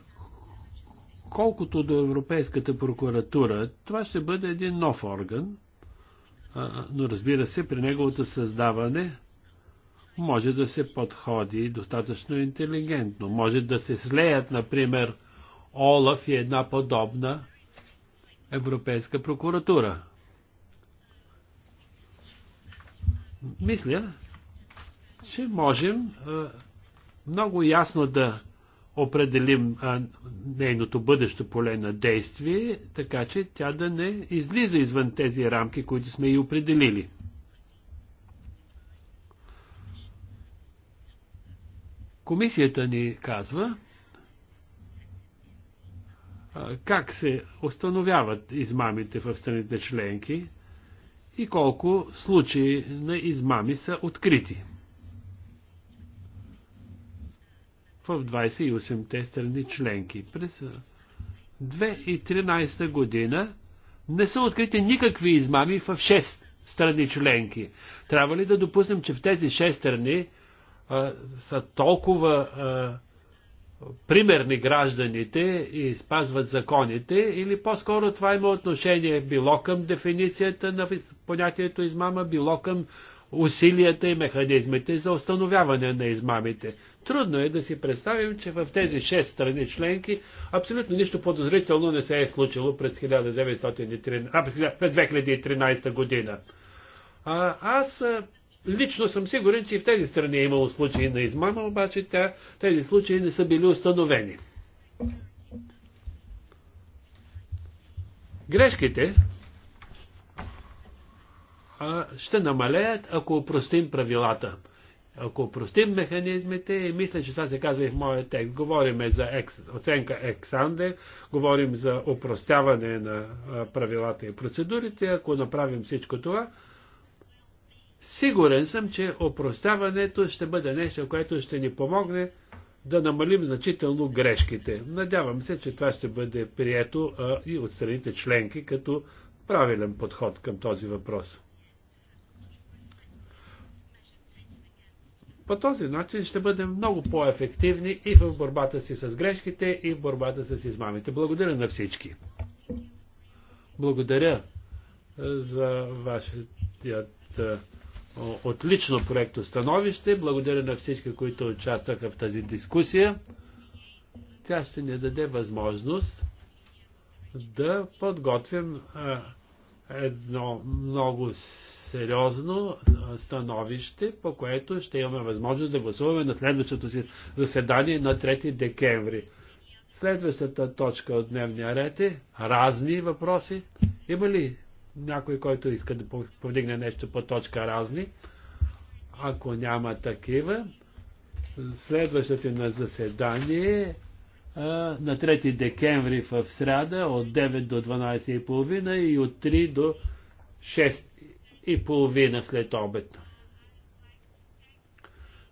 колкото до Европейската прокуратура, това ще бъде един нов орган, но разбира се, при неговото създаване може да се подходи достатъчно интелигентно. Може да се слеят, например, Олаф и една подобна Европейска прокуратура. Мисля, че можем много ясно да определим а, нейното бъдещо поле на действие, така че тя да не излиза извън тези рамки, които сме и определили. Комисията ни казва как се установяват измамите в страните членки и колко случаи на измами са открити. В 28-те страни членки. През 2013 година не са открити никакви измами в 6 страни членки. Трябва ли да допуснем, че в тези 6 страни са толкова примерни гражданите и спазват законите, или по-скоро това има отношение било към дефиницията на понятието измама, било към усилията и механизмите за установяване на измамите. Трудно е да си представим, че в тези шест страни членки абсолютно нищо подозрително не се е случило през 1913, а, 2013 година. А, аз Лично съм сигурен, че и в тези страни е имало случаи на измама, обаче тя, тези случаи не са били установени. Грешките а, ще намалеят, ако упростим правилата. Ако упростим механизмите, и мисля, че това се казва и в моят текст, говорим за екс, оценка ександе, говорим за упростяване на правилата и процедурите, ако направим всичко това, Сигурен съм, че опростяването ще бъде нещо, което ще ни помогне да намалим значително грешките. Надявам се, че това ще бъде прието а, и от страните членки като правилен подход към този въпрос. По този начин ще бъдем много по-ефективни и в борбата си с грешките, и в борбата с измамите. Благодаря на всички. Благодаря за вашият отлично проекто становище. Благодаря на всички, които участваха в тази дискусия. Тя ще ни даде възможност да подготвим едно много сериозно становище, по което ще имаме възможност да гласуваме на следващото си заседание на 3 декември. Следващата точка от дневния ред е разни въпроси. Има ли някой, който иска да повдигне нещо по точка разни. Ако няма такива, следващото на заседание на 3 декември в среда от 9 до 12.30 и от 3 до 6.30 след обед.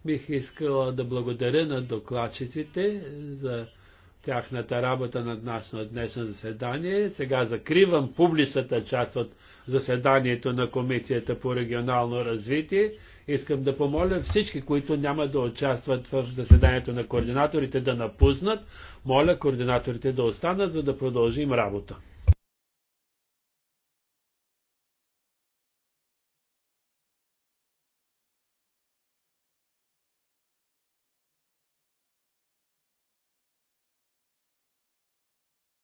Бих искала да благодаря на докладчиците за тяхната работа на нашето днешно заседание. Сега закривам публичната част от заседанието на Комисията по регионално развитие. Искам да помоля всички, които няма да участват в заседанието на координаторите, да напуснат. Моля координаторите да останат, за да продължим работа.